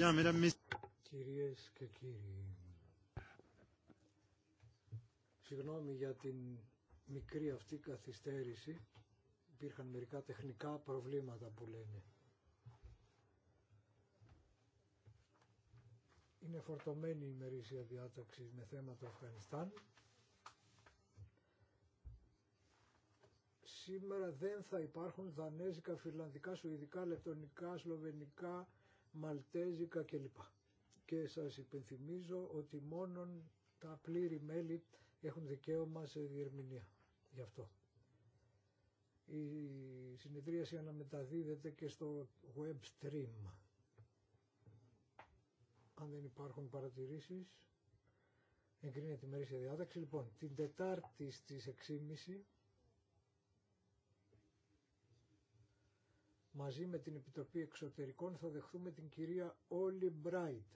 Bien, και κύριοι, συγγνώμη για την μικρή αυτή καθυστέρηση. Υπήρχαν μερικά τεχνικά προβλήματα που λένε. Είναι φορτωμένη η μερίσια διάταξη με θέματα Αφγανιστάν. Σήμερα δεν θα υπάρχουν δανέζικα, φιλανδικά, σουηδικά, λεπτονικά, σλοβενικά, Μαλτέζικα κλπ. Και σας υπενθυμίζω ότι μόνον τα πλήρη μέλη έχουν δικαίωμα σε διερμηνία. Γι' αυτό. Η συνεδρίαση αναμεταδίδεται και στο web stream. Αν δεν υπάρχουν παρατηρήσεις, εγκρίνεται η μερίσια διάταξη. Λοιπόν, την Τετάρτη στις 6.30 μαζί με την Επιτροπή Εξωτερικών θα δεχθούμε την κυρία Όλι Μπράιντ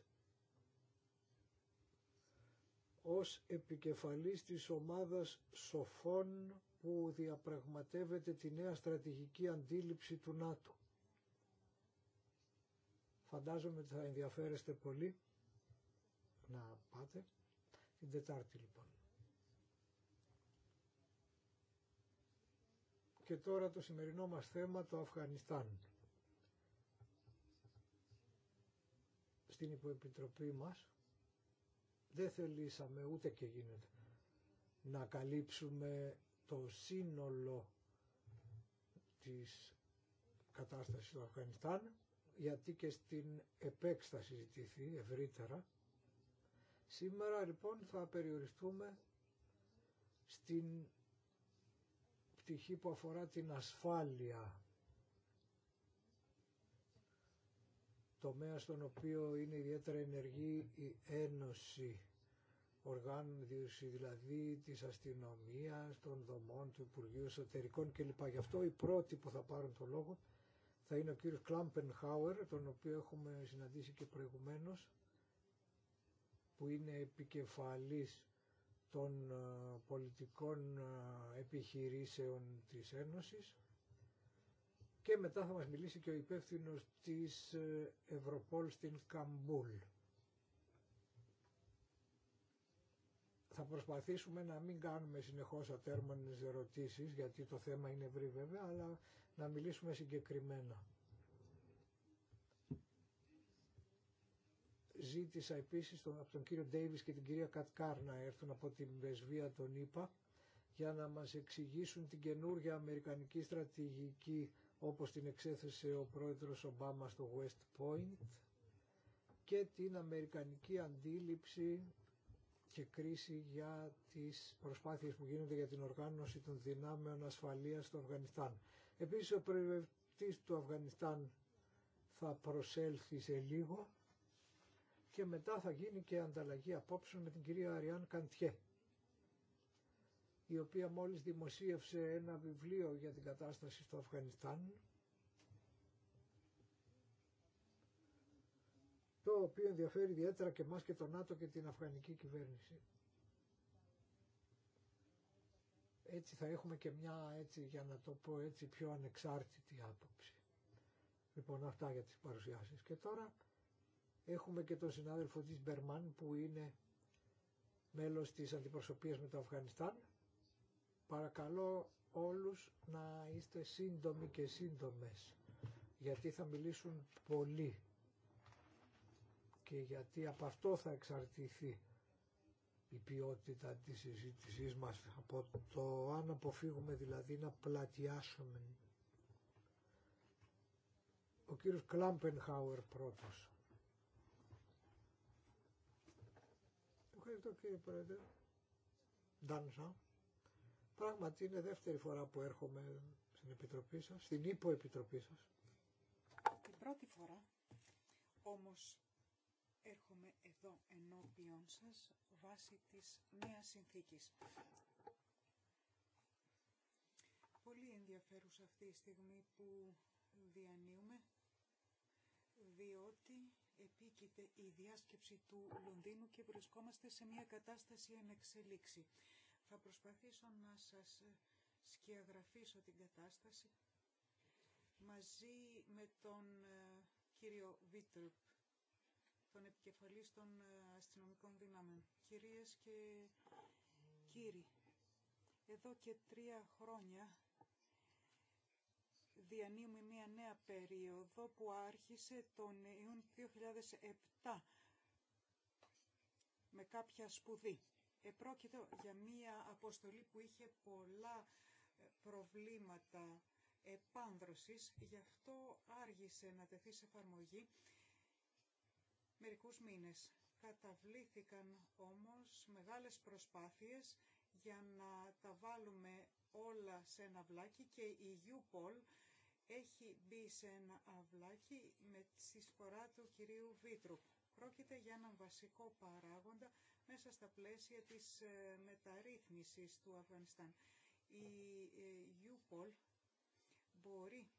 ως επικεφαλής της ομάδας σοφών που διαπραγματεύεται τη νέα στρατηγική αντίληψη του ΝΑΤΟ. Φαντάζομαι ότι θα ενδιαφέρεστε πολύ να πάτε την Τετάρτη λοιπόν. Και τώρα το σημερινό μας θέμα το Αφγανιστάν. Στην υποεπιτροπή μας δεν θελήσαμε ούτε και γίνεται να καλύψουμε το σύνολο της κατάστασης του Αφγανιστάν γιατί και στην επέξταση ζητηθεί ευρύτερα. Σήμερα λοιπόν θα περιοριστούμε στην πτυχή που αφορά την ασφάλεια. Τομέα στον οποίο είναι ιδιαίτερα ενεργή η Ένωση οργάνων δηλαδή της αστυνομίας, των δομών του Υπουργείου Εσωτερικών κλπ. Γι' αυτό οι πρώτοι που θα πάρουν το λόγο θα είναι ο κύριος Κλάμπενχάουερ, τον οποίο έχουμε συναντήσει και προηγουμένως, που είναι επικεφαλής των ε, πολιτικών ε, επιχειρήσεων της Ένωσης και μετά θα μας μιλήσει και ο υπεύθυνο της ε, Ευρωπόλ στην Καμπούλ. Θα προσπαθήσουμε να μην κάνουμε συνεχώς ατέρμονες ερωτήσεις, γιατί το θέμα είναι ευρύ βέβαια, αλλά να μιλήσουμε συγκεκριμένα. Ζήτησα επίσης τον, από τον κύριο Ντέιβις και την κυρία Κατκάρ να έρθουν από την Βεσβία των ΗΠΑ για να μας εξηγήσουν την καινούργια αμερικανική στρατηγική όπως την εξέθεσε ο πρόεδρος Ομπάμα στο West Point και την αμερικανική αντίληψη και κρίση για τις προσπάθειες που γίνονται για την οργάνωση των δυνάμεων ασφαλείας στο Αφγανιστάν. Επίσης ο προεδρευτής του Αφγανιστάν θα προσέλθει σε λίγο και μετά θα γίνει και ανταλλαγή απόψεων με την κυρία Αριάν Καντιέ η οποία μόλις δημοσίευσε ένα βιβλίο για την κατάσταση στο Αφγανιστάν το οποίο ενδιαφέρει ιδιαίτερα και μας και τον ΝΑΤΟ και την Αφγανική κυβέρνηση. Έτσι θα έχουμε και μια έτσι για να το πω έτσι πιο ανεξάρτητη άποψη. Λοιπόν αυτά για τις παρουσιάσεις και τώρα Έχουμε και τον συνάδελφο της Μπερμάν που είναι μέλος της αντιπροσωπείας με το Αφγανιστάν. Παρακαλώ όλους να είστε σύντομοι και σύντομες γιατί θα μιλήσουν πολύ και γιατί από αυτό θα εξαρτηθεί η ποιότητα της συζήτησή μας από το αν αποφύγουμε δηλαδή να πλατιάσουμε. Ο κύριος Κλάμπενχάουερ πρώτος. Ευχαριστώ κύριε Πρόεδρε. Ντάνσα. Πράγματι είναι δεύτερη φορά που έρχομαι στην Επιτροπή σας, στην Υπο-Επιτροπή σας. Την πρώτη φορά όμως έρχομαι εδώ ενώπιον σας βάσει της νέας συνθήκης. Πολύ ενδιαφέρουσα αυτή η στιγμή που διανύουμε, διότι επίκειται η διάσκεψη του Λονδίνου και βρισκόμαστε σε μια κατάσταση ενεξελίξη. Θα προσπαθήσω να σας σκιαγραφίσω την κατάσταση μαζί με τον ε, κύριο Βίτρουπ, τον επικεφαλής των ε, αστυνομικών δυνάμεων. Κυρίες και κύριοι, εδώ και τρία χρόνια διανύουμε μια νέα περίοδο που άρχισε τον Ιούνιο 2007 με κάποια σπουδή. Επρόκειτο για μια αποστολή που είχε πολλά ε, προβλήματα επάνδρωσης, γι' αυτό άργησε να τεθεί σε εφαρμογή μερικούς μήνες. Καταβλήθηκαν όμως μεγάλες προσπάθειες για να τα βάλουμε όλα σε ένα βλάκι και η UPOL έχει μπει σε ένα αυλάκι με τη συφορά του κυρίου Βίτρου. Πρόκειται για έναν βασικό παράγοντα μέσα στα πλαίσια της ε, μεταρρύθμισης του Αφγανιστάν. Η ε, Ιούπολ μπορεί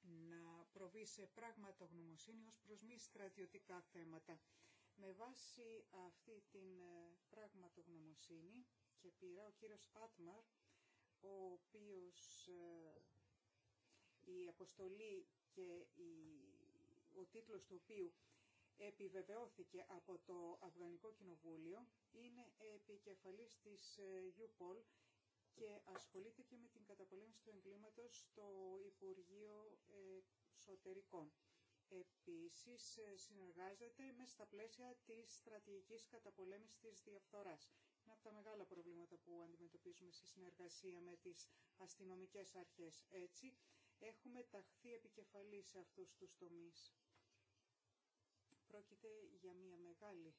να προβεί σε πραγματογνωμοσύνη ως προς μη στρατιωτικά θέματα. Με βάση αυτή την ε, πραγματογνωμοσύνη και πειρά ο κύριος Άτμαρ, ο οποίος η αποστολή και η... ο τίτλος του οποίου επιβεβαιώθηκε από το Αφγανικό Κοινοβούλιο είναι επικεφαλής της UPOL ε, και ασχολείται και με την καταπολέμηση του εγκλήματος στο Υπουργείο Εσωτερικών. Επίσης ε, συνεργάζεται μέσα στα πλαίσια της στρατηγικής καταπολέμησης της διαφθοράς. Είναι από τα μεγάλα προβλήματα που αντιμετωπίζουμε σε συνεργασία με τις αστυνομικές αρχές. Έτσι, έχουμε ταχθεί επικεφαλή σε αυτούς τους τομείς. Πρόκειται για μια μεγάλη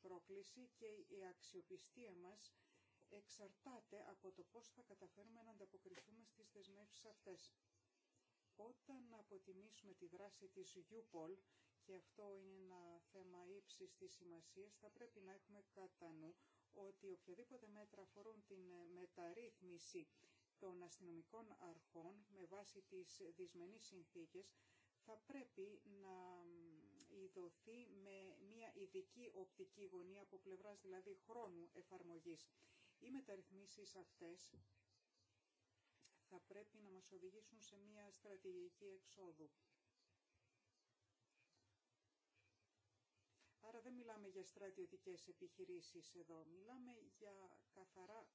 πρόκληση και η αξιοπιστία μας εξαρτάται από το πώς θα καταφέρουμε να ανταποκριθούμε στις δεσμεύσεις αυτές. Όταν αποτιμήσουμε τη δράση της UPOL, και αυτό είναι ένα θέμα ύψης της σημασίας, θα πρέπει να έχουμε κατά νου ότι οποιαδήποτε μέτρα αφορούν την μεταρρύθμιση των αστυνομικών αρχών με βάση τις δυσμενείς συνθήκες θα πρέπει να ειδωθεί με μια ειδική οπτική γωνία από πλευράς δηλαδή χρόνου εφαρμογής. Οι μεταρρυθμίσεις αυτές θα πρέπει να μας οδηγήσουν σε μια στρατηγική εξόδου. Άρα δεν μιλάμε για στρατιωτικές επιχειρήσεις εδώ, μιλάμε για καθαρά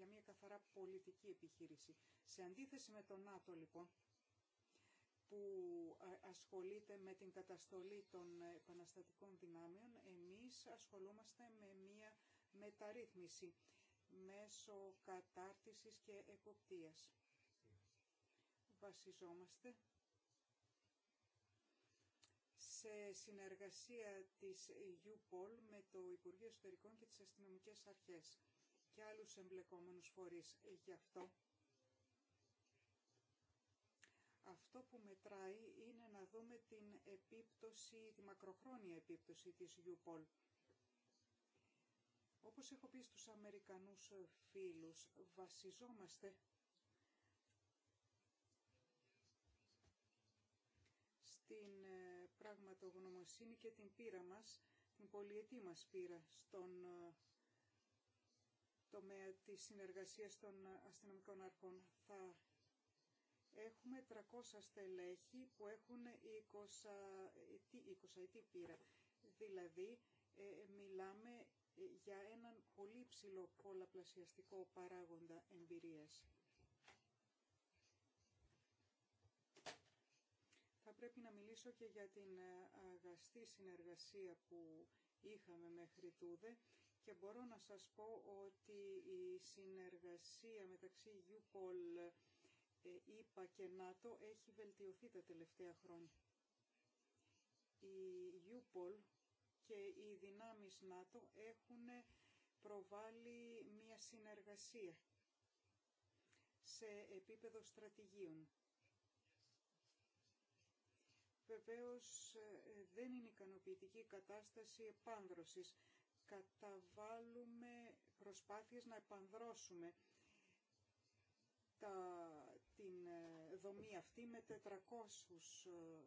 για μια καθαρά πολιτική επιχείρηση. Σε αντίθεση με τον ΝΑΤΟ λοιπόν, που ε, ασχολείται με την καταστολή των επαναστατικών δυνάμεων, εμείς ασχολούμαστε με μια μεταρρύθμιση μέσω κατάρτισης και εποπτείας. Βασιζόμαστε σε συνεργασία της UPOL με το Υπουργείο Εσωτερικών και τις αστυνομικές αρχές και άλλους εμπλεκόμενους φορείς. Ε, γι' αυτό αυτό που μετράει είναι να δούμε την επίπτωση, τη μακροχρόνια επίπτωση της UPOL. Όπως έχω πει στους Αμερικανούς φίλους, βασιζόμαστε στην ε, πραγματογνωμοσύνη και την πείρα μας, την πολυετή μας πείρα στον ε, τομέα της συνεργασίας των αστυνομικών αρχών. Θα έχουμε 300 στελέχη που έχουν 20 τι πείρα. Δηλαδή, ε, μιλάμε ε, για έναν πολύ ψηλό πολλαπλασιαστικό παράγοντα εμπειρίας. Θα πρέπει να μιλήσω και για την ε, αγαστή συνεργασία που είχαμε μέχρι τούδε και μπορώ να σας πω ότι η συνεργασία μεταξύ UPOL, ΕΠΑ και ΝΑΤΟ έχει βελτιωθεί τα τελευταία χρόνια. Η UPOL και οι δυνάμεις ΝΑΤΟ έχουν προβάλλει μια συνεργασία σε επίπεδο στρατηγίων. Βεβαίως ε, δεν είναι ικανοποιητική η κατάσταση επάνδρωσης καταβάλουμε προσπάθειες να επανδρώσουμε τα, την ε, δομή αυτή με 400, ε,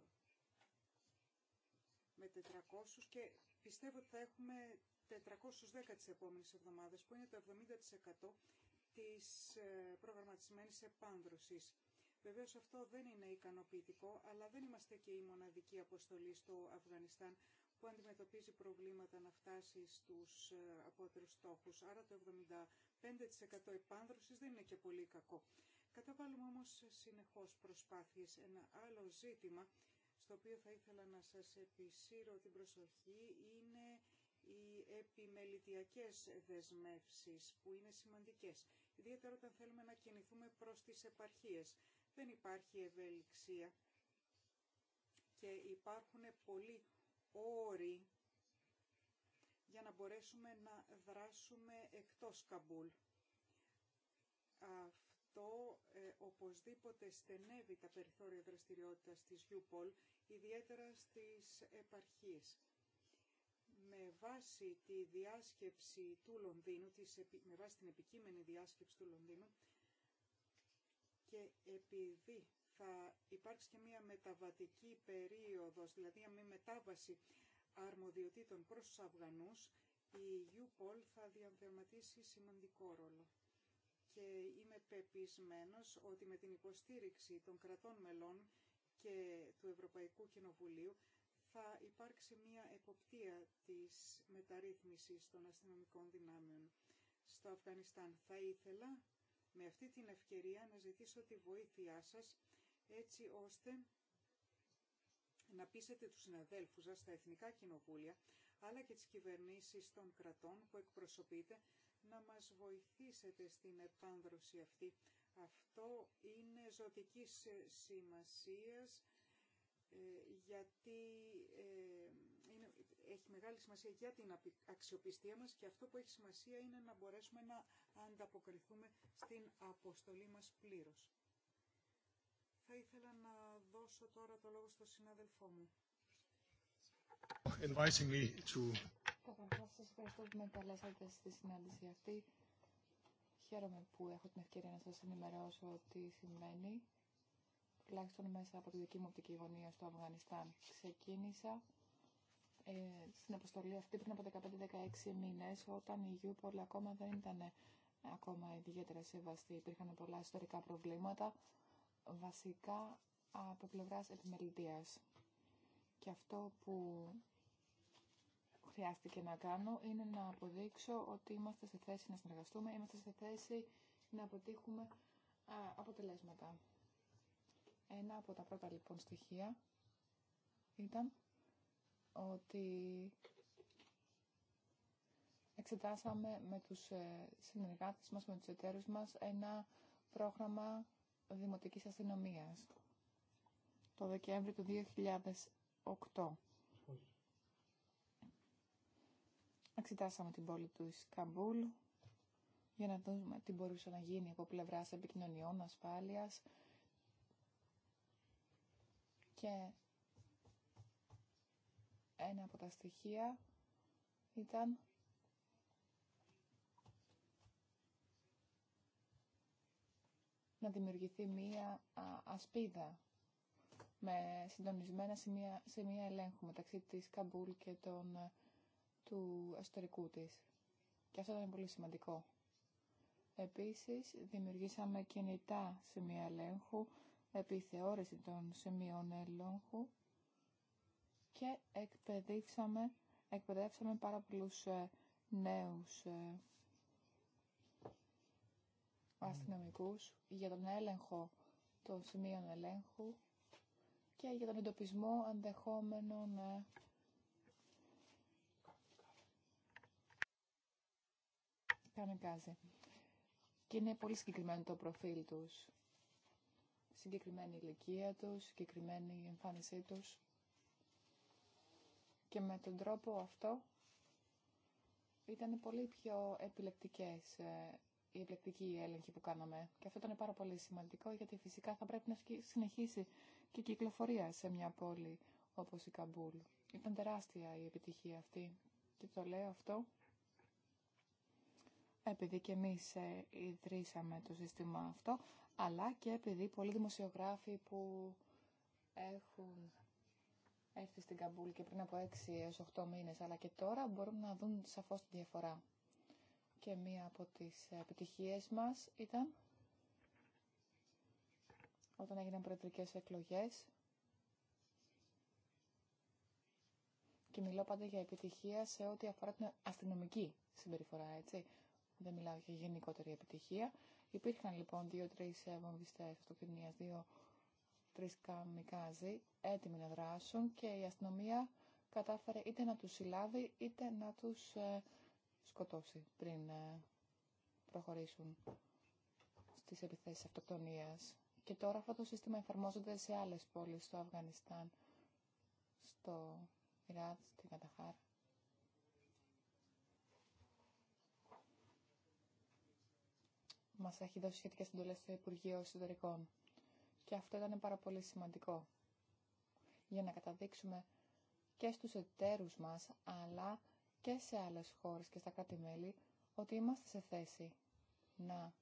με 400 και πιστεύω ότι θα έχουμε 410 τις επόμενες εβδομάδες που είναι το 70% της ε, προγραμματισμένης επάνδρωσης. Βεβαίω αυτό δεν είναι ικανοποιητικό, αλλά δεν είμαστε και η μοναδική αποστολή στο Αφγανιστάν που αντιμετωπίζει προβλήματα να φτάσει στους ε, απότερους στόχους. Άρα το 75% επάνδρωσης δεν είναι και πολύ κακό. Καταβάλουμε όμως συνεχώς προσπάθειες. Ένα άλλο ζήτημα στο οποίο θα ήθελα να σας επισύρω την προσοχή είναι οι επιμελητιακές δεσμεύσεις που είναι σημαντικές, ιδιαίτερα όταν θέλουμε να κινηθούμε προς τις επαρχίες. Δεν υπάρχει ευελιξία και υπάρχουν πολλοί όροι για να μπορέσουμε να δράσουμε εκτός Καμπούλ. Αυτό ε, οπωσδήποτε στενεύει τα περιθώρια δραστηριότητας της UPOL, ιδιαίτερα στις επαρχίες. Με βάση, τη διάσκεψη του Λονδίνου, της, με βάση την επικείμενη διάσκεψη του Λονδίνου και επειδή θα υπάρξει και μια μεταβατική περίοδος, δηλαδή μια μετάβαση αρμοδιοτήτων προς τους Αφγανούς, η UPOL θα διαδραματίσει σημαντικό ρόλο. Και είμαι πεπισμένος ότι με την υποστήριξη των κρατών μελών και του Ευρωπαϊκού Κοινοβουλίου θα υπάρξει μια εποπτεία της μεταρρύθμισης των αστυνομικών δυνάμεων στο Αφγανιστάν. Θα ήθελα με αυτή την ευκαιρία να ζητήσω τη βοήθειά σας έτσι ώστε να πείσετε τους συναδέλφους σας στα Εθνικά Κοινοβούλια αλλά και τις κυβερνήσεις των κρατών που εκπροσωπείτε να μας βοηθήσετε στην επάνδρωση αυτή. Αυτό είναι ζωτικής ε, σημασίας ε, γιατί ε, είναι, έχει μεγάλη σημασία για την αξιοπιστία μας και αυτό που έχει σημασία είναι να μπορέσουμε να ανταποκριθούμε στην αποστολή μας πλήρως. Θα ήθελα να δώσω τώρα το λόγο στον συνάδελφό μου. Inviting me to... σας ευχαριστώ που με καλέσατε στη συνάντηση αυτή. Χαίρομαι που έχω την ευκαιρία να σας ενημερώσω τι συμβαίνει, τουλάχιστον μέσα από τη δική μου οπτική γωνία στο Αφγανιστάν. Ξεκίνησα ε, στην αποστολή αυτή πριν από 15-16 μήνες, όταν η Γιούπολ ακόμα δεν ήταν ακόμα ιδιαίτερα σεβαστή. Υπήρχαν πολλά ιστορικά προβλήματα βασικά από πλευράς επιμελητίας. Και αυτό που χρειάστηκε να κάνω είναι να αποδείξω ότι είμαστε σε θέση να συνεργαστούμε, είμαστε σε θέση να αποτύχουμε αποτελέσματα. Ένα από τα πρώτα λοιπόν στοιχεία ήταν ότι εξετάσαμε με τους ε, συνεργάτες μας, με τους εταίρους μας ένα πρόγραμμα Δημοτικής Αστυνομίας το Δεκέμβριο του 2008. Εξετάσαμε την πόλη του Ισκαμπούλ για να δούμε τι μπορούσε να γίνει από πλευρά επικοινωνιών, ασφάλειας και ένα από τα στοιχεία ήταν να δημιουργηθεί μία ασπίδα με συντονισμένα σημεία, σημεία ελέγχου μεταξύ της Καμπούλ και των, ε, του εσωτερικού της. Και αυτό ήταν πολύ σημαντικό. Επίσης, δημιουργήσαμε κινητά μία ελέγχου, επιθεώρηση των σημείων ελέγχου και εκπαιδεύσαμε, πάρα πολλούς ε, νέους ε, αστυνομικούς για τον έλεγχο των σημείων ελέγχου και για τον εντοπισμό ενδεχόμενων ε, καμικάζι. Και είναι πολύ συγκεκριμένο το προφίλ τους. Συγκεκριμένη ηλικία τους, συγκεκριμένη εμφάνισή τους. Και με τον τρόπο αυτό ήταν πολύ πιο επιλεκτικές ε, η επιλεκτική έλεγχη που κάναμε. Και αυτό ήταν πάρα πολύ σημαντικό γιατί φυσικά θα πρέπει να συνεχίσει και η κυκλοφορία σε μια πόλη όπως η Καμπούλ. Ήταν τεράστια η επιτυχία αυτή και το λέω αυτό επειδή και εμείς ε, ιδρύσαμε το σύστημα αυτό, αλλά και επειδή πολλοί δημοσιογράφοι που έχουν έρθει στην Καμπούλ και πριν από 6 έως 8 μήνες, αλλά και τώρα μπορούν να δουν σαφώς τη διαφορά. Και μία από τις επιτυχίες μας ήταν όταν έγιναν προεδρικές εκλογές και μιλώ πάντα για επιτυχία σε ό,τι αφορά την αστυνομική συμπεριφορά, έτσι. Δεν μιλάω για γενικότερη επιτυχία. Υπήρχαν λοιπόν δύο-τρει βομβιστέ αυτοκτονία, δύο-τρεις ε, καμικάζοι έτοιμοι να δράσουν και η αστυνομία κατάφερε είτε να του συλλάβει είτε να του ε, σκοτώσει πριν ε, προχωρήσουν στις επιθέσεις αυτοκτονίας. Και τώρα αυτό το σύστημα εφαρμόζεται σε άλλες πόλεις, στο Αφγανιστάν, στο Ιράτ, στην Καταχάρ. Μας έχει δώσει σχετικέ εντολέ στο Υπουργείο Εσωτερικών. Και αυτό ήταν πάρα πολύ σημαντικό για να καταδείξουμε και στους ετέρους μας, αλλά και σε άλλες χώρες και στα κράτη-μέλη ότι είμαστε σε θέση να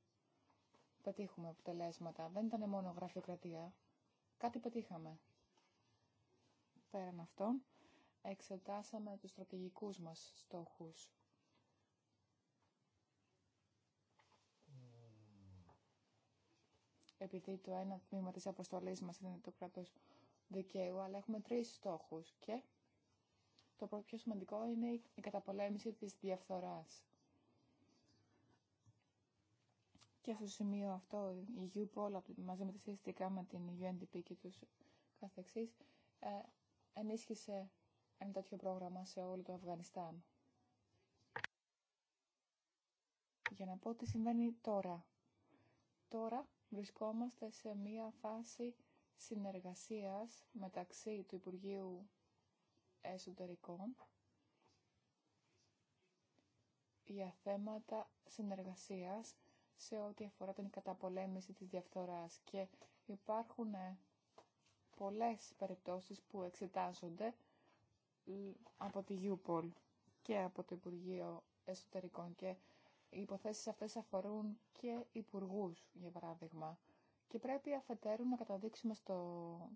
πετύχουμε αποτελέσματα. Δεν ήταν μόνο γραφειοκρατία. Κάτι πετύχαμε. Πέραν αυτών, εξετάσαμε τους στρατηγικούς μας στόχους. Επειδή το ένα τμήμα της αποστολής μας είναι το κράτος δικαίου, αλλά έχουμε τρεις στόχους και το πιο σημαντικό είναι η καταπολέμηση της διαφθοράς. Και στο σημείο αυτό η UPOL μαζί με τη συστικά με την UNDP και τους καθεξής ε, ενίσχυσε ένα τέτοιο πρόγραμμα σε όλο το Αφγανιστάν. Για να πω τι συμβαίνει τώρα. Τώρα βρισκόμαστε σε μία φάση συνεργασίας μεταξύ του Υπουργείου εσωτερικών για θέματα συνεργασίας σε ό,τι αφορά την καταπολέμηση της διαφθοράς και υπάρχουν ε, πολλές περιπτώσεις που εξετάζονται ε, από τη UPOL και από το Υπουργείο Εσωτερικών και οι υποθέσεις αυτές αφορούν και υπουργούς, για παράδειγμα. Και πρέπει αφετέρου να καταδείξουμε στο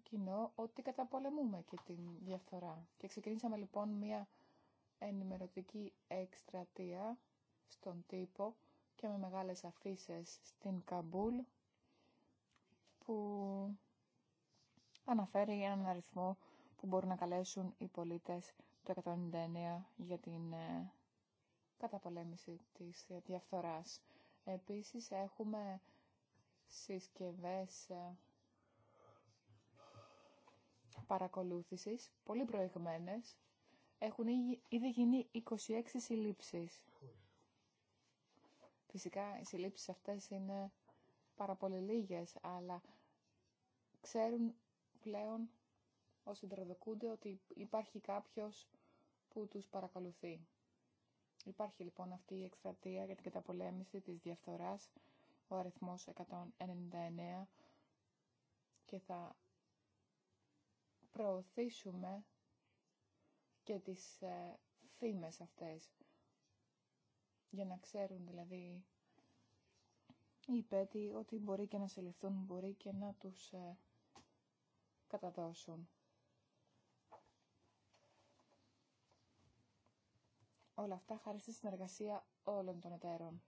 κοινό ότι καταπολεμούμε και την διαφθορά. Και ξεκινήσαμε λοιπόν μια ενημερωτική εκστρατεία στον τύπο και με μεγάλες αφήσει στην Καμπούλ που αναφέρει έναν αριθμό που μπορούν να καλέσουν οι πολίτες το 199 για την ε, καταπολέμηση της διαφθοράς. Επίσης έχουμε συσκευές ε, παρακολούθησης, πολύ προηγμένες. Έχουν ήδη γίνει 26 συλλήψεις. Φυσικά οι συλλήψεις αυτές είναι πάρα πολύ λίγες, αλλά ξέρουν πλέον όσοι τροδοκούνται ότι υπάρχει κάποιος που τους παρακολουθεί. Υπάρχει λοιπόν αυτή η εκστρατεία για την καταπολέμηση της διαφθοράς ο αριθμός 199 και θα προωθήσουμε και τις ε, φήμες αυτές για να ξέρουν δηλαδή οι υπέτοι ότι μπορεί και να συλληφθούν, μπορεί και να τους ε, καταδώσουν. Όλα αυτά χάρη στη συνεργασία όλων των εταίρων.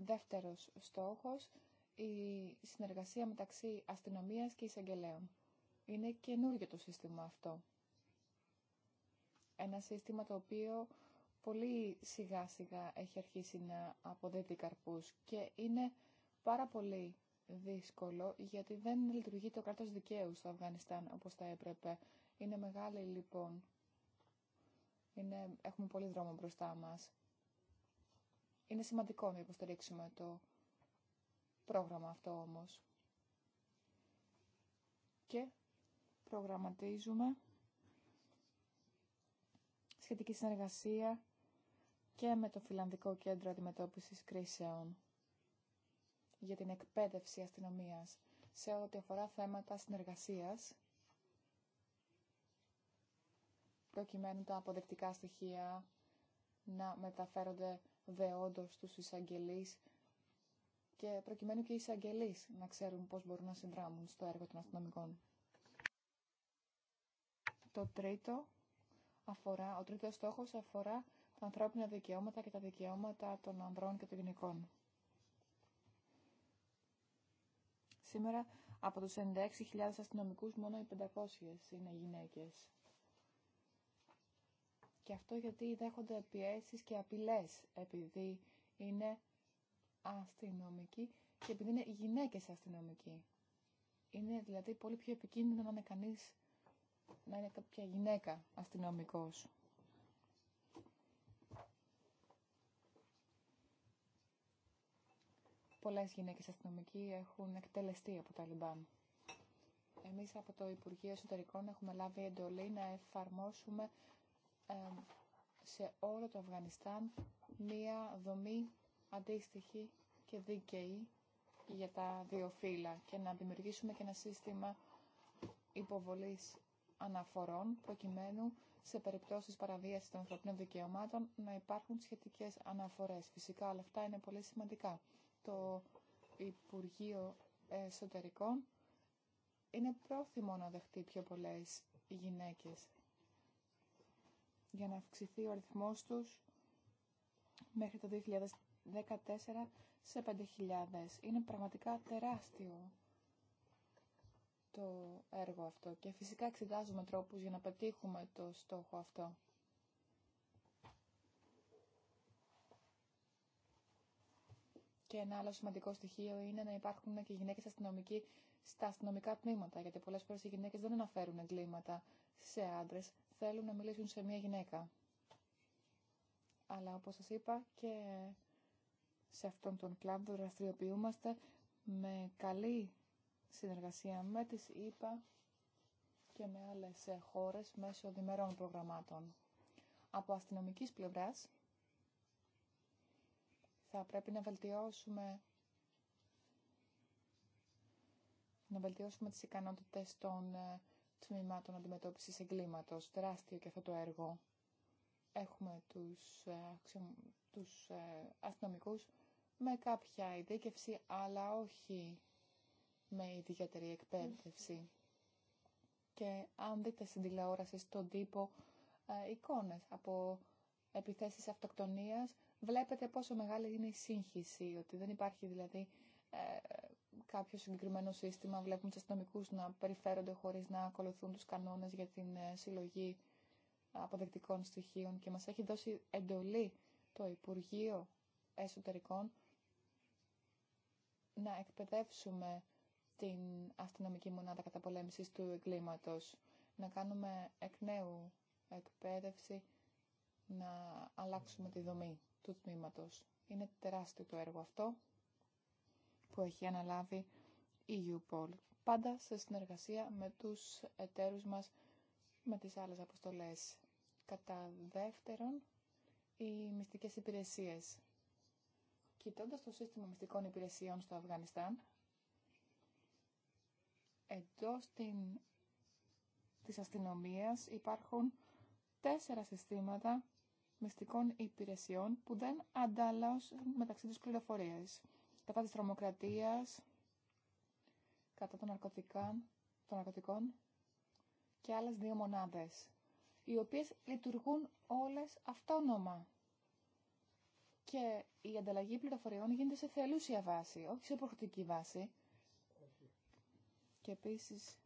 Δεύτερος στόχος, η συνεργασία μεταξύ αστυνομίας και εισαγγελέων. Είναι καινούργιο το σύστημα αυτό. Ένα σύστημα το οποίο πολύ σιγά σιγά έχει αρχίσει να αποδίδει καρπούς και είναι πάρα πολύ δύσκολο γιατί δεν λειτουργεί το κράτος δικαίου στο Αφγανιστάν όπως θα έπρεπε. Είναι μεγάλη λοιπόν. Είναι, έχουμε πολύ δρόμο μπροστά μας. Είναι σημαντικό να υποστηρίξουμε το πρόγραμμα αυτό όμως. Και προγραμματίζουμε σχετική συνεργασία και με το Φιλανδικό Κέντρο Αντιμετώπισης Κρίσεων για την εκπαίδευση αστυνομίας σε ό,τι αφορά θέματα συνεργασίας προκειμένου τα αποδεκτικά στοιχεία να μεταφέρονται δεόντως τους εισαγγελείς και προκειμένου και οι εισαγγελείς να ξέρουν πώς μπορούν να συνδράμουν στο έργο των αστυνομικών. Το τρίτο αφορά, ο στόχος αφορά τα ανθρώπινα δικαιώματα και τα δικαιώματα των ανδρών και των γυναικών. Σήμερα από τους 96.000 αστυνομικούς μόνο οι 500 είναι γυναίκες. Και αυτό γιατί δέχονται πιέσεις και απειλές επειδή είναι αστυνομικοί και επειδή είναι γυναίκες αστυνομικοί. Είναι δηλαδή πολύ πιο επικίνδυνο να είναι κανείς να είναι κάποια γυναίκα αστυνομικός. Πολλές γυναίκες αστυνομικοί έχουν εκτελεστεί από τα Λιμπάν. Εμείς από το Υπουργείο Εσωτερικών έχουμε λάβει εντολή να εφαρμόσουμε σε όλο το Αφγανιστάν μία δομή αντίστοιχη και δίκαιη για τα δύο φύλλα και να δημιουργήσουμε και ένα σύστημα υποβολής αναφορών προκειμένου σε περιπτώσεις παραβίασης των ανθρωπίνων δικαιωμάτων να υπάρχουν σχετικές αναφορές. Φυσικά όλα αυτά είναι πολύ σημαντικά. Το Υπουργείο Εσωτερικών είναι πρόθυμο να δεχτεί πιο πολλές γυναίκες για να αυξηθεί ο αριθμός τους μέχρι το 2014 σε 5.000. Είναι πραγματικά τεράστιο το έργο αυτό και φυσικά εξετάζουμε τρόπους για να πετύχουμε το στόχο αυτό. Και ένα άλλο σημαντικό στοιχείο είναι να υπάρχουν και γυναίκες αστυνομικοί στα αστυνομικά τμήματα, γιατί πολλές φορές οι γυναίκες δεν αναφέρουν εγκλήματα σε άντρες θέλουν να μιλήσουν σε μια γυναίκα. Αλλά όπως σας είπα και σε αυτόν τον κλάμπ δραστηριοποιούμαστε με καλή συνεργασία με τις ίπα και με άλλες χώρες μέσω διμερών προγραμμάτων. Από αστυνομικής πλευράς θα πρέπει να βελτιώσουμε να βελτιώσουμε τις ικανότητες των ε, των αντιμετώπισης εγκλήματος. Τεράστιο και αυτό το έργο. Έχουμε τους, ε, τους ε, αστυνομικούς με κάποια ειδίκευση, αλλά όχι με ιδιαίτερη εκπαίδευση. Και αν δείτε στην τηλεόραση, στον τύπο, ε, εικόνες από επιθέσεις αυτοκτονίας, βλέπετε πόσο μεγάλη είναι η σύγχυση, ότι δεν υπάρχει δηλαδή κάποιο συγκεκριμένο σύστημα. Βλέπουμε του αστυνομικού να περιφέρονται χωρί να ακολουθούν του κανόνε για την ε, συλλογή αποδεκτικών στοιχείων και μα έχει δώσει εντολή το Υπουργείο Εσωτερικών να εκπαιδεύσουμε την αστυνομική μονάδα καταπολέμηση του εγκλήματο, να κάνουμε εκ νέου εκπαίδευση, να αλλάξουμε τη δομή του τμήματος. Είναι τεράστιο το έργο αυτό που έχει αναλάβει η EUPOL. Πάντα σε συνεργασία με τους εταίρους μας με τις άλλες αποστολές. Κατά δεύτερον, οι μυστικές υπηρεσίες. Κοιτώντας το σύστημα μυστικών υπηρεσιών στο Αφγανιστάν, εντό τη της αστυνομίας υπάρχουν τέσσερα συστήματα μυστικών υπηρεσιών που δεν ανταλλάσσουν μεταξύ τους πληροφορίες κατά της τρομοκρατίας, κατά των ναρκωτικών, των ναρκωτικών και άλλες δύο μονάδες, οι οποίες λειτουργούν όλες αυτόνομα. Και η ανταλλαγή πληροφοριών γίνεται σε θελούσια βάση, όχι σε προχωρητική βάση. Και επίσης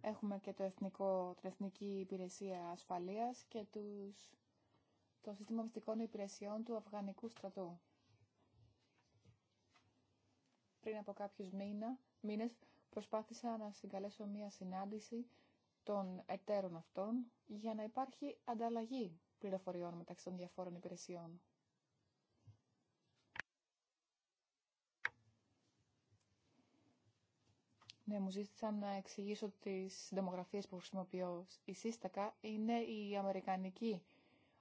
έχουμε και το εθνικό, την Εθνική Υπηρεσία Ασφαλείας και τους, το Σύστημα Βυστικών Υπηρεσιών του Αφγανικού Στρατού πριν από κάποιους μήνες προσπάθησα να συγκαλέσω μία συνάντηση των εταίρων αυτών για να υπάρχει ανταλλαγή πληροφοριών μεταξύ των διαφόρων υπηρεσιών. Ναι, μου ζήτησαν να εξηγήσω τις δημογραφίες που χρησιμοποιώ. Η σύστακα είναι η αμερικανική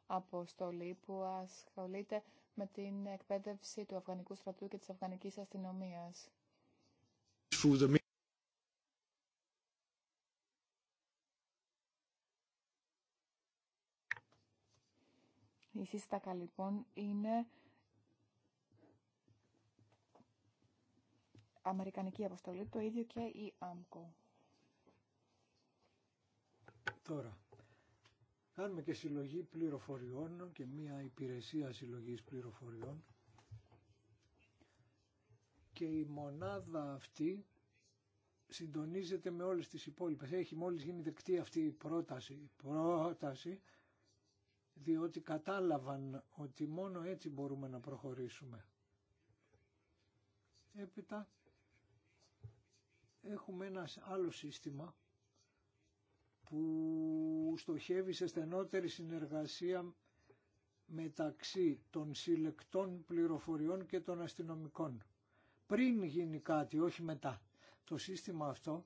αποστολή που ασχολείται με την εκπαίδευση του Αφγανικού στρατού και της Αφγανικής αστυνομίας. Η σύστακα λοιπόν είναι Αμερικανική αποστολή, το ίδιο και η ΑΜΚΟ. Τώρα, κάνουμε και συλλογή πληροφοριών και μία υπηρεσία συλλογής πληροφοριών και η μονάδα αυτή συντονίζεται με όλες τις υπόλοιπες. Έχει μόλις γίνει δεκτή αυτή η πρόταση, πρόταση διότι κατάλαβαν ότι μόνο έτσι μπορούμε να προχωρήσουμε. Έπειτα έχουμε ένα άλλο σύστημα που στοχεύει σε στενότερη συνεργασία μεταξύ των συλλεκτών πληροφοριών και των αστυνομικών. Πριν γίνει κάτι, όχι μετά. Το σύστημα αυτό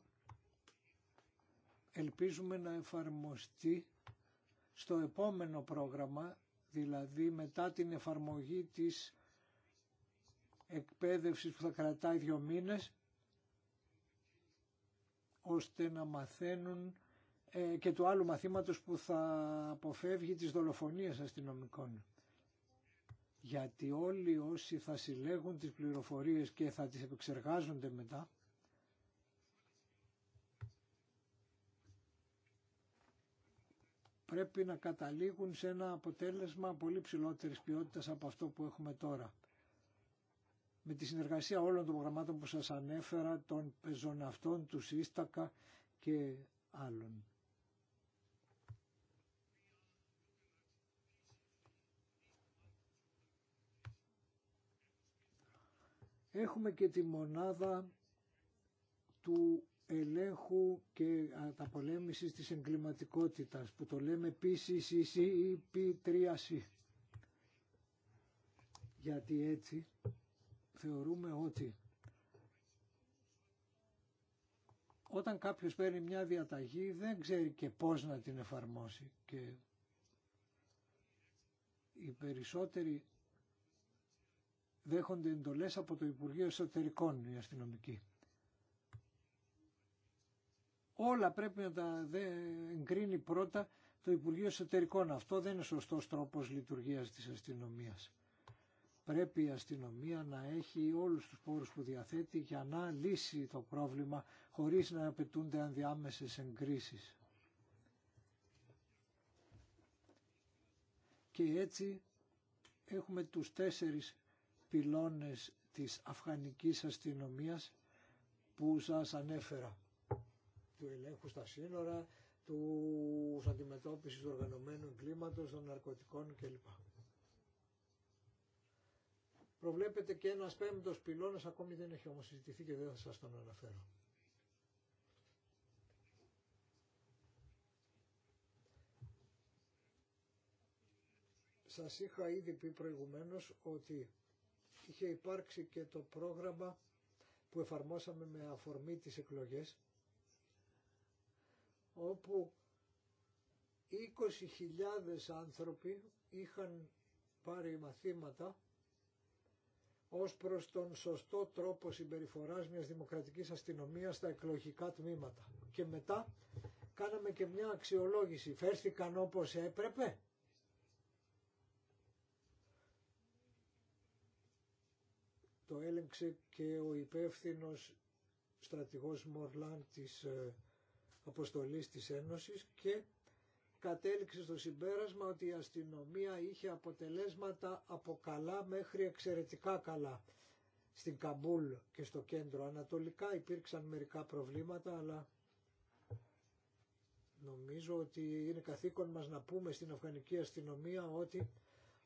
ελπίζουμε να εφαρμοστεί στο επόμενο πρόγραμμα, δηλαδή μετά την εφαρμογή της εκπαίδευσης που θα κρατάει δύο μήνες, ώστε να μαθαίνουν ε, και του άλλου μαθήματος που θα αποφεύγει τις δολοφονίες αστυνομικών. Γιατί όλοι όσοι θα συλλέγουν τις πληροφορίες και θα τις επεξεργάζονται μετά, πρέπει να καταλήγουν σε ένα αποτέλεσμα πολύ ψηλότερης ποιότητας από αυτό που έχουμε τώρα. Με τη συνεργασία όλων των προγραμμάτων που σας ανέφερα, των πεζοναυτών, του Σύστακα και άλλων. Έχουμε και τη μονάδα του ελέγχου και ανταπολέμησης της εγκληματικότητας που το λέμε PCCC ή P3C. Γιατί έτσι θεωρούμε ότι όταν κάποιος παίρνει μια διαταγή δεν ξέρει και πώς να την εφαρμόσει και οι περισσότεροι δέχονται εντολές από το Υπουργείο Εσωτερικών οι αστυνομικοί. Όλα πρέπει να τα εγκρίνει πρώτα το Υπουργείο Εσωτερικών. Αυτό δεν είναι σωστός τρόπος λειτουργίας της αστυνομίας. Πρέπει η αστυνομία να έχει όλους τους πόρους που διαθέτει για να λύσει το πρόβλημα χωρίς να απαιτούνται ανδιάμεσες εγκρίσεις. Και έτσι έχουμε τους τέσσερις πυλώνες της αφγανικής αστυνομίας που σας ανέφερα. Του ελέγχου στα σύνορα, του αντιμετώπισης του οργανωμένου εγκλήματος, των ναρκωτικών κλπ. Προβλέπετε και ένας πέμπτος πυλώνας, ακόμη δεν έχει όμως συζητηθεί και δεν θα σας τον αναφέρω. Σας είχα ήδη πει προηγουμένως ότι είχε υπάρξει και το πρόγραμμα που εφαρμόσαμε με αφορμή τις εκλογές όπου 20.000 άνθρωποι είχαν πάρει μαθήματα ως προς τον σωστό τρόπο συμπεριφοράς μιας δημοκρατικής αστυνομίας στα εκλογικά τμήματα. Και μετά κάναμε και μια αξιολόγηση. Φέρθηκαν όπως έπρεπε έλεγξε και ο υπεύθυνο στρατηγός Μορλάν της ε, αποστολής της Ένωσης και κατέληξε στο συμπέρασμα ότι η αστυνομία είχε αποτελέσματα από καλά μέχρι εξαιρετικά καλά στην Καμπούλ και στο κέντρο. Ανατολικά υπήρξαν μερικά προβλήματα, αλλά νομίζω ότι είναι καθήκον μας να πούμε στην Αφγανική αστυνομία ότι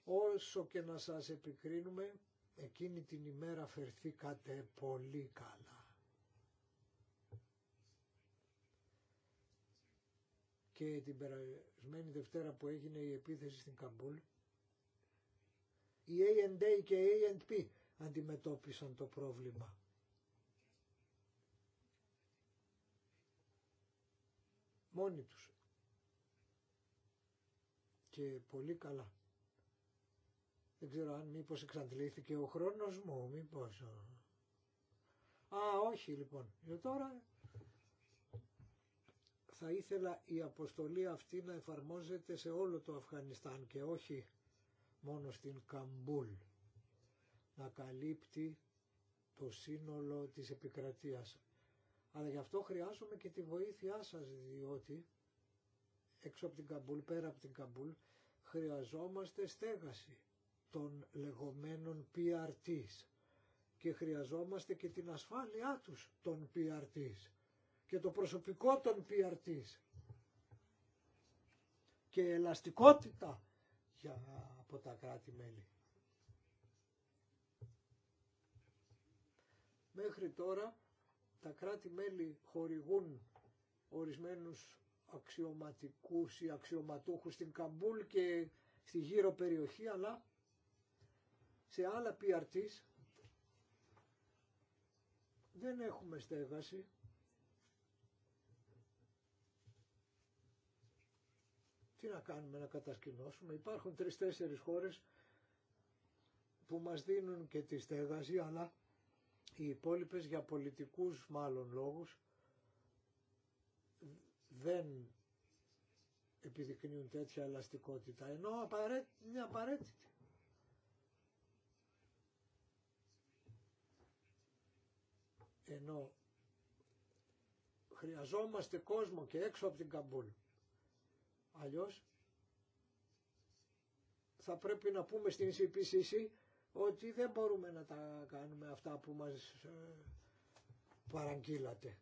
όσο και να σας επικρίνουμε εκείνη την ημέρα φερθήκατε πολύ καλά. Και την περασμένη Δευτέρα που έγινε η επίθεση στην Καμπούλ, η A&A και η A&P αντιμετώπισαν το πρόβλημα. Μόνοι τους. Και πολύ καλά. Δεν ξέρω αν μήπως εξαντλήθηκε ο χρόνος μου, μήπως. Α, όχι λοιπόν. Και τώρα θα ήθελα η αποστολή αυτή να εφαρμόζεται σε όλο το Αφγανιστάν και όχι μόνο στην Καμπούλ. Να καλύπτει το σύνολο της επικρατείας. Αλλά γι' αυτό χρειάζομαι και τη βοήθειά σας διότι έξω από την Καμπούλ, πέρα από την Καμπούλ, χρειαζόμαστε στέγαση των λεγόμενων PRTs και χρειαζόμαστε και την ασφάλειά τους των PRTs και το προσωπικό των PRTs και ελαστικότητα για, από τα κράτη-μέλη. Μέχρι τώρα τα κράτη-μέλη χορηγούν ορισμένους αξιωματικούς ή αξιωματούχους στην Καμπούλ και στη γύρω περιοχή, αλλά σε άλλα PRTs δεν έχουμε στέγαση. Τι να κάνουμε να κατασκηνώσουμε. Υπάρχουν τρεις-τέσσερις χώρες που μας δίνουν και τη στέγαση, αλλά οι υπόλοιπε για πολιτικούς μάλλον λόγους δεν επιδεικνύουν τέτοια ελαστικότητα, ενώ είναι απαραίτητη. ενώ χρειαζόμαστε κόσμο και έξω από την Καμπούλ. Αλλιώς θα πρέπει να πούμε στην CPCC ότι δεν μπορούμε να τα κάνουμε αυτά που μας ε, παραγγείλατε.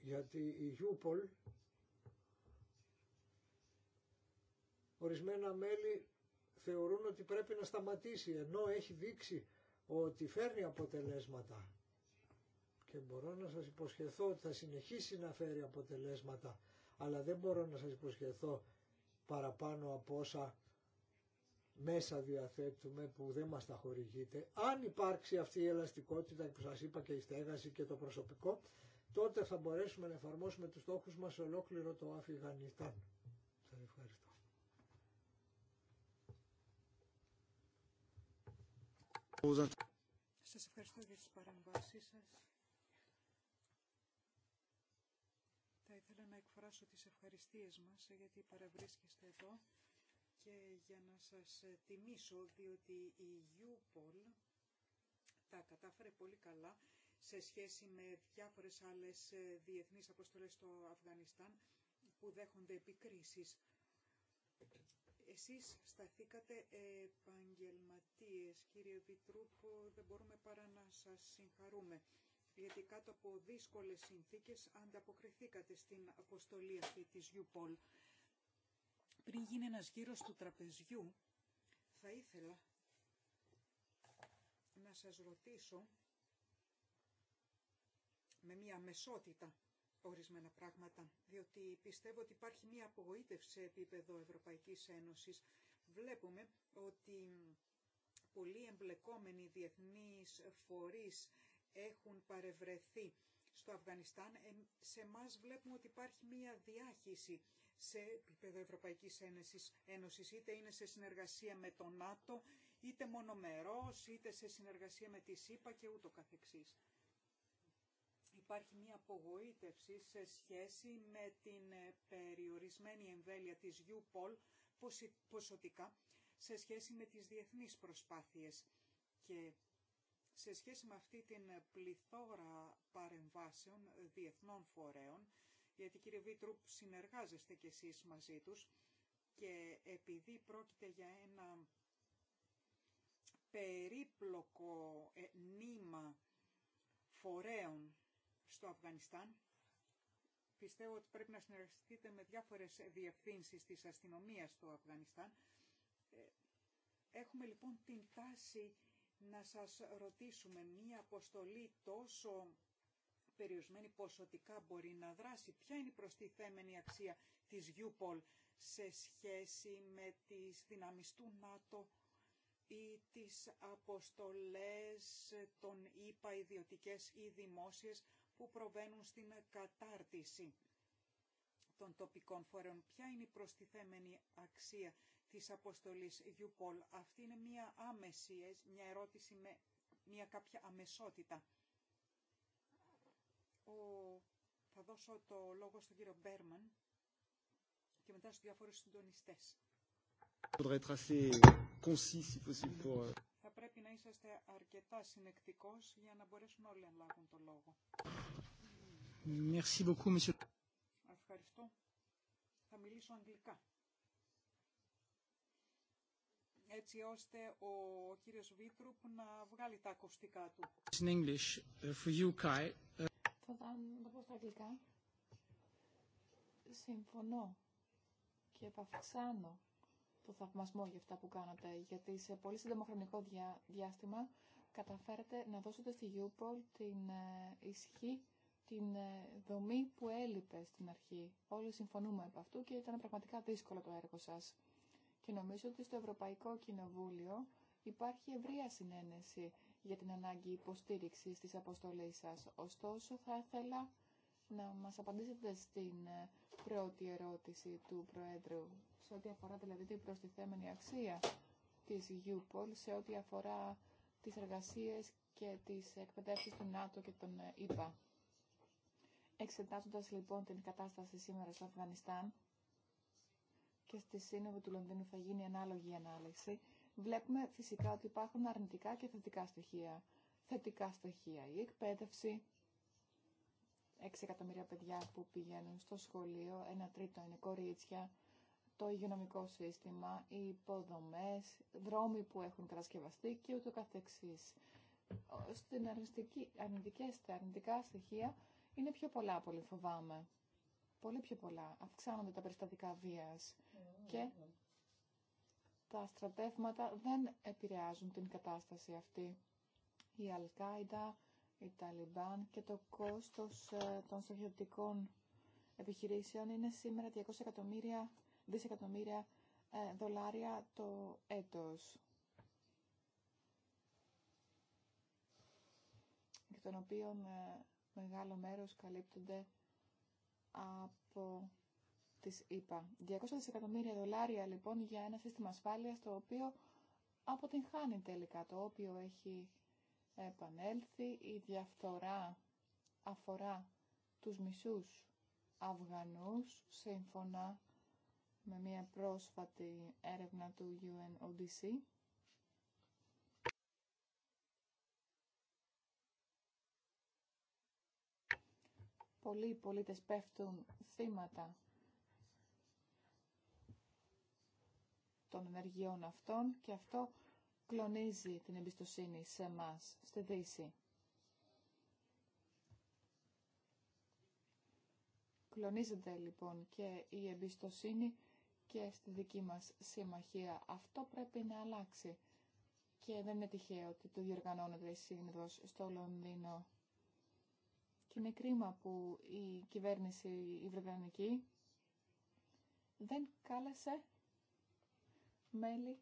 Γιατί η Γιούπολ ορισμένα μέλη θεωρούν ότι πρέπει να σταματήσει ενώ έχει δείξει ότι φέρνει αποτελέσματα και μπορώ να σας υποσχεθώ ότι θα συνεχίσει να φέρει αποτελέσματα αλλά δεν μπορώ να σας υποσχεθώ παραπάνω από όσα μέσα διαθέτουμε που δεν μας τα χορηγείται. Αν υπάρξει αυτή η ελαστικότητα που σας είπα και η στέγαση και το προσωπικό τότε θα μπορέσουμε να εφαρμόσουμε τους στόχους μας σε ολόκληρο το Αφγανιστάν. Σας ευχαριστώ για τις παρεμβάσεις σας. Θα ήθελα να εκφράσω τις ευχαριστίες μας γιατί παραβρίσκεστε εδώ και για να σας τιμήσω διότι η UPOL τα κατάφερε πολύ καλά σε σχέση με διάφορες άλλες διεθνείς αποστολές στο Αφγανιστάν που δέχονται επικρίσεις. Εσείς σταθήκατε επαγγελματίες, κύριε Βιτρούπο, δεν μπορούμε παρά να σας συγχαρούμε, γιατί κάτω από δύσκολες συνθήκες ανταποκριθήκατε στην αποστολή αυτή της UPOL. Πριν γίνει ένας γύρος του τραπεζιού, θα ήθελα να σας ρωτήσω με μια μεσότητα ορισμένα πράγματα, διότι πιστεύω ότι υπάρχει μία απογοήτευση σε επίπεδο Ευρωπαϊκής Ένωσης. Βλέπουμε ότι πολλοί εμπλεκόμενοι διεθνείς φορείς έχουν παρευρεθεί στο Αφγανιστάν. Ε, σε εμά βλέπουμε ότι υπάρχει μία διάχυση σε επίπεδο Ευρωπαϊκής Ένωσης, είτε είναι σε συνεργασία με το ΝΑΤΟ, είτε μονομερός, είτε σε συνεργασία με τη ΣΥΠΑ και ούτω καθεξής υπάρχει μια απογοήτευση σε σχέση με την ε, περιορισμένη εμβέλεια της UPOL ποσοτικά σε σχέση με τις διεθνείς προσπάθειες και σε σχέση με αυτή την πληθώρα παρεμβάσεων διεθνών φορέων, γιατί κύριε Βίτρουπ συνεργάζεστε κι εσείς μαζί τους και επειδή πρόκειται για ένα περίπλοκο ε, νήμα φορέων στο Αφγανιστάν. Πιστεύω ότι πρέπει να συνεργαστείτε με διάφορες διευθύνσεις της αστυνομίας στο Αφγανιστάν. Ε, έχουμε λοιπόν την τάση να σας ρωτήσουμε μία αποστολή τόσο περιορισμένη ποσοτικά μπορεί να δράσει. Ποια είναι η προστιθέμενη αξία της UPOL σε σχέση με τις δυνάμεις του ΝΑΤΟ ή τις αποστολές των ΙΠΑ ιδιωτικές ή δημόσιες που προβαίνουν στην κατάρτιση των τοπικών φορέων. Ποια είναι η προστιθέμενη αξία της αποστολής Πολ. Αυτή είναι μια άμεση, ε, μια ερώτηση με μια κάποια αμεσότητα. Ο... Θα δώσω το λόγο στον κύριο Μπέρμαν και μετά στους διάφορους συντονιστές θα πρέπει να είσαστε αρκετά συνεκτικός για να μπορέσουν όλοι να λάβουν το λόγο. Merci beaucoup, monsieur. Ευχαριστώ. Θα μιλήσω αγγλικά. Έτσι ώστε ο κύριος Βίτρουπ να βγάλει τα ακουστικά του. In English, uh, for you, uh, Θα τα πω στα αγγλικά. Συμφωνώ και επαυξάνω το θαυμασμό για αυτά που κάνατε, γιατί σε πολύ σύντομο χρονικό διάστημα καταφέρατε να δώσετε στη Γιούπολ την ε, ισχύ, την ε, δομή που έλειπε στην αρχή. Όλοι συμφωνούμε από αυτού και ήταν πραγματικά δύσκολο το έργο σας. Και νομίζω ότι στο Ευρωπαϊκό Κοινοβούλιο υπάρχει ευρεία συνένεση για την ανάγκη υποστήριξης της αποστολής σας. Ωστόσο, θα ήθελα να μας απαντήσετε στην ε, πρώτη ερώτηση του Προέδρου σε ό,τι αφορά δηλαδή την προστιθέμενη αξία της UPOL, σε ό,τι αφορά τις εργασίες και τις εκπαιδεύσεις του ΝΑΤΟ και των ε, ΙΠΑ. Εξετάζοντας λοιπόν την κατάσταση σήμερα στο Αφγανιστάν και στη Σύνοδο του Λονδίνου θα γίνει ανάλογη ανάλυση, βλέπουμε φυσικά ότι υπάρχουν αρνητικά και θετικά στοιχεία. Θετικά στοιχεία η εκπαίδευση, 6 εκατομμύρια παιδιά που πηγαίνουν στο σχολείο, ένα τρίτο είναι κορίτσια, το υγειονομικό σύστημα, οι υποδομές, δρόμοι που έχουν κατασκευαστεί και ούτω καθεξής. Στην αρνητική, αρνητικές, τα αρνητικά στοιχεία είναι πιο πολλά, πολύ φοβάμαι. Πολύ πιο πολλά. Αυξάνονται τα περιστατικά βίας και τα στρατεύματα δεν επηρεάζουν την κατάσταση αυτή. Η Αλκάιντα, η Ταλιμπάν και το κόστος ε, των στρατιωτικών επιχειρήσεων είναι σήμερα 200 εκατομμύρια δισεκατομμύρια ε, δολάρια το έτος. Και των οποίων ε, μεγάλο μέρος καλύπτονται από τις ΗΠΑ. 200 δισεκατομμύρια δολάρια λοιπόν για ένα σύστημα ασφάλειας το οποίο αποτυγχάνει τελικά, το οποίο έχει επανέλθει. Η διαφθορά αφορά τους μισούς Αυγανούς σύμφωνα με μια πρόσφατη έρευνα του UNODC πολλοί πολίτες πέφτουν θύματα των ενεργειών αυτών και αυτό κλονίζει την εμπιστοσύνη σε μας στη Δύση. Κλονίζεται λοιπόν και η εμπιστοσύνη και στη δική μας συμμαχία. Αυτό πρέπει να αλλάξει. Και δεν είναι τυχαίο ότι το διοργανώνεται η στο Λονδίνο. Και είναι κρίμα που η κυβέρνηση η Βρετανική δεν κάλεσε μέλη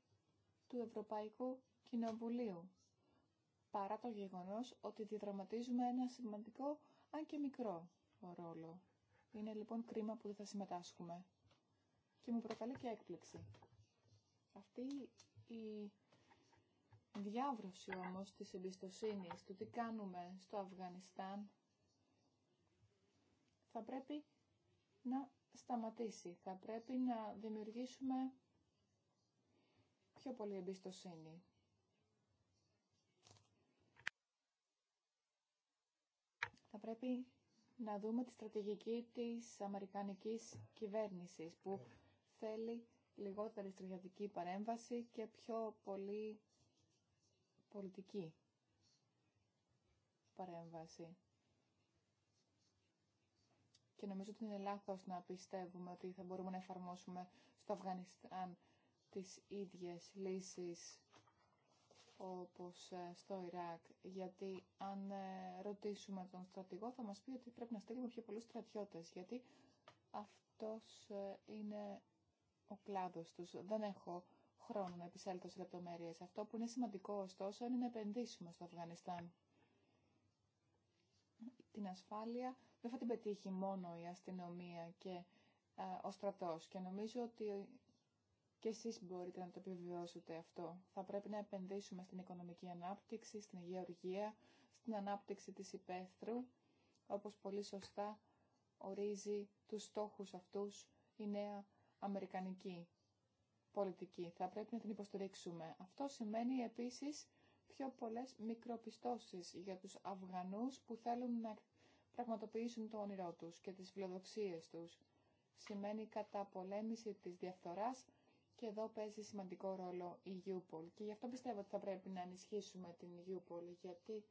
του Ευρωπαϊκού Κοινοβουλίου. Παρά το γεγονός ότι διδραματίζουμε ένα σημαντικό, αν και μικρό, ρόλο. Είναι λοιπόν κρίμα που δεν θα συμμετάσχουμε και μου προκαλεί και έκπληξη. Αυτή η διάβρωση όμως της εμπιστοσύνης του τι κάνουμε στο Αφγανιστάν θα πρέπει να σταματήσει. Θα πρέπει να δημιουργήσουμε πιο πολύ εμπιστοσύνη. Θα πρέπει να δούμε τη στρατηγική της Αμερικανικής κυβέρνησης που θέλει λιγότερη στρατιωτική παρέμβαση και πιο πολύ πολιτική παρέμβαση. Και νομίζω ότι είναι λάθος να πιστεύουμε ότι θα μπορούμε να εφαρμόσουμε στο Αφγανιστάν τις ίδιες λύσεις όπως ε, στο Ιράκ. Γιατί αν ε, ρωτήσουμε τον στρατηγό θα μας πει ότι πρέπει να στείλουμε πιο πολλούς στρατιώτες. Γιατί αυτός ε, είναι ο κλάδος τους. Δεν έχω χρόνο να επισέλθω σε λεπτομέρειες. Αυτό που είναι σημαντικό ωστόσο είναι να επενδύσουμε στο Αφγανιστάν. Την ασφάλεια δεν θα την πετύχει μόνο η αστυνομία και ε, ο στρατός και νομίζω ότι και εσείς μπορείτε να το επιβεβαιώσετε αυτό. Θα πρέπει να επενδύσουμε στην οικονομική ανάπτυξη, στην γεωργία, στην ανάπτυξη της υπαίθρου, όπως πολύ σωστά ορίζει τους στόχους αυτούς η νέα αμερικανική πολιτική. Θα πρέπει να την υποστηρίξουμε. Αυτό σημαίνει επίσης πιο πολλές μικροπιστώσεις για τους Αφγανούς που θέλουν να πραγματοποιήσουν το όνειρό τους και τις φιλοδοξίες τους. Σημαίνει καταπολέμηση της διαφθοράς και εδώ παίζει σημαντικό ρόλο η Γιούπολ. Και γι' αυτό πιστεύω ότι θα πρέπει να ενισχύσουμε την Γιούπολ, γιατί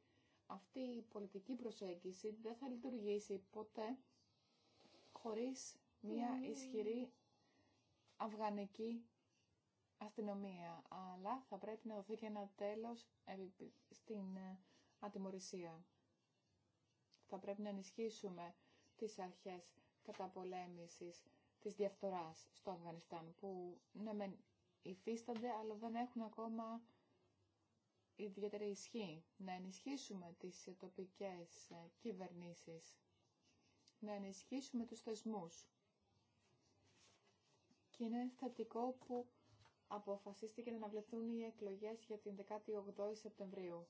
αυτή η πολιτική προσέγγιση δεν θα λειτουργήσει ποτέ χωρίς μια ναι. ισχυρή αφγανική αστυνομία, αλλά θα πρέπει να δοθεί και ένα τέλος στην ε, ατιμορρησία. Θα πρέπει να ενισχύσουμε τις αρχές καταπολέμησης της διαφθοράς στο Αφγανιστάν, που ναι μεν υφίστανται, αλλά δεν έχουν ακόμα ιδιαίτερη ισχύ. Να ενισχύσουμε τις τοπικές ε, κυβερνήσεις, να ενισχύσουμε τους θεσμούς. Και είναι θετικό που αποφασίστηκε να αναβληθούν οι εκλογές για την 18η Σεπτεμβρίου.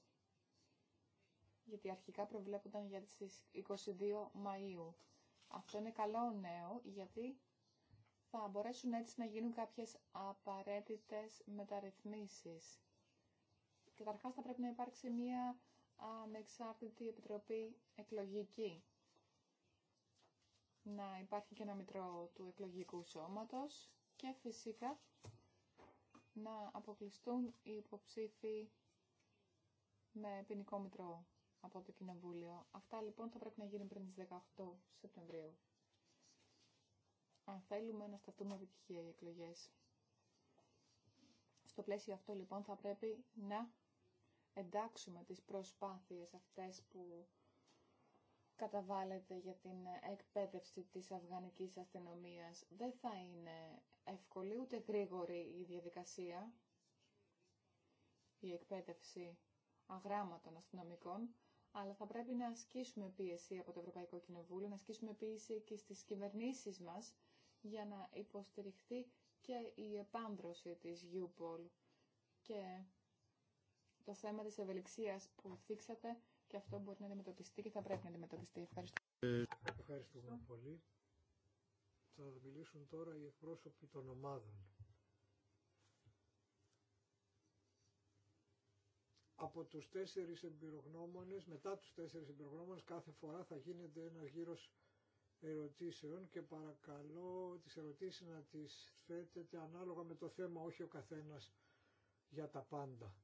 Γιατί αρχικά προβλέπονταν για τις 22 Μαΐου. Αυτό είναι καλό νέο γιατί θα μπορέσουν έτσι να γίνουν κάποιες απαραίτητες μεταρρυθμίσεις. Καταρχάς θα πρέπει να υπάρξει μία ανεξάρτητη επιτροπή εκλογική. Να υπάρχει και ένα μητρό του εκλογικού σώματος και φυσικά να αποκλειστούν οι υποψήφοι με ποινικό μητρό από το Κοινοβούλιο. Αυτά λοιπόν θα πρέπει να γίνουν πριν τις 18 Σεπτεμβρίου. Αν θέλουμε να σταθούμε επιτυχία οι εκλογές. Στο πλαίσιο αυτό λοιπόν θα πρέπει να εντάξουμε τις προσπάθειες αυτές που καταβάλλεται για την εκπαίδευση της αφγανικής αστυνομίας. Δεν θα είναι εύκολη ούτε γρήγορη η διαδικασία, η εκπαίδευση αγράμματων αστυνομικών, αλλά θα πρέπει να ασκήσουμε πίεση από το Ευρωπαϊκό Κοινοβούλιο, να ασκήσουμε πίεση και στις κυβερνήσεις μας για να υποστηριχθεί και η επάνδρωση της UPOL και το θέμα της ευελιξίας που θίξατε και αυτό μπορεί να αντιμετωπιστεί και θα πρέπει να αντιμετωπιστεί. Ευχαριστώ. Ευχαριστούμε πολύ. Θα μιλήσουν τώρα οι εκπρόσωποι των ομάδων. από τους τέσσερις εμπειρογνώμονες, μετά τους τέσσερις εμπειρογνώμονες κάθε φορά θα γίνεται ένα γύρος ερωτήσεων και παρακαλώ τις ερωτήσεις να τις θέτετε ανάλογα με το θέμα, όχι ο καθένας για τα πάντα.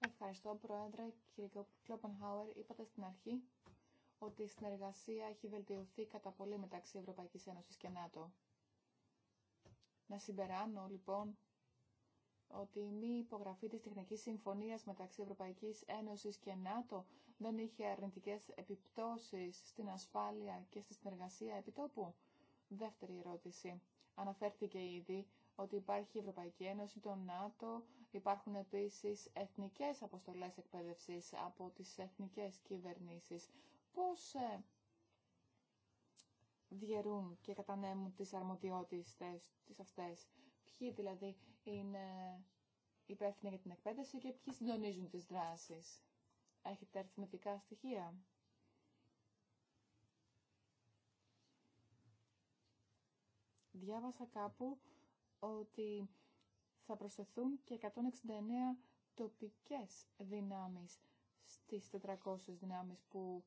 Ευχαριστώ, Πρόεδρε. Κύριε Κλόπενχάουερ, είπατε στην αρχή ότι η συνεργασία έχει βελτιωθεί κατά πολύ μεταξύ Ευρωπαϊκής Ένωσης και ΝΑΤΟ. Να συμπεράνω, λοιπόν, ότι η μη υπογραφή της τεχνικής συμφωνίας μεταξύ Ευρωπαϊκής Ένωσης και ΝΑΤΟ δεν είχε αρνητικές επιπτώσεις στην ασφάλεια και στη συνεργασία επιτόπου. Δεύτερη ερώτηση. Αναφέρθηκε ήδη ότι υπάρχει η Ευρωπαϊκή Ένωση, το ΝΑΤΟ, υπάρχουν επίσης εθνικές αποστολές εκπαίδευσης από τις εθνικές κυβερνήσεις. Πώς ε, διαιρούν και κατανέμουν τις αρμοδιότητες τις αυτές. Ποιοι δηλαδή είναι υπεύθυνοι για την εκπαίδευση και ποιοι συντονίζουν τις δράσεις. Έχετε αριθμητικά στοιχεία. Διάβασα κάπου ότι θα προσθεθούν και 169 τοπικές δυνάμεις στις 400 δυνάμεις που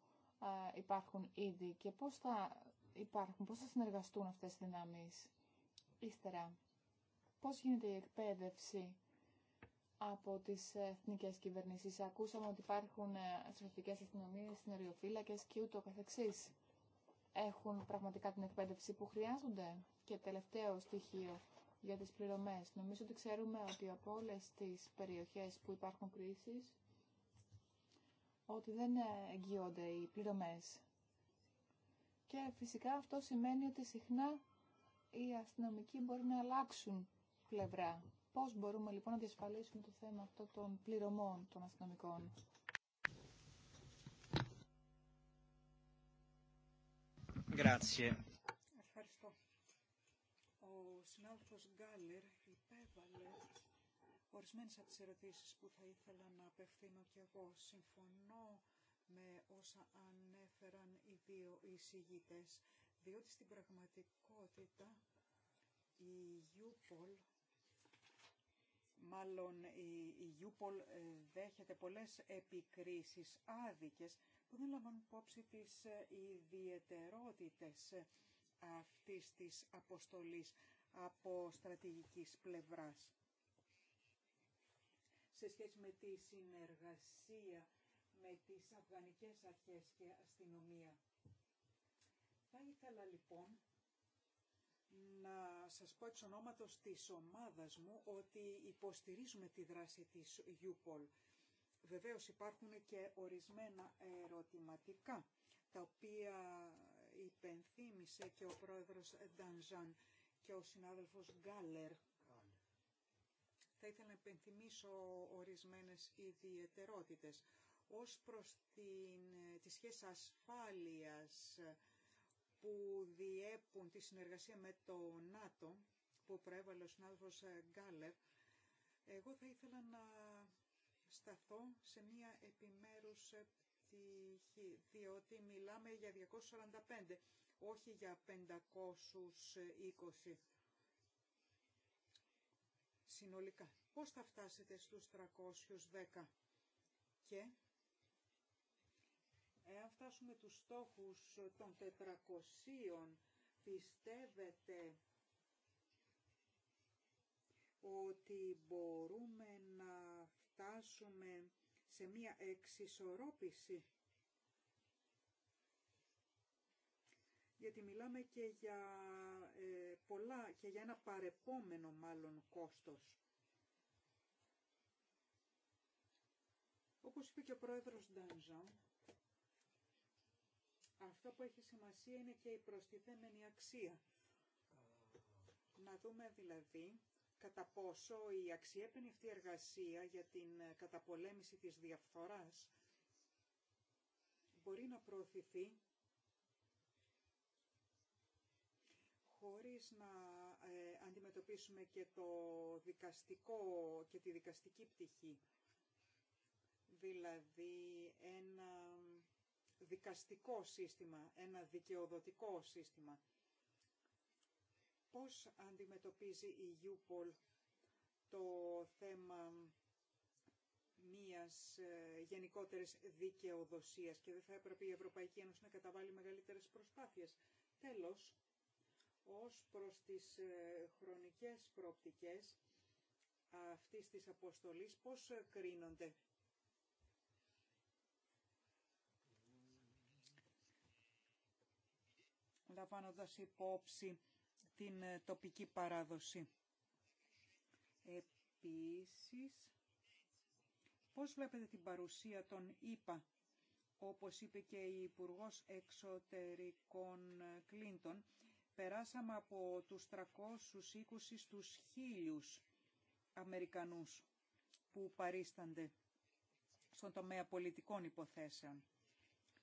υπάρχουν ήδη και πώς θα υπάρχουν, πώς θα συνεργαστούν αυτές οι δυνάμεις ύστερα. Πώς γίνεται η εκπαίδευση από τις εθνικές κυβερνήσεις. Ακούσαμε ότι υπάρχουν ε, στρατιωτικές αστυνομίες, συνοριοφύλακες και ούτω καθεξής. Έχουν πραγματικά την εκπαίδευση που χρειάζονται. Και τελευταίο στοιχείο για τις πληρωμές. Νομίζω ότι ξέρουμε ότι από όλες τις περιοχές που υπάρχουν κρίσεις, ότι δεν εγγυώνται οι πληρωμές. Και φυσικά αυτό σημαίνει ότι συχνά οι αστυνομικοί μπορεί να αλλάξουν πλευρά. Πώς μπορούμε λοιπόν να διασφαλίσουμε το θέμα αυτό των πληρωμών των αστυνομικών. Grazie συνάδελφος Γκάλερ υπέβαλε ορισμένες από τις ερωτήσεις που θα ήθελα να απευθύνω και εγώ. Συμφωνώ με όσα ανέφεραν οι δύο εισηγητές, διότι στην πραγματικότητα η Ιούπολ, μάλλον η Ιούπολ ε, δέχεται πολλές επικρίσεις άδικες που δεν λαμβάνουν υπόψη τις ε, ιδιαιτερότητες ε, αυτής της αποστολής από στρατηγικής πλευράς. Σε σχέση με τη συνεργασία με τις αφγανικές αρχές και αστυνομία. Θα ήθελα λοιπόν να σας πω εξ ονόματος της ομάδας μου ότι υποστηρίζουμε τη δράση της UPOL. Βεβαίως υπάρχουν και ορισμένα ερωτηματικά, τα οποία υπενθύμησε και ο πρόεδρος Ντανζάν και ο συνάδελφος Γκάλερ. Θα ήθελα να επενθυμίσω ορισμένες ιδιαιτερότητες. Ως προς την, τις σχέση ασφάλειας που διέπουν τη συνεργασία με το ΝΑΤΟ, που προέβαλε ο συνάδελφος Γκάλερ, εγώ θα ήθελα να σταθώ σε μία επιμέρους πτυχή, διότι μιλάμε για 245 όχι για 520 συνολικά. Πώς θα φτάσετε στους 310 και εάν φτάσουμε τους στόχους των 400 πιστεύετε ότι μπορούμε να φτάσουμε σε μία εξισορρόπηση γιατί μιλάμε και για, ε, πολλά, και για ένα παρεπόμενο μάλλον κόστος. Όπως είπε και ο πρόεδρος Ντάνζαν, αυτό που έχει σημασία είναι και η προστιθέμενη αξία. Να δούμε δηλαδή κατά πόσο η αξιέπαινη αυτή εργασία για την καταπολέμηση της διαφθοράς μπορεί να προωθηθεί χωρίς να ε, αντιμετωπίσουμε και, το δικαστικό, και τη δικαστική πτυχή. Δηλαδή ένα δικαστικό σύστημα, ένα δικαιοδοτικό σύστημα. Πώς αντιμετωπίζει η UPOL το θέμα μιας ε, γενικότερης δικαιοδοσίας και δεν θα έπρεπε η Ευρωπαϊκή Ένωση να καταβάλει μεγαλύτερες προσπάθειες. Τέλος, ως προς τις ε, χρονικές προοπτικές αυτής της αποστολής, πώς ε, κρίνονται. Λαμβάνοντας υπόψη την ε, τοπική παράδοση. Επίσης, πώς βλέπετε την παρουσία των ΙΠΑ, όπως είπε και η Υπουργός Εξωτερικών Κλίντον, Περάσαμε από τους 320 στους 1000 Αμερικανούς που παρίστανται στον τομέα πολιτικών υποθέσεων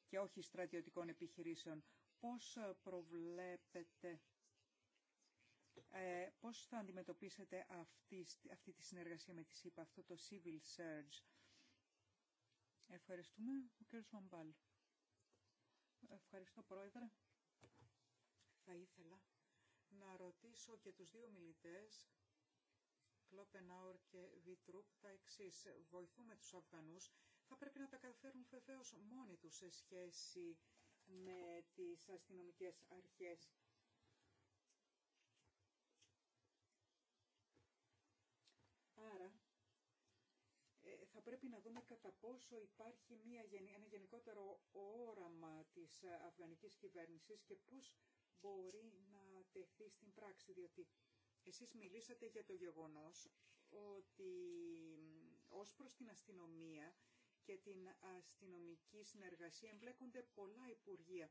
και όχι στρατιωτικών επιχειρήσεων. Πώς ε, προβλέπετε, ε, πώς θα αντιμετωπίσετε αυτή, τη συνεργασία με τη ΣΥΠΑ, αυτό το Civil Surge. Ευχαριστούμε. Ο κ. Ευχαριστώ, Πρόεδρε. Θα ήθελα να ρωτήσω και τους δύο μιλητές, Κλόπενάουρ και Βιτρούπ, τα εξή. Βοηθούμε τους Αφγανούς. Θα πρέπει να τα καταφέρουν βεβαίως μόνοι τους σε σχέση με τις αστυνομικές αρχές. Άρα, ε, θα πρέπει να δούμε κατά πόσο υπάρχει μια, ένα γενικότερο όραμα της ε, αφγανικής κυβέρνησης και πώς μπορεί να τεθεί στην πράξη, διότι εσείς μιλήσατε για το γεγονός ότι ως προς την αστυνομία και την αστυνομική συνεργασία εμπλέκονται πολλά υπουργεία.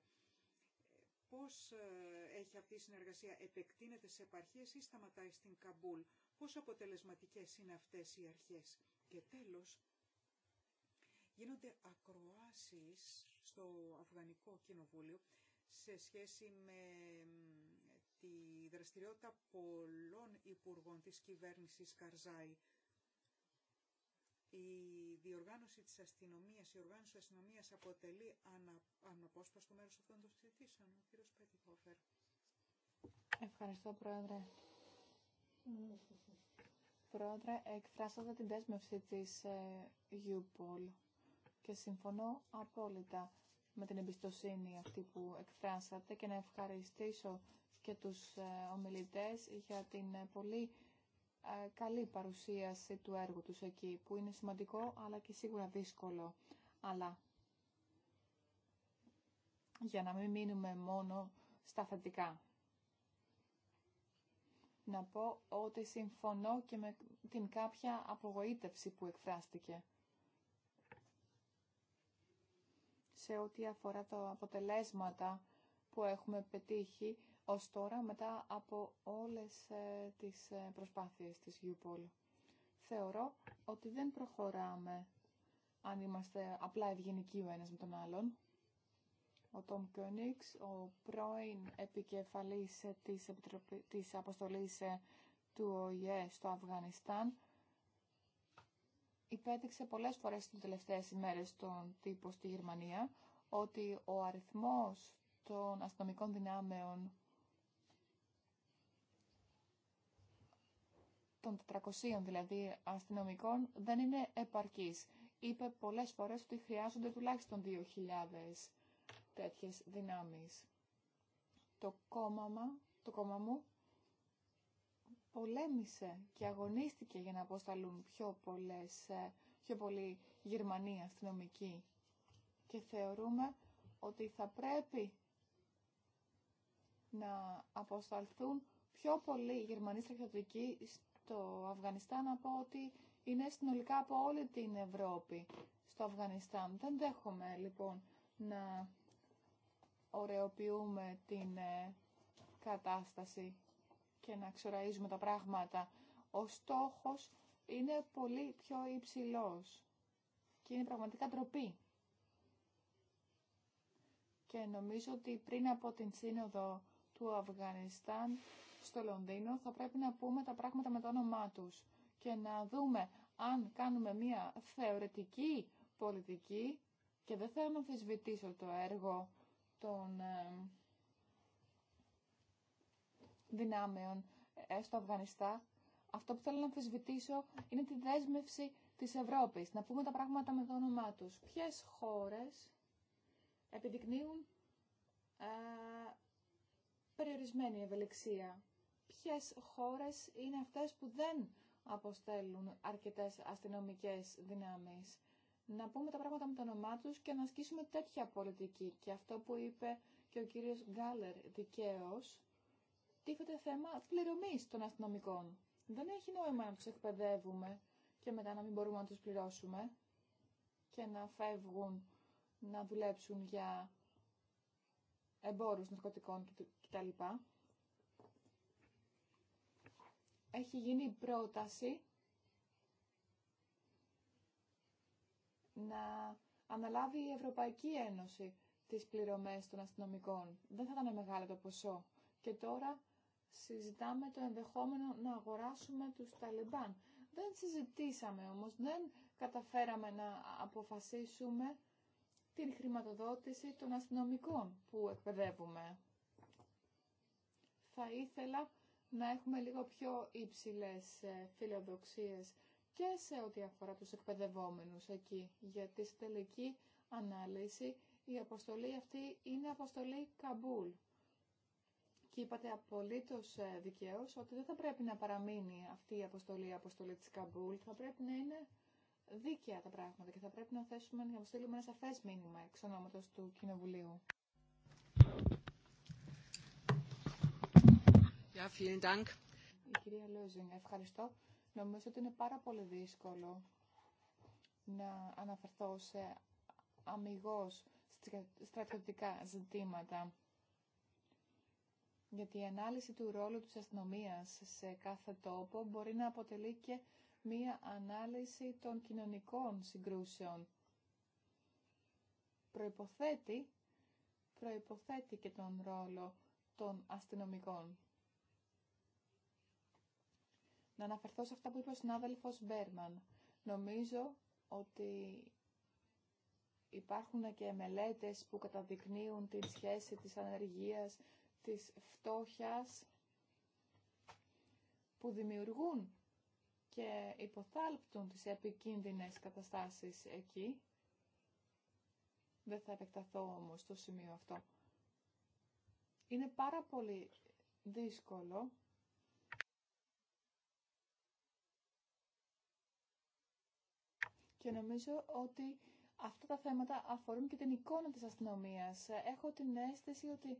Πώς ε, έχει αυτή η συνεργασία, επεκτείνεται σε επαρχίες ή σταματάει στην Καμπούλ. πώς αποτελεσματικές είναι αυτές οι αρχές. Και τέλος, γίνονται ακροάσεις στο Αφγανικό Κοινοβούλιο σε σχέση με τη δραστηριότητα πολλών υπουργών της κυβέρνησης Καρζάη. Η διοργάνωση της αστυνομίας, η οργάνωση της αστυνομίας αποτελεί αναπόσπαστο μέρος αυτών των συζητήσεων. Ο κύριος Ευχαριστώ, Πρόεδρε. Πρόεδρε, εκφράσατε την δέσμευση της ε, UPOL και συμφωνώ απόλυτα με την εμπιστοσύνη αυτή που εκφράσατε και να ευχαριστήσω και τους ε, ομιλητές για την ε, πολύ ε, καλή παρουσίαση του έργου τους εκεί, που είναι σημαντικό αλλά και σίγουρα δύσκολο. Αλλά για να μην μείνουμε μόνο στα θετικά. Να πω ότι συμφωνώ και με την κάποια απογοήτευση που εκφράστηκε. σε ό,τι αφορά τα αποτελέσματα που έχουμε πετύχει ως τώρα μετά από όλες ε, τις ε, προσπάθειες της UPOL. Θεωρώ ότι δεν προχωράμε αν είμαστε απλά ευγενικοί ο ένας με τον άλλον. Ο Τόμ Κιόνιξ, ο πρώην επικεφαλής ε, της, της αποστολής του ΟΗΕ στο Αφγανιστάν, υπέδειξε πολλές φορές τις τελευταίες ημέρες στον τύπο στη Γερμανία ότι ο αριθμός των αστυνομικών δυνάμεων των 400 δηλαδή αστυνομικών δεν είναι επαρκής. Είπε πολλές φορές ότι χρειάζονται τουλάχιστον 2.000 τέτοιες δυνάμεις. Το κόμμα, το κόμμα μου πολέμησε και αγωνίστηκε για να αποσταλούν πιο, πολλές, ε, πιο πολλοί Γερμανοί αστυνομικοί. Και θεωρούμε ότι θα πρέπει να αποσταλθούν πιο πολλοί Γερμανοί στρατιωτικοί στο Αφγανιστάν από ότι είναι συνολικά από όλη την Ευρώπη στο Αφγανιστάν. Δεν δέχομαι λοιπόν να ωρεοποιούμε την ε, κατάσταση και να ξοραίζουμε τα πράγματα. Ο στόχος είναι πολύ πιο υψηλός και είναι πραγματικά ντροπή. Και νομίζω ότι πριν από την σύνοδο του Αφγανιστάν στο Λονδίνο θα πρέπει να πούμε τα πράγματα με το όνομά τους και να δούμε αν κάνουμε μια θεωρητική πολιτική και δεν θέλω να αμφισβητήσω το έργο των ε, δυνάμεων ε, στο Αφγανιστά αυτό που θέλω να αμφισβητήσω είναι τη δέσμευση της Ευρώπης. Να πούμε τα πράγματα με το όνομά τους. Ποιες χώρες επιδεικνύουν ε, περιορισμένη ευελιξία. Ποιες χώρες είναι αυτές που δεν αποστέλουν αρκετές αστυνομικές δυνάμεις. Να πούμε τα πράγματα με το όνομά τους και να ασκήσουμε τέτοια πολιτική. Και αυτό που είπε και ο κύριος Γκάλερ δικαίως, τίθεται θέμα πληρωμή των αστυνομικών. Δεν έχει νόημα να του εκπαιδεύουμε και μετά να μην μπορούμε να τους πληρώσουμε και να φεύγουν να δουλέψουν για εμπόρους ναρκωτικών κτλ. Έχει γίνει πρόταση να αναλάβει η Ευρωπαϊκή Ένωση τις πληρωμές των αστυνομικών. Δεν θα ήταν μεγάλο το ποσό. Και τώρα συζητάμε το ενδεχόμενο να αγοράσουμε τους Ταλιμπάν. Δεν συζητήσαμε όμως, δεν καταφέραμε να αποφασίσουμε την χρηματοδότηση των αστυνομικών που εκπαιδεύουμε. Θα ήθελα να έχουμε λίγο πιο υψηλές ε, φιλοδοξίες και σε ό,τι αφορά τους εκπαιδευόμενους εκεί, γιατί στη τελική ανάλυση η αποστολή αυτή είναι αποστολή Καμπούλ. Και είπατε απολύτω ε, δικαίω ότι δεν θα πρέπει να παραμείνει αυτή η αποστολή, η αποστολή τη Καμπούλ. Θα πρέπει να είναι δίκαια τα πράγματα και θα πρέπει να θέσουμε να στείλουμε ένα σαφέ μήνυμα εξ ονόματο του Κοινοβουλίου. Ja, vielen Dank. Η κυρία Λόζινγκ, ευχαριστώ. Νομίζω ότι είναι πάρα πολύ δύσκολο να αναφερθώ σε αμυγός στρατιωτικά ζητήματα γιατί η ανάλυση του ρόλου της αστυνομία σε κάθε τόπο μπορεί να αποτελεί και μία ανάλυση των κοινωνικών συγκρούσεων. Προϋποθέτει, προϋποθέτει και τον ρόλο των αστυνομικών. Να αναφερθώ σε αυτά που είπε ο συνάδελφος Μπέρμαν. Νομίζω ότι υπάρχουν και μελέτες που καταδεικνύουν τη σχέση της ανεργίας της φτώχειας που δημιουργούν και υποθάλπτουν τις επικίνδυνες καταστάσεις εκεί. Δεν θα επεκταθώ όμως στο σημείο αυτό. Είναι πάρα πολύ δύσκολο και νομίζω ότι αυτά τα θέματα αφορούν και την εικόνα της αστυνομίας. Έχω την αίσθηση ότι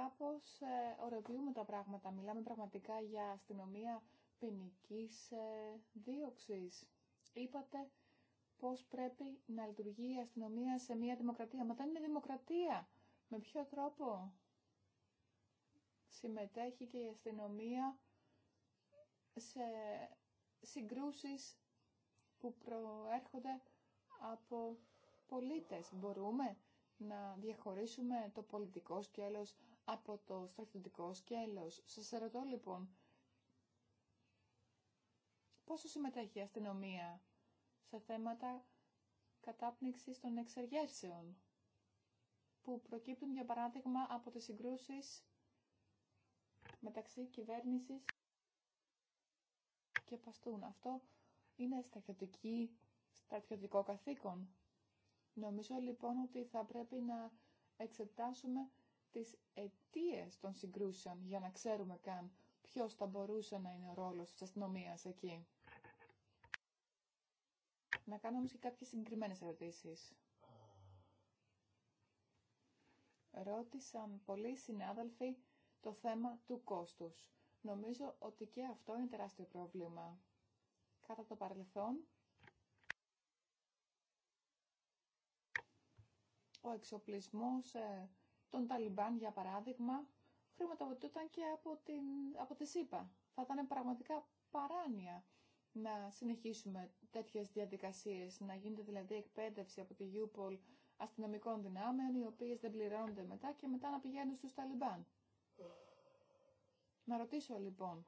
κάπως ε, ωρεοποιούμε τα πράγματα. Μιλάμε πραγματικά για αστυνομία ποινική ε, δίωξης. Είπατε πώς πρέπει να λειτουργεί η αστυνομία σε μια δημοκρατία. Μα δεν είναι δημοκρατία. Με ποιο τρόπο συμμετέχει και η αστυνομία σε συγκρούσεις που προέρχονται από πολίτες. Μπορούμε να διαχωρίσουμε το πολιτικό σκέλος από το στρατιωτικό σκέλος. Σας ερωτώ λοιπόν, πόσο συμμετέχει η αστυνομία σε θέματα κατάπνιξης των εξεργέσεων που προκύπτουν για παράδειγμα από τις συγκρούσεις μεταξύ κυβέρνησης και παστούν. Αυτό είναι στρατιωτικό καθήκον. Νομίζω λοιπόν ότι θα πρέπει να εξετάσουμε τις αιτίες των συγκρούσεων για να ξέρουμε καν ποιος θα μπορούσε να είναι ο ρόλος της αστυνομίας εκεί. Να κάνω όμως και κάποιες συγκεκριμένες ερωτήσεις. Ρώτησαν πολλοί συνάδελφοι το θέμα του κόστους. Νομίζω ότι και αυτό είναι τεράστιο πρόβλημα. Κατά το παρελθόν, ο εξοπλισμός ε, τον Ταλιμπάν, για παράδειγμα, χρηματοδοτούνταν και από, την, από τη ΣΥΠΑ. Θα ήταν πραγματικά παράνοια να συνεχίσουμε τέτοιες διαδικασίες, να γίνεται δηλαδή εκπαίδευση από τη UPOL αστυνομικών δυνάμεων, οι οποίες δεν πληρώνονται μετά και μετά να πηγαίνουν στους Ταλιμπάν. Να ρωτήσω λοιπόν,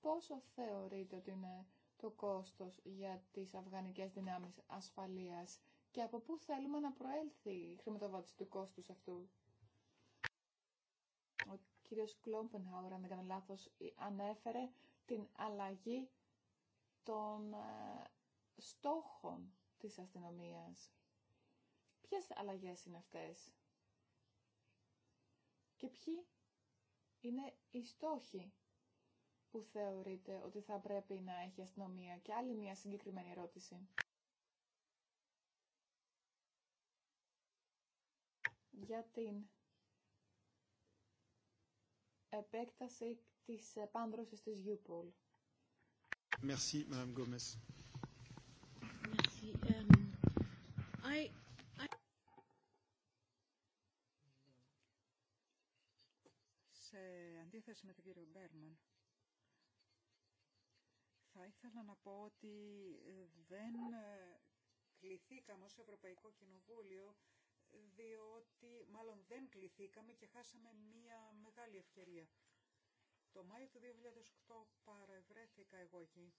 πόσο θεωρείτε ότι είναι το κόστος για τις αφγανικές δυνάμεις ασφαλείας και από πού θέλουμε να προέλθει η χρηματοδότηση του κόστου αυτού. Ο κύριος Κλόμπενχάουρ, αν δεν κάνω λάθος, ανέφερε την αλλαγή των ε, στόχων της αστυνομίας. Ποιες αλλαγές είναι αυτές και ποιοι είναι οι στόχοι που θεωρείτε ότι θα πρέπει να έχει αστυνομία και άλλη μια συγκεκριμένη ερώτηση. για την επέκταση της επάνδρωσης της UPOL. Merci, um, Σε αντίθεση με τον κύριο Μπέρμαν, θα ήθελα να πω ότι δεν ε, κληθήκαμε ως Ευρωπαϊκό Κοινοβούλιο διότι μάλλον δεν κληθήκαμε και χάσαμε μία μεγάλη ευκαιρία. Το Μάιο του 2008 παρευρέθηκα εγώ εκεί,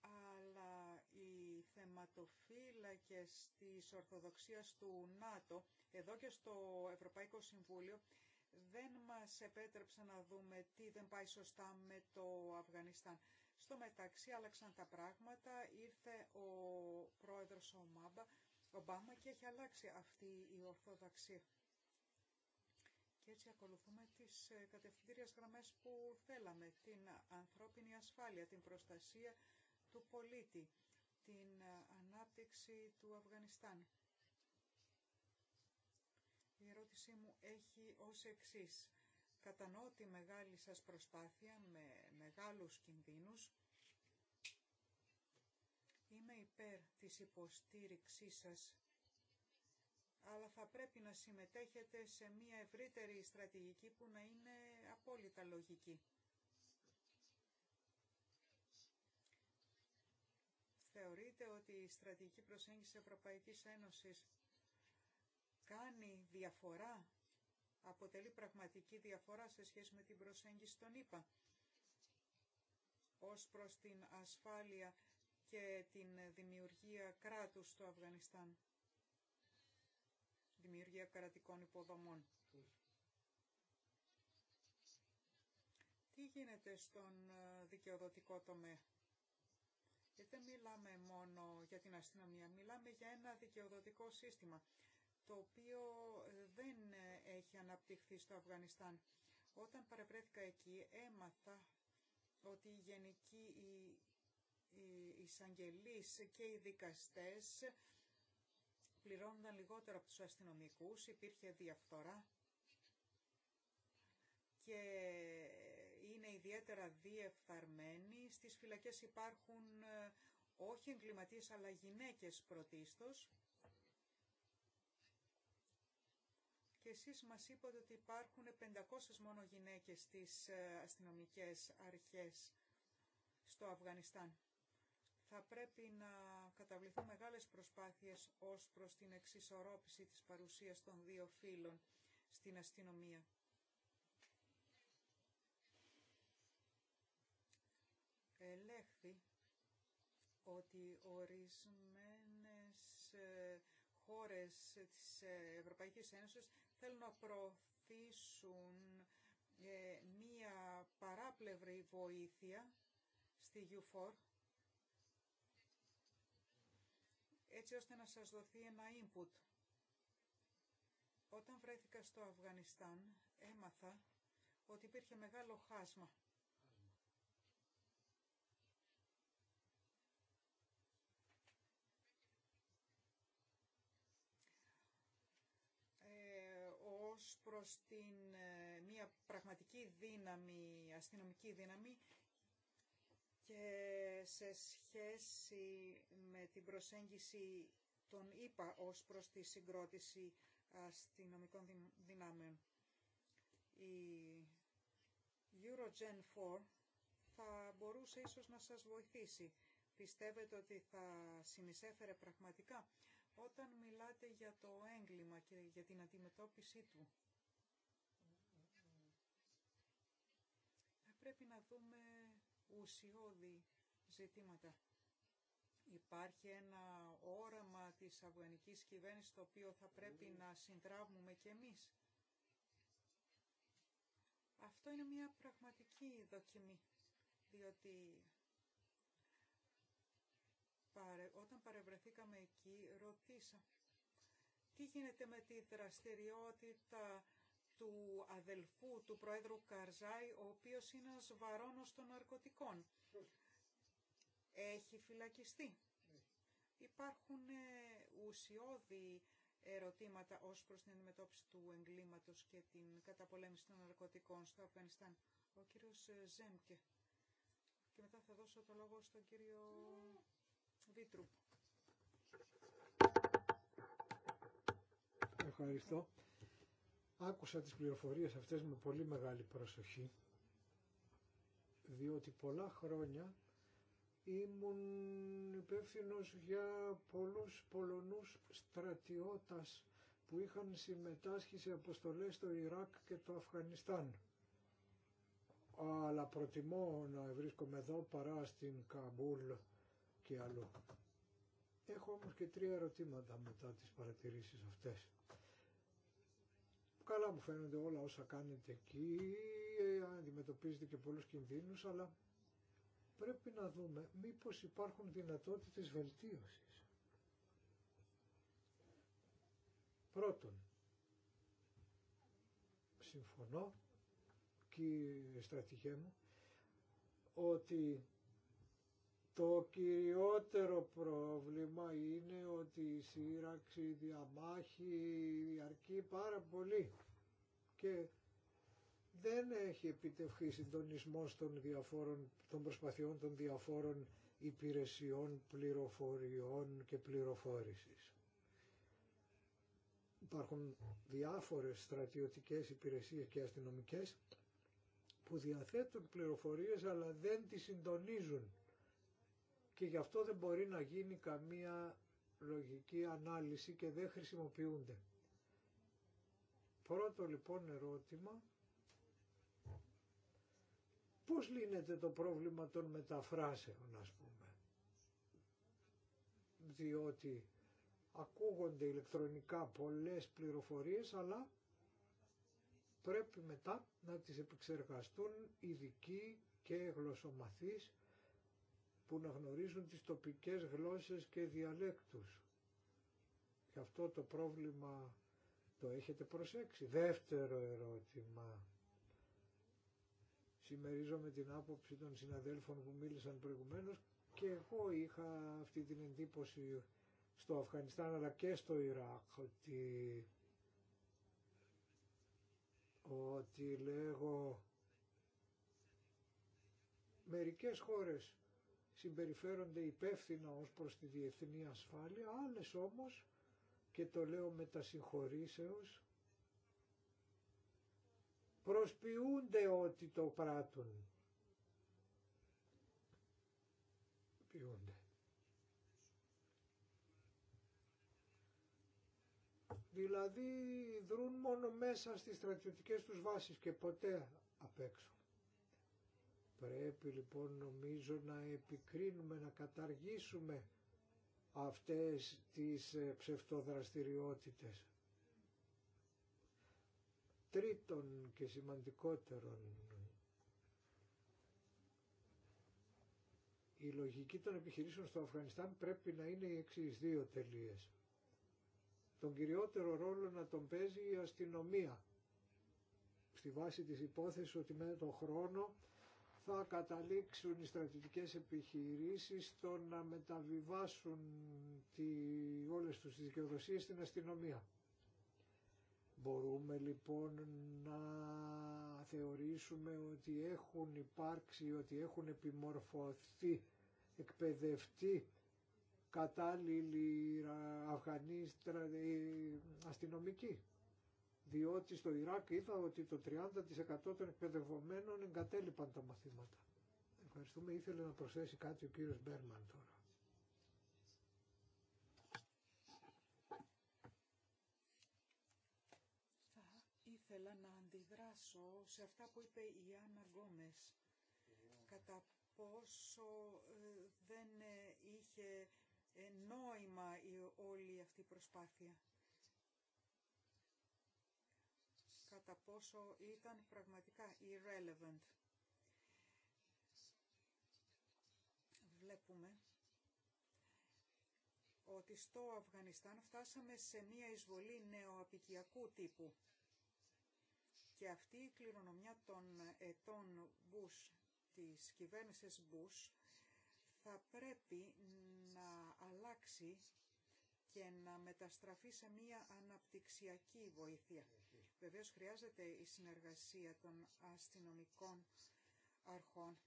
αλλά οι θεματοφύλακες της Ορθοδοξίας του ΝΑΤΟ, εδώ και στο Ευρωπαϊκό Συμβούλιο, δεν μας επέτρεψαν να δούμε τι δεν πάει σωστά με το Αφγανιστάν. Στο μεταξύ άλλαξαν τα πράγματα, ήρθε ο πρόεδρος Ομάμπα Ομπάμα και έχει αλλάξει αυτή η ορθοδαξία. Και έτσι ακολουθούμε τις ε, κατευθυντήριες γραμμές που θέλαμε, την ανθρώπινη ασφάλεια, την προστασία του πολίτη, την ε, ανάπτυξη του Αφγανιστάν. Η ερώτησή μου έχει ως εξής. Κατανοώ τη μεγάλη σας προσπάθεια με μεγάλους κινδύνους υπέρ της υποστήριξής σας, αλλά θα πρέπει να συμμετέχετε σε μια ευρύτερη στρατηγική που να είναι απόλυτα λογική. Θεωρείτε ότι η στρατηγική προσέγγιση Ευρωπαϊκής Ένωσης κάνει διαφορά, αποτελεί πραγματική διαφορά σε σχέση με την προσέγγιση των ΗΠΑ ως προς την ασφάλεια και την δημιουργία κράτους στο Αφγανιστάν. Δημιουργία κρατικών υποδομών. Τι γίνεται στον ε, δικαιοδοτικό τομέα. Γιατί δεν μιλάμε μόνο για την αστυνομία, μιλάμε για ένα δικαιοδοτικό σύστημα το οποίο δεν έχει αναπτυχθεί στο Αφγανιστάν. Όταν παρευρέθηκα εκεί έμαθα ότι η γενική η οι εισαγγελείς και οι δικαστές πληρώνονταν λιγότερο από τους αστυνομικούς, υπήρχε διαφθορά και είναι ιδιαίτερα διεφθαρμένοι. Στις φυλακές υπάρχουν ε, όχι εγκληματίες αλλά γυναίκες πρωτίστως. Και εσείς μας είπατε ότι υπάρχουν 500 μόνο γυναίκες στις ε, αστυνομικές αρχές στο Αφγανιστάν θα πρέπει να καταβληθούν μεγάλες προσπάθειες ως προς την εξισορρόπηση της παρουσίας των δύο φύλων στην αστυνομία. Ελέγχθη ότι ορισμένες ε, χώρες της ε, Ευρωπαϊκής Ένωσης θέλουν να προωθήσουν ε, μία παράπλευρη βοήθεια στη u έτσι ώστε να σας δοθεί ένα input. Όταν βρέθηκα στο Αφγανιστάν, έμαθα ότι υπήρχε μεγάλο χάσμα. Ε, ως προς την ε, μια πραγματική δύναμη, αστυνομική δύναμη και σε σχέση με την προσέγγιση των ΙΠΑ ως προς τη συγκρότηση αστυνομικών δυνάμεων. Η Eurogen 4 θα μπορούσε ίσως να σας βοηθήσει. Πιστεύετε ότι θα συνεισέφερε πραγματικά όταν μιλάτε για το έγκλημα και για την αντιμετώπιση του. πρέπει να δούμε ουσιώδη ζητήματα. Υπάρχει ένα όραμα της αγωνικής κυβέρνησης το οποίο θα πρέπει να συντράβουμε και εμείς. Αυτό είναι μια πραγματική δοκιμή, διότι όταν παρευρεθήκαμε εκεί ρωτήσα τι γίνεται με τη δραστηριότητα του αδελφού του Πρόεδρου Καρζάη, ο οποίος είναι ένας βαρόνος των ναρκωτικών. Έχει φυλακιστεί. Υπάρχουν ε, ουσιώδη ερωτήματα ως προς την αντιμετώπιση του εγκλήματος και την καταπολέμηση των ναρκωτικών στο Αφγανιστάν. Ο κύριος ε, Ζέμκε. Και μετά θα δώσω το λόγο στον κύριο Βίτρου. Ευχαριστώ. Άκουσα τις πληροφορίες αυτές με πολύ μεγάλη προσοχή, διότι πολλά χρόνια ήμουν υπεύθυνο για πολλούς Πολωνούς στρατιώτας που είχαν συμμετάσχει σε αποστολές στο Ιράκ και το Αφγανιστάν. Αλλά προτιμώ να βρίσκομαι εδώ παρά στην Καμπούλ και αλλού. Έχω όμως και τρία ερωτήματα μετά τις παρατηρήσεις αυτές. Καλά μου φαίνονται όλα όσα κάνετε εκεί, ε, αντιμετωπίζετε και πολλούς κινδύνους, αλλά πρέπει να δούμε μήπως υπάρχουν δυνατότητες βελτίωσης. Πρώτον, συμφωνώ και στρατηγέ μου ότι το κυριότερο πρόβλημα είναι ότι η σύραξη, η διαμάχη διαρκεί πάρα πολύ και δεν έχει επιτευχθεί συντονισμό των, διαφόρων, των προσπαθειών των διαφόρων υπηρεσιών πληροφοριών και πληροφόρησης. Υπάρχουν διάφορες στρατιωτικές υπηρεσίες και αστυνομικές που διαθέτουν πληροφορίες αλλά δεν τις συντονίζουν και γι' αυτό δεν μπορεί να γίνει καμία λογική ανάλυση και δεν χρησιμοποιούνται. Πρώτο λοιπόν ερώτημα, πώς λύνεται το πρόβλημα των μεταφράσεων ας πούμε. Διότι ακούγονται ηλεκτρονικά πολλές πληροφορίες αλλά πρέπει μετά να τις επεξεργαστούν ειδικοί και γλωσσομαθείς που να γνωρίζουν τις τοπικές γλώσσες και διαλέκτους. Γι' αυτό το πρόβλημα το έχετε προσέξει. Δεύτερο ερώτημα. Συμμερίζομαι την άποψη των συναδέλφων που μίλησαν προηγουμένως και εγώ είχα αυτή την εντύπωση στο Αφγανιστάν αλλά και στο Ιράκ ότι, ότι λέγω μερικές χώρες συμπεριφέρονται υπεύθυνα ως προς τη διεθνή ασφάλεια, άλλες όμως, και το λέω με τα συγχωρήσεως, προσποιούνται ότι το πράττουν. Ποιούνται. Δηλαδή δρούν μόνο μέσα στις στρατιωτικές τους βάσεις και ποτέ απ' έξω. Πρέπει λοιπόν νομίζω να επικρίνουμε, να καταργήσουμε αυτές τις ε, ψευτοδραστηριότητες. Τρίτον και σημαντικότερον, η λογική των επιχειρήσεων στο Αφγανιστάν πρέπει να είναι οι εξής δύο τελείες. Τον κυριότερο ρόλο να τον παίζει η αστυνομία, στη βάση της υπόθεσης ότι με τον χρόνο θα καταλήξουν οι στρατιωτικές επιχειρήσεις στο να μεταβιβάσουν τη, όλες τους τις δικαιοδοσίες στην αστυνομία. Μπορούμε λοιπόν να θεωρήσουμε ότι έχουν υπάρξει, ότι έχουν επιμορφωθεί, εκπαιδευτεί κατάλληλοι Αφγανοί ε, αστυνομικοί διότι στο Ιράκ είδα ότι το 30% των εκπαιδευομένων εγκατέλειπαν τα μαθήματα. Ευχαριστούμε. Ήθελε να προσθέσει κάτι ο κύριος Μπέρμαν τώρα. Θα ήθελα να αντιδράσω σε αυτά που είπε η Άννα Γκόμες. Κατά πόσο ε, δεν ε, είχε ε, νόημα η όλη αυτή η προσπάθεια. κατά πόσο ήταν πραγματικά irrelevant. Βλέπουμε ότι στο Αφγανιστάν φτάσαμε σε μία εισβολή νεοαπικιακού τύπου και αυτή η κληρονομιά των ετών Bush, της κυβέρνησης Bush, θα πρέπει να αλλάξει και να μεταστραφεί σε μία αναπτυξιακή βοήθεια. Βεβαίως χρειάζεται η συνεργασία των αστυνομικών αρχών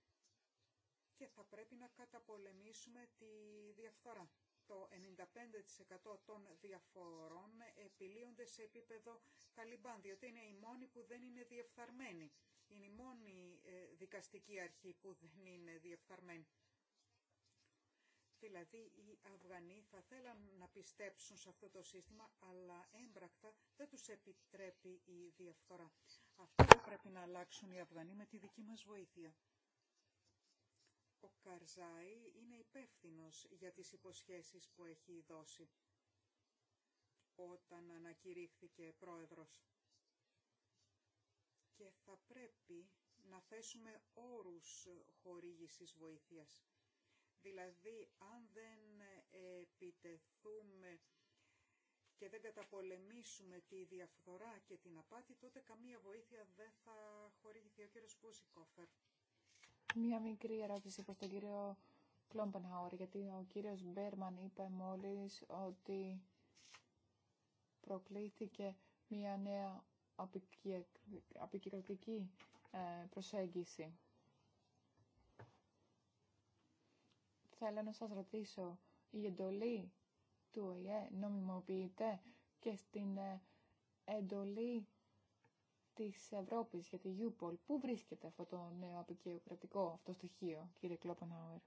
και θα πρέπει να καταπολεμήσουμε τη διαφθορά. Το 95% των διαφορών επιλύονται σε επίπεδο καλυμπάν, διότι είναι η μόνη που δεν είναι διεφθαρμένη. Είναι η μόνη ε, δικαστική αρχή που δεν είναι διεφθαρμένη. Δηλαδή οι Αφγανοί θα θέλαν να πιστέψουν σε αυτό το σύστημα, αλλά έμπρακτα δεν τους επιτρέπει η διαφθορά. Αυτό θα πρέπει να αλλάξουν οι Αφγανοί με τη δική μας βοήθεια. Ο Καρζάη είναι υπεύθυνος για τις υποσχέσεις που έχει δώσει όταν ανακηρύχθηκε πρόεδρος. Και θα πρέπει να θέσουμε όρους χορήγησης βοήθειας. Δηλαδή, αν δεν επιτεθούμε και δεν καταπολεμήσουμε τη διαφθορά και την απάτη, τότε καμία βοήθεια δεν θα χορηγηθεί. Ο κύριος Πούσικοφερ. Μία μικρή ερώτηση προς τον κύριο Κλόμπενχάουρ, γιατί ο κύριος Μπέρμαν είπε μόλις ότι προκλήθηκε μία νέα αποκεντρωτική ε, προσέγγιση Θέλω να σας ρωτήσω, η εντολή του ΟΗΕ νομιμοποιείται και στην ε, εντολή της Ευρώπης για τη Γιούπολ. Πού βρίσκεται αυτό το νέο αποκαιοκρατικό αυτό στοιχείο, κύριε Κλόπενάουερ.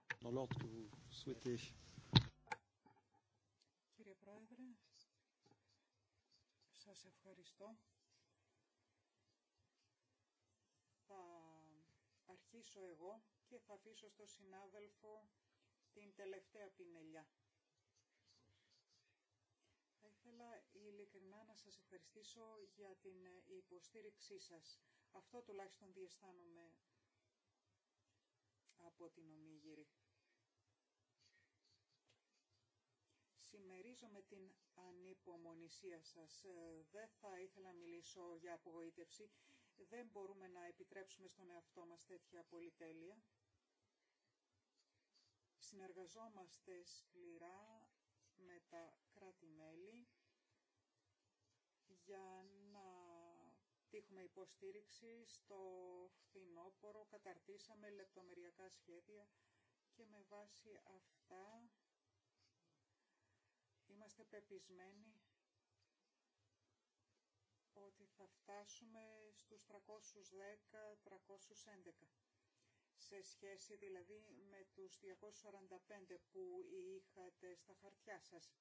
Κύριε Πρόεδρε, σας ευχαριστώ. Θα αρχίσω εγώ και θα αφήσω στο συνάδελφο την τελευταία πινελιά. Θα ήθελα ειλικρινά να σας ευχαριστήσω για την υποστήριξή σας. Αυτό τουλάχιστον διαισθάνομαι από την Ομίγυρη. Συμμερίζομαι την ανυπομονησία σας. Ε, δεν θα ήθελα να μιλήσω για απογοήτευση. Δεν μπορούμε να επιτρέψουμε στον εαυτό μας τέτοια πολυτέλεια. Συνεργαζόμαστε σκληρά με τα κράτη-μέλη για να τύχουμε υποστήριξη στο φθινόπωρο. Καταρτήσαμε λεπτομεριακά σχέδια και με βάση αυτά είμαστε πεπισμένοι ότι θα φτάσουμε στους 310-311 σε σχέση δηλαδή με τους 245 που είχατε στα χαρτιά σας.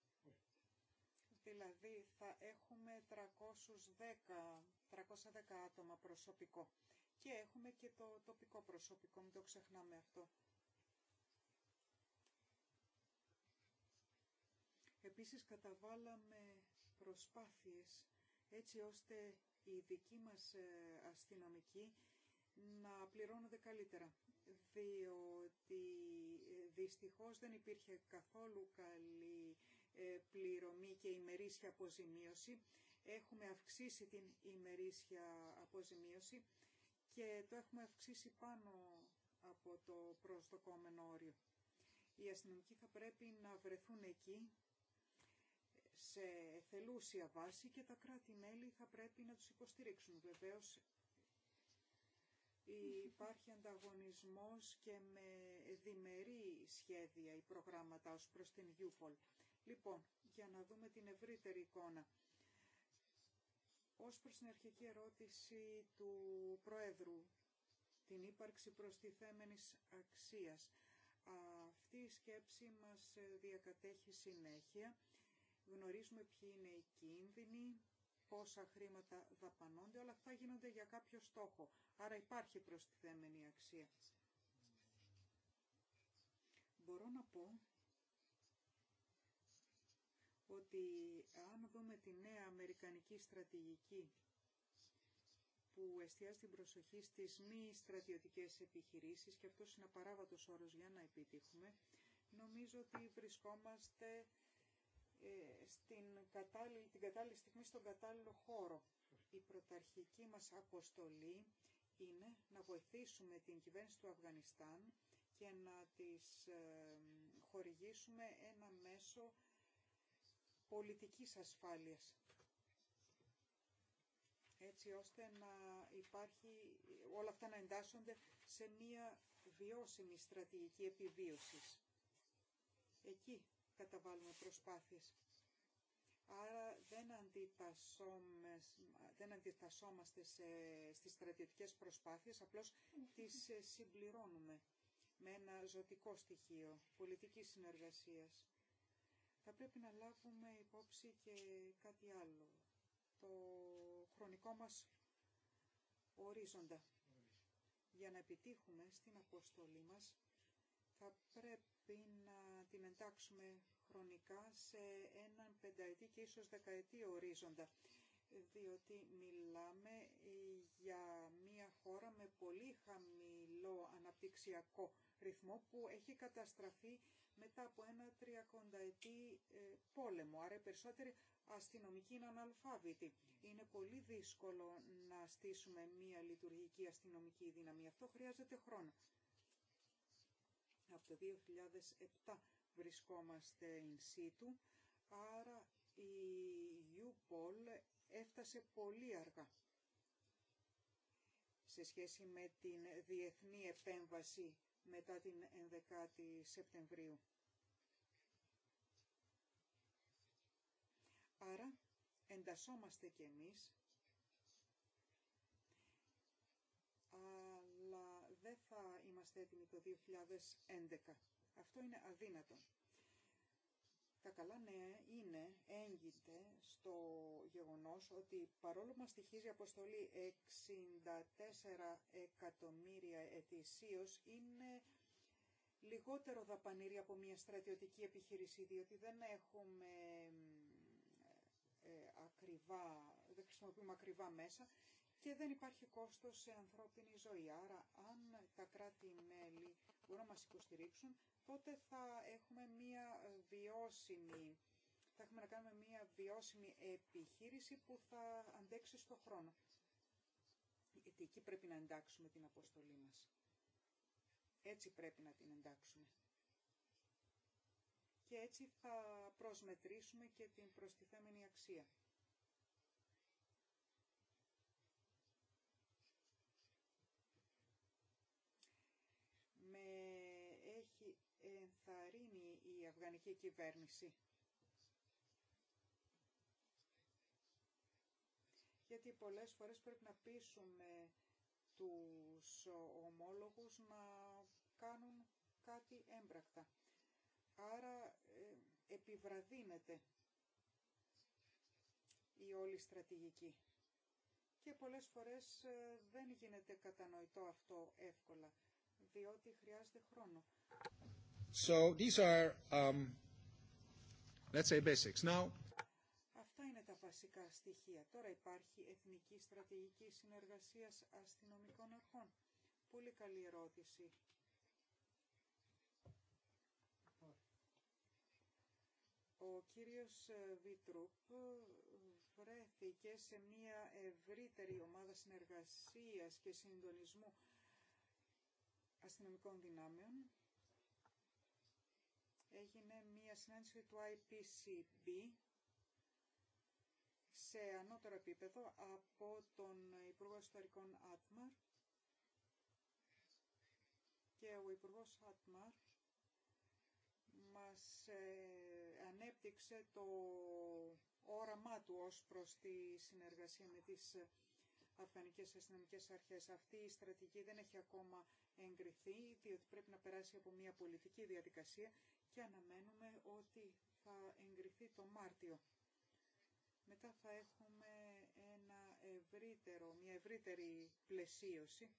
Δηλαδή θα έχουμε 310, 310 άτομα προσωπικό και έχουμε και το τοπικό προσωπικό, μην το ξεχνάμε αυτό. Επίσης καταβάλαμε προσπάθειες έτσι ώστε η δική μας ε, αστυνομική να πληρώνονται καλύτερα, διότι ε, δυστυχώς δεν υπήρχε καθόλου καλή ε, πληρωμή και ημερήσια αποζημίωση. Έχουμε αυξήσει την ημερήσια αποζημίωση και το έχουμε αυξήσει πάνω από το προσδοκόμενο όριο. Οι αστυνομικοί θα πρέπει να βρεθούν εκεί σε θελούσια βάση και τα κράτη-μέλη θα πρέπει να τους υποστηρίξουν. Βεβαίως Υπάρχει ανταγωνισμός και με διμερεί σχέδια ή προγράμματα ως προς την UPOL. Λοιπόν, για να δούμε την ευρύτερη εικόνα. Ως προς την αρχική ερώτηση του Προέδρου, την ύπαρξη προστιθέμενης αξίας. Αυτή η σκέψη μας διακατέχει συνέχεια. Γνωρίζουμε ποιοι είναι οι κίνδυνοι, πόσα χρήματα δαπανώνται, όλα αυτά γίνονται για κάποιο στόχο. Άρα υπάρχει προστιθέμενη αξία. Μπορώ να πω ότι αν δούμε τη νέα αμερικανική στρατηγική που εστιάζει την προσοχή στις μη στρατιωτικές επιχειρήσεις και αυτός είναι απαράβατος όρος για να επιτύχουμε, νομίζω ότι βρισκόμαστε ε, στην την κατάλληλη στιγμή στον κατάλληλο χώρο. Η πρωταρχική μας αποστολή είναι να βοηθήσουμε την κυβέρνηση του Αφγανιστάν και να της ε, χορηγήσουμε ένα μέσο πολιτικής ασφάλειας έτσι ώστε να υπάρχει όλα αυτά να εντάσσονται σε μία βιώσιμη στρατηγική επιβίωσης. Εκεί καταβάλουμε προσπάθειες. Άρα δεν, δεν αντιτασσόμαστε σε, στις στρατιωτικές προσπάθειες, απλώς τις ε, συμπληρώνουμε με ένα ζωτικό στοιχείο πολιτικής συνεργασίας. Θα πρέπει να λάβουμε υπόψη και κάτι άλλο, το χρονικό μας ορίζοντα. Για να επιτύχουμε στην αποστολή μας θα πρέπει να την εντάξουμε χρονικά σε έναν πενταετή και ίσως δεκαετή ορίζοντα, διότι μιλάμε για μια χώρα με πολύ χαμηλό αναπτυξιακό ρυθμό που έχει καταστραφεί μετά από ένα τριακονταετή ε, πόλεμο. Άρα οι περισσότεροι αστυνομικοί είναι αναλφάβητοι. Είναι πολύ δύσκολο να στήσουμε μια λειτουργική αστυνομική δύναμη. Αυτό χρειάζεται χρόνο. Από το 2007 βρισκόμαστε in situ, άρα η UPOL έφτασε πολύ αργά σε σχέση με την διεθνή επέμβαση μετά την 11η Σεπτεμβρίου. Άρα εντασσόμαστε κι εμείς, αλλά δεν θα είμαστε έτοιμοι το 2011. Αυτό είναι αδύνατο. Τα καλά νέα είναι, έγινε στο γεγονός ότι παρόλο που μας στοιχίζει αποστολή 64 εκατομμύρια ετησίως, είναι λιγότερο δαπανήρια από μια στρατιωτική επιχείρηση, διότι δεν έχουμε ε, ε, ακριβά, δεν χρησιμοποιούμε ακριβά μέσα και δεν υπάρχει κόστος σε ανθρώπινη ζωή. Άρα αν τα κράτη-μέλη μπορούν να μας υποστηρίξουν, τότε θα έχουμε μία βιώσιμη θα έχουμε να κάνουμε μια βιώσιμη επιχείρηση που θα αντέξει στο χρόνο. Γιατί εκεί πρέπει να εντάξουμε την αποστολή μας. Έτσι πρέπει να την εντάξουμε. Και έτσι θα προσμετρήσουμε και την προστιθέμενη αξία. η αφγανική κυβέρνηση. Γιατί πολλές φορές πρέπει να πείσουμε τους ομόλογους να κάνουν κάτι έμπρακτα. Άρα ε, επιβραδύνεται η όλη στρατηγική. Και πολλές φορές ε, δεν γίνεται κατανοητό αυτό εύκολα, διότι χρειάζεται χρόνο. Um, Αυτά είναι τα βασικά στοιχεία. Τώρα υπάρχει εθνική στρατηγική συνεργασία αστυνομικών αρχών. Πολύ καλή ερώτηση. Ο κύριος ε, Βίτρουπ ε, βρέθηκε σε μια ευρύτερη ομάδα συνεργασίας και συντονισμού αστυνομικών δυνάμεων έγινε μία συνάντηση του IPCB σε ανώτερο επίπεδο από τον Υπουργό Ιστορικών Άτμαρ και ο Υπουργός Άτμαρ μας ε, ανέπτυξε το όραμά του ως προς τη συνεργασία με τις Αφγανικές Αστυνομικές Αρχές. Αυτή η στρατηγική δεν έχει ακόμα εγκριθεί, διότι πρέπει να περάσει από μια πολιτική διαδικασία και αναμένουμε ότι θα εγκριθεί το Μάρτιο. Μετά θα έχουμε ένα ευρύτερο, μια ευρύτερη πλαισίωση,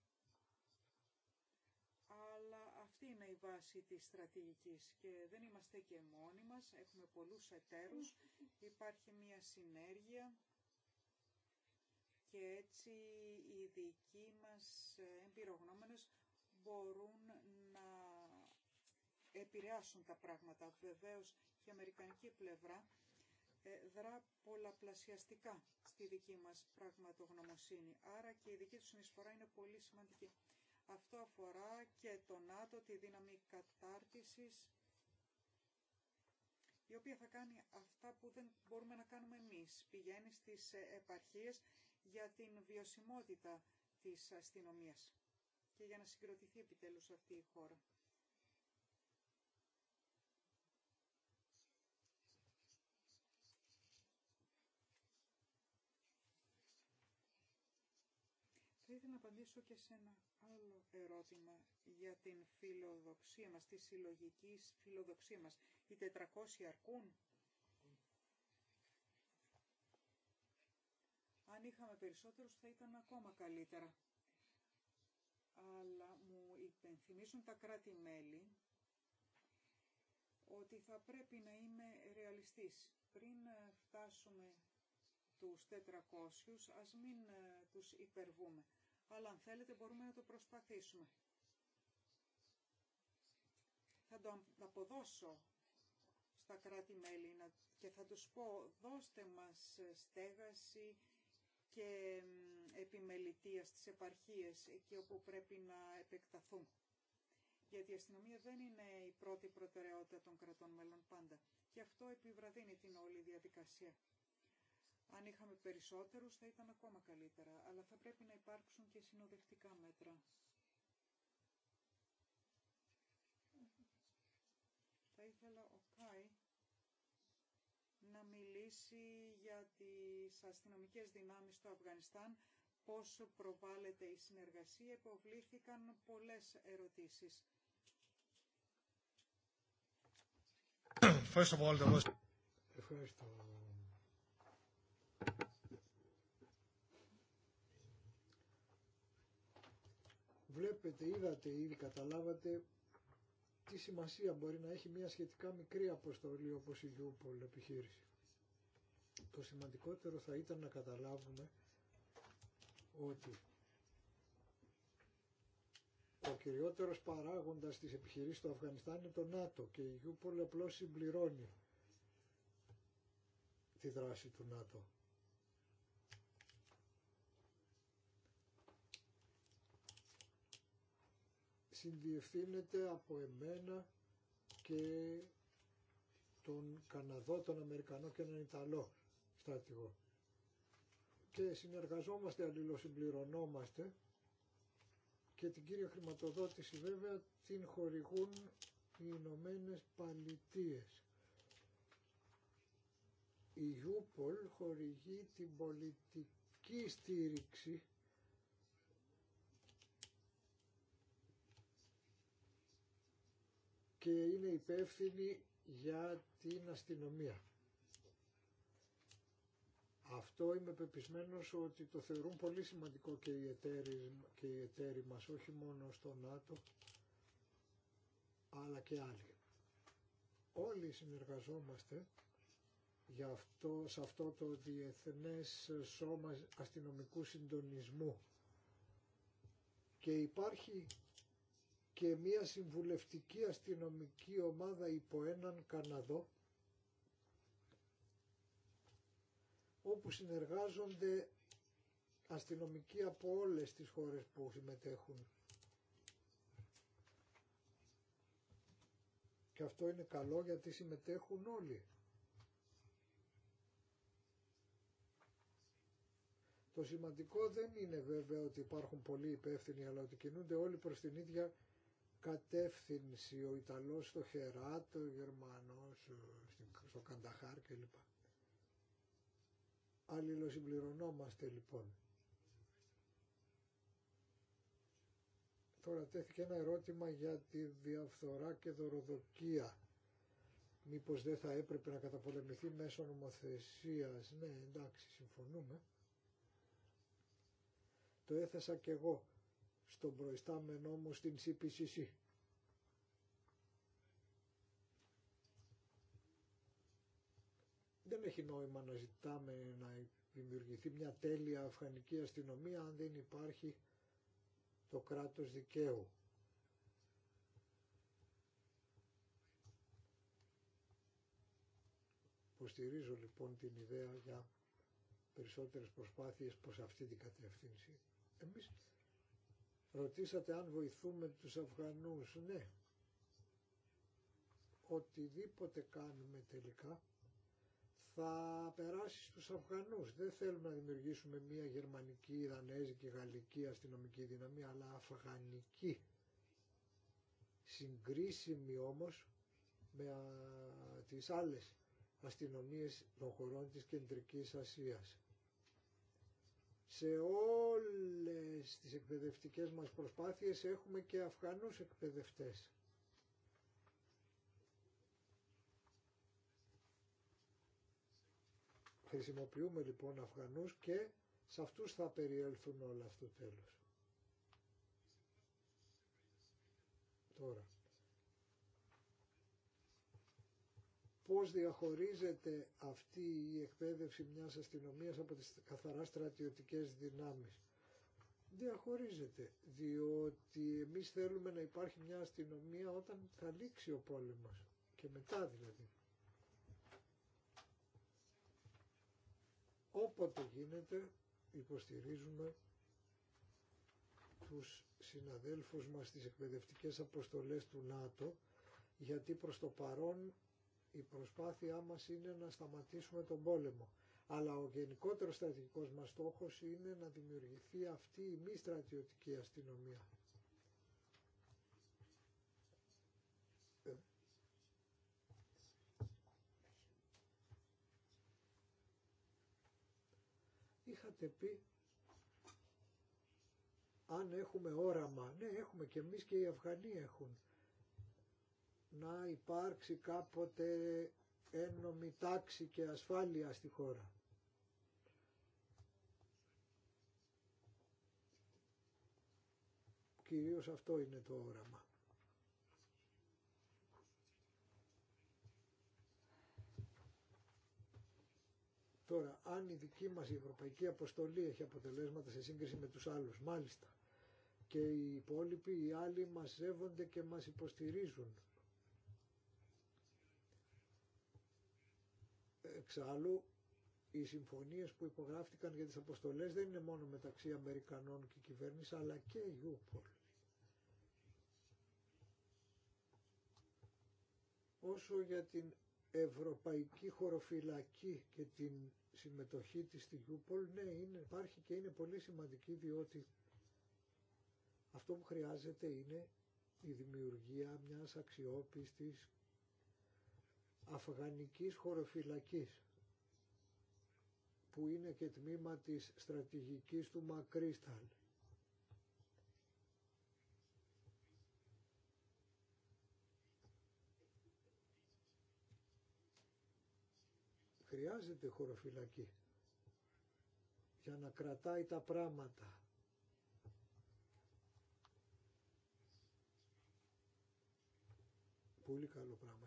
αλλά αυτή είναι η βάση της στρατηγικής και δεν είμαστε και μόνοι μας, έχουμε πολλούς εταίρους, υπάρχει μια συνέργεια και έτσι οι δικοί μας εμπειρογνώμενες μπορούν επηρεάσουν τα πράγματα. Βεβαίως και η αμερικανική πλευρά ε, δρά πολλαπλασιαστικά στη δική μας πραγματογνωμοσύνη. Άρα και η δική του συνεισφορά είναι πολύ σημαντική. Αυτό αφορά και το ΝΑΤΟ, τη δύναμη κατάρτισης, η οποία θα κάνει αυτά που δεν μπορούμε να κάνουμε εμείς. Πηγαίνει στις ε, επαρχίες για την βιωσιμότητα της αστυνομίας και για να συγκροτηθεί επιτέλους αυτή η χώρα. απαντήσω και σε ένα άλλο ερώτημα για την φιλοδοξία μας, τη συλλογική φιλοδοξία μας. Οι 400 αρκούν. Αν είχαμε περισσότερους θα ήταν ακόμα καλύτερα. Αλλά μου υπενθυμίζουν τα κράτη-μέλη ότι θα πρέπει να είμαι ρεαλιστής. Πριν φτάσουμε τους 400, ας μην ε, τους υπερβούμε αλλά αν θέλετε μπορούμε να το προσπαθήσουμε. Θα το αποδώσω στα κράτη-μέλη και θα τους πω δώστε μας ε, στέγαση και επιμελητία στις επαρχίες εκεί όπου πρέπει να επεκταθούν. Γιατί η αστυνομία δεν είναι η πρώτη προτεραιότητα των κρατών μέλων πάντα. Και αυτό επιβραδύνει την όλη διαδικασία. Αν είχαμε περισσότερους θα ήταν ακόμα καλύτερα, αλλά θα πρέπει να υπάρξουν και συνοδευτικά μέτρα. Θα ήθελα ο Κάι να μιλήσει για τις αστυνομικές δυνάμεις του Αφγανιστάν, πόσο προβάλλεται η συνεργασία, υποβλήθηκαν πολλές ερωτήσεις. First of all, Ευχαριστώ. Βλέπετε, είδατε ήδη, καταλάβατε τι σημασία μπορεί να έχει μια σχετικά μικρή αποστολή όπως η Γιούπολ επιχείρηση. Το σημαντικότερο θα ήταν να καταλάβουμε ότι ο κυριότερος παράγοντας της επιχειρήσης του Αφγανιστάν είναι το ΝΑΤΟ και η Γιούπολ απλώς συμπληρώνει τη δράση του ΝΑΤΟ. συνδιευθύνεται από εμένα και τον Καναδό, τον Αμερικανό και έναν Ιταλό στρατηγό. Και συνεργαζόμαστε, αλληλοσυμπληρωνόμαστε και την κύρια χρηματοδότηση βέβαια την χορηγούν οι Ηνωμένε Παλιτείες. Η Ιούπολ χορηγεί την πολιτική στήριξη και είναι υπεύθυνη για την αστυνομία. Αυτό είμαι πεπισμένος ότι το θεωρούν πολύ σημαντικό και οι εταίροι, και οι μας, όχι μόνο στο ΝΑΤΟ, αλλά και άλλοι. Όλοι συνεργαζόμαστε για αυτό, σε αυτό το Διεθνές Σώμα Αστυνομικού Συντονισμού και υπάρχει και μια συμβουλευτική αστυνομική ομάδα υπό έναν Καναδό όπου συνεργάζονται αστυνομικοί από όλες τις χώρες που συμμετέχουν. Και αυτό είναι καλό γιατί συμμετέχουν όλοι. Το σημαντικό δεν είναι βέβαια ότι υπάρχουν πολλοί υπεύθυνοι, αλλά ότι κινούνται όλοι προς την ίδια κατεύθυνση ο Ιταλός στο Χεράτ, ο Γερμανός στο Κανταχάρ κλπ. Αλληλοσυμπληρωνόμαστε λοιπόν. Τώρα τέθηκε ένα ερώτημα για τη διαφθορά και δωροδοκία. Μήπως δεν θα έπρεπε να καταπολεμηθεί μέσω νομοθεσίας. Ναι, εντάξει, συμφωνούμε. Το έθεσα και εγώ στον προϊστάμενό μου στην CPCC. Δεν έχει νόημα να ζητάμε να δημιουργηθεί μια τέλεια αφγανική αστυνομία αν δεν υπάρχει το κράτος δικαίου. Υποστηρίζω λοιπόν την ιδέα για περισσότερες προσπάθειες προς αυτή την κατεύθυνση. Εμείς Ρωτήσατε αν βοηθούμε τους Αφγανούς. Ναι. Οτιδήποτε κάνουμε τελικά θα περάσει στους Αφγανούς. Δεν θέλουμε να δημιουργήσουμε μια γερμανική, Ιρανέζικη, γαλλική αστυνομική δύναμη, αλλά αφγανική. Συγκρίσιμη όμως με τις άλλες αστυνομίες των χωρών της Κεντρικής Ασίας σε όλες τις εκπαιδευτικές μας προσπάθειες έχουμε και Αφγανούς εκπαιδευτές. Χρησιμοποιούμε λοιπόν Αφγανούς και σε αυτούς θα περιέλθουν όλα αυτού τέλος. Τώρα. πώς διαχωρίζεται αυτή η εκπαίδευση μιας αστυνομίας από τις καθαρά στρατιωτικές δυνάμεις. Διαχωρίζεται, διότι εμείς θέλουμε να υπάρχει μια αστυνομία όταν θα λήξει ο πόλεμος και μετά δηλαδή. Όποτε γίνεται υποστηρίζουμε τους συναδέλφους μας στις εκπαιδευτικές αποστολές του ΝΑΤΟ γιατί προς το παρόν η προσπάθειά μας είναι να σταματήσουμε τον πόλεμο. Αλλά ο γενικότερος στρατηγικός μας στόχος είναι να δημιουργηθεί αυτή η μη στρατιωτική αστυνομία. Είχατε πει αν έχουμε όραμα. Ναι, έχουμε και εμείς και οι Αφγανοί έχουν να υπάρξει κάποτε ένομη τάξη και ασφάλεια στη χώρα. Κυρίως αυτό είναι το όραμα. Τώρα, αν η δική μας η Ευρωπαϊκή Αποστολή έχει αποτελέσματα σε σύγκριση με τους άλλους, μάλιστα, και οι υπόλοιποι, οι άλλοι μας σέβονται και μας υποστηρίζουν. Εξάλλου, οι συμφωνίες που υπογράφτηκαν για τις αποστολές δεν είναι μόνο μεταξύ Αμερικανών και κυβέρνηση, αλλά και Ιούπολ. Όσο για την Ευρωπαϊκή Χωροφυλακή και την συμμετοχή της στη Ιούπολ, ναι, είναι, υπάρχει και είναι πολύ σημαντική διότι αυτό που χρειάζεται είναι η δημιουργία μιας αξιόπιστης αφγανικής χωροφυλακής που είναι και τμήμα της στρατηγικής του Μακρίσταν. Χρειάζεται χωροφυλακή για να κρατάει τα πράγματα. Πολύ καλό πράγμα.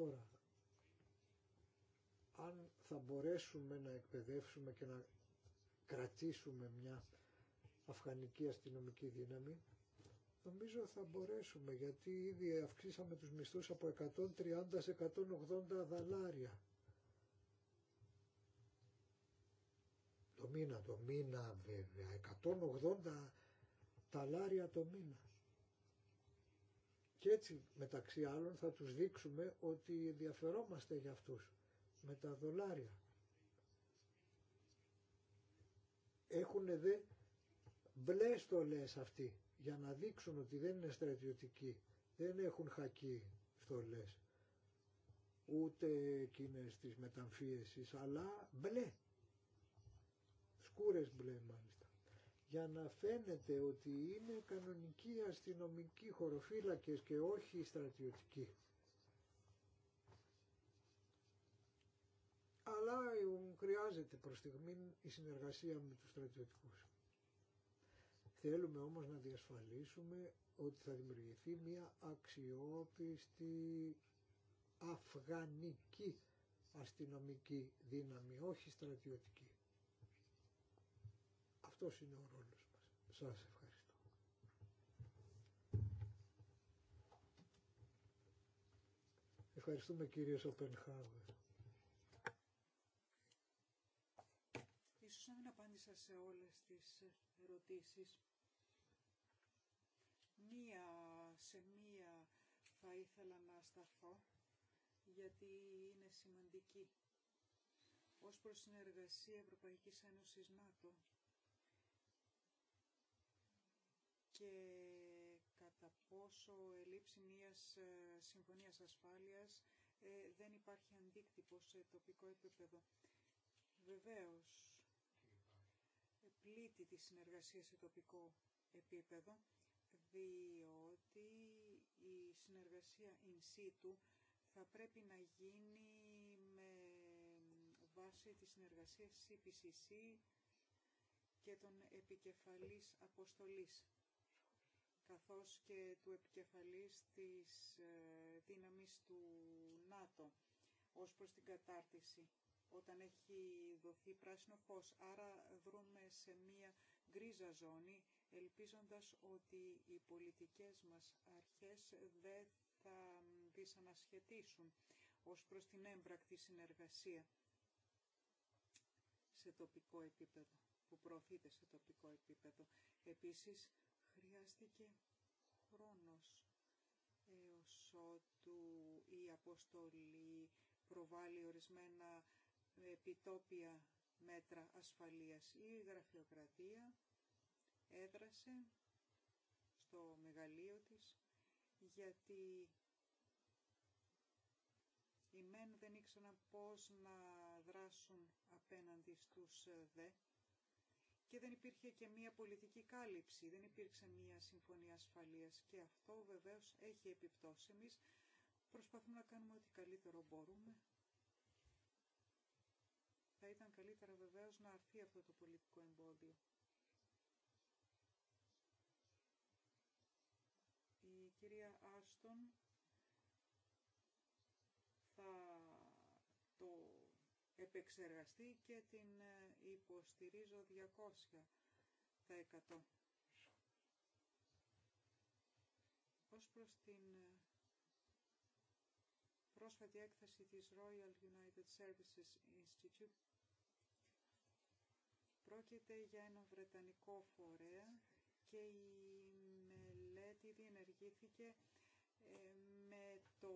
Τώρα, αν θα μπορέσουμε να εκπαιδεύσουμε και να κρατήσουμε μια αφγανική αστυνομική δύναμη, νομίζω θα μπορέσουμε γιατί ήδη αυξήσαμε τους μισθούς από 130 σε 180 δολάρια. Το μήνα, το μήνα βέβαια, 180 ταλάρια το μήνα. Και έτσι μεταξύ άλλων θα τους δείξουμε ότι ενδιαφερόμαστε για αυτούς με τα δολάρια. Έχουν δε μπλε στολές αυτοί για να δείξουν ότι δεν είναι στρατιωτικοί, δεν έχουν χακή στολές ούτε εκείνες τις μεταμφίεσεις αλλά μπλε σκούρες μπλε για να φαίνεται ότι είναι κανονικοί αστυνομικοί χωροφύλακες και όχι στρατιωτικοί. Αλλά χρειάζεται προς στιγμή η συνεργασία με τους στρατιωτικούς. Θέλουμε όμως να διασφαλίσουμε ότι θα δημιουργηθεί μια αξιόπιστη αφγανική αστυνομική δύναμη, όχι στρατιωτική. Αυτός είναι ο ρόλος μας. Σας ευχαριστώ. Ευχαριστούμε κύριε Σοπενχάουερ. Ίσως να μην απάντησα σε όλες τις ερωτήσεις. Μία σε μία θα ήθελα να σταθώ, γιατί είναι σημαντική. Ως προς συνεργασία Ευρωπαϊκής Ένωσης ΝΑΤΟ, και κατά πόσο ελήψη μιας ε, συμφωνίας ασφάλειας ε, δεν υπάρχει αντίκτυπο σε τοπικό επίπεδο. Βεβαίως, πλήττει τη συνεργασία σε τοπικό επίπεδο, διότι η συνεργασία in situ θα πρέπει να γίνει με βάση τη συνεργασία CPCC και των επικεφαλής αποστολής καθώς και του επικεφαλής της ε, δύναμης του ΝΑΤΟ ως προς την κατάρτιση όταν έχει δοθεί πράσινο φως. Άρα δρούμε σε μία γκρίζα ζώνη, ελπίζοντας ότι οι πολιτικές μας αρχές δεν θα δυσανασχετήσουν ως προς την έμπρακτη συνεργασία σε τοπικό επίπεδο, που προωθείται σε τοπικό επίπεδο. Επίσης, χρειάστηκε χρόνος έως ότου η αποστολή προβάλλει ορισμένα επιτόπια μέτρα ασφαλείας. Η γραφειοκρατία έδρασε στο μεγαλείο της γιατί οι μεν δεν ήξεραν πώς να δράσουν απέναντι στους δε και δεν υπήρχε και μία πολιτική κάλυψη, δεν υπήρξε μία συμφωνία ασφαλείας και αυτό βεβαίως έχει επιπτώσει. Εμείς προσπαθούμε να κάνουμε ό,τι καλύτερο μπορούμε. Θα ήταν καλύτερα βεβαίως να αρθεί αυτό το πολιτικό εμπόδιο. Η κυρία Άστον επεξεργαστεί και την ε, υποστηρίζω 200 τα Ως προς την ε, πρόσφατη έκθεση της Royal United Services Institute πρόκειται για ένα βρετανικό φορέα και η μελέτη διενεργήθηκε ε, με το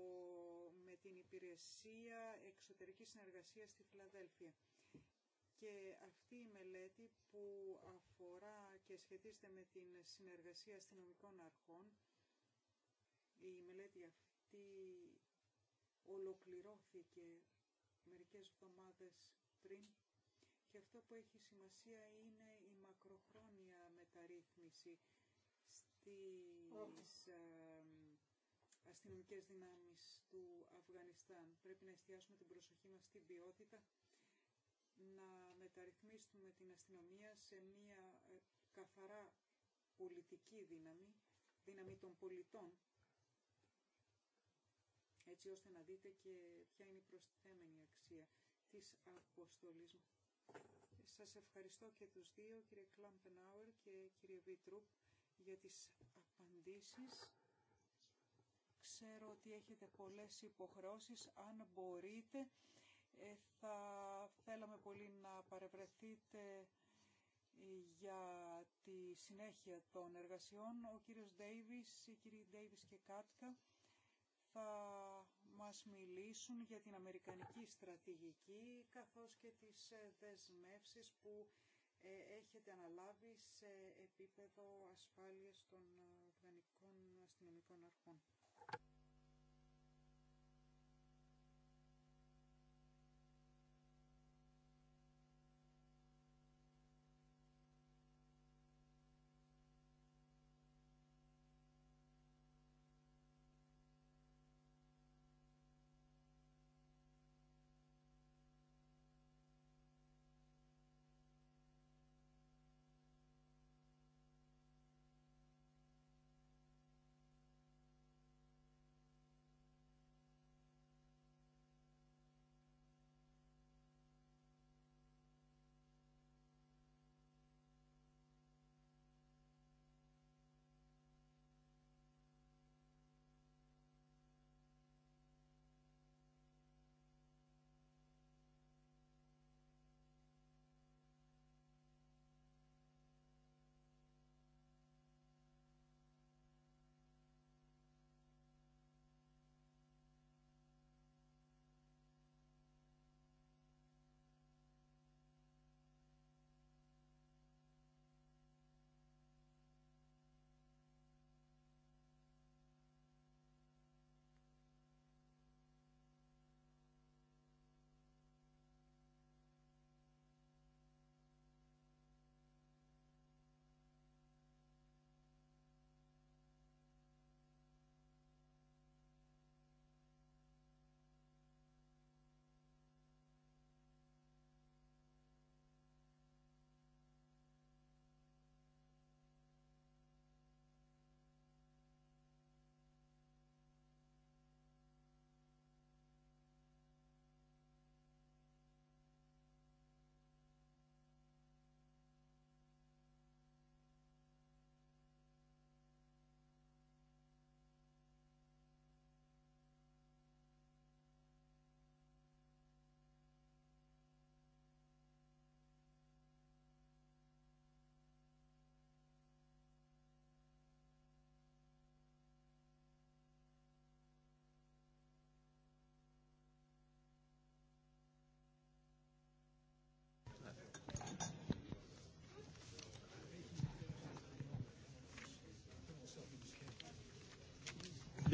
την υπηρεσία εξωτερικής συνεργασίας στη Φιλαδέλφια. Και αυτή η μελέτη που αφορά και σχετίζεται με την συνεργασία αστυνομικών αρχών, η μελέτη αυτή ολοκληρώθηκε μερικές εβδομάδες πριν και αυτό που έχει σημασία είναι η μακροχρόνια μεταρρύθμιση στις αστυνομικές δυνάμεις του Αφγανιστάν. Πρέπει να εστιάσουμε την προσοχή μας στην ποιότητα, να μεταρρυθμίσουμε την αστυνομία σε μια ε, καθαρά πολιτική δύναμη, δύναμη των πολιτών, έτσι ώστε να δείτε και ποια είναι η προσθέμενη αξία της αποστολής μου. Σας ευχαριστώ και τους δύο, κύριε Κλάμπενάουερ και κύριε Βίτρουπ, για τις απαντήσεις. Ξέρω ότι έχετε πολλές υποχρεώσεις. Αν μπορείτε, ε, θα θέλαμε πολύ να παρευρεθείτε ε, για τη συνέχεια των εργασιών. Ο κύριος Ντέιβις, η κυρία Ντέιβις και Κάτκα θα μας μιλήσουν για την Αμερικανική στρατηγική καθώς και τις ε, δεσμεύσεις που έχετε αναλάβει σε επίπεδο ασφάλειας των Αφγανικών αστυνομικών αρχών.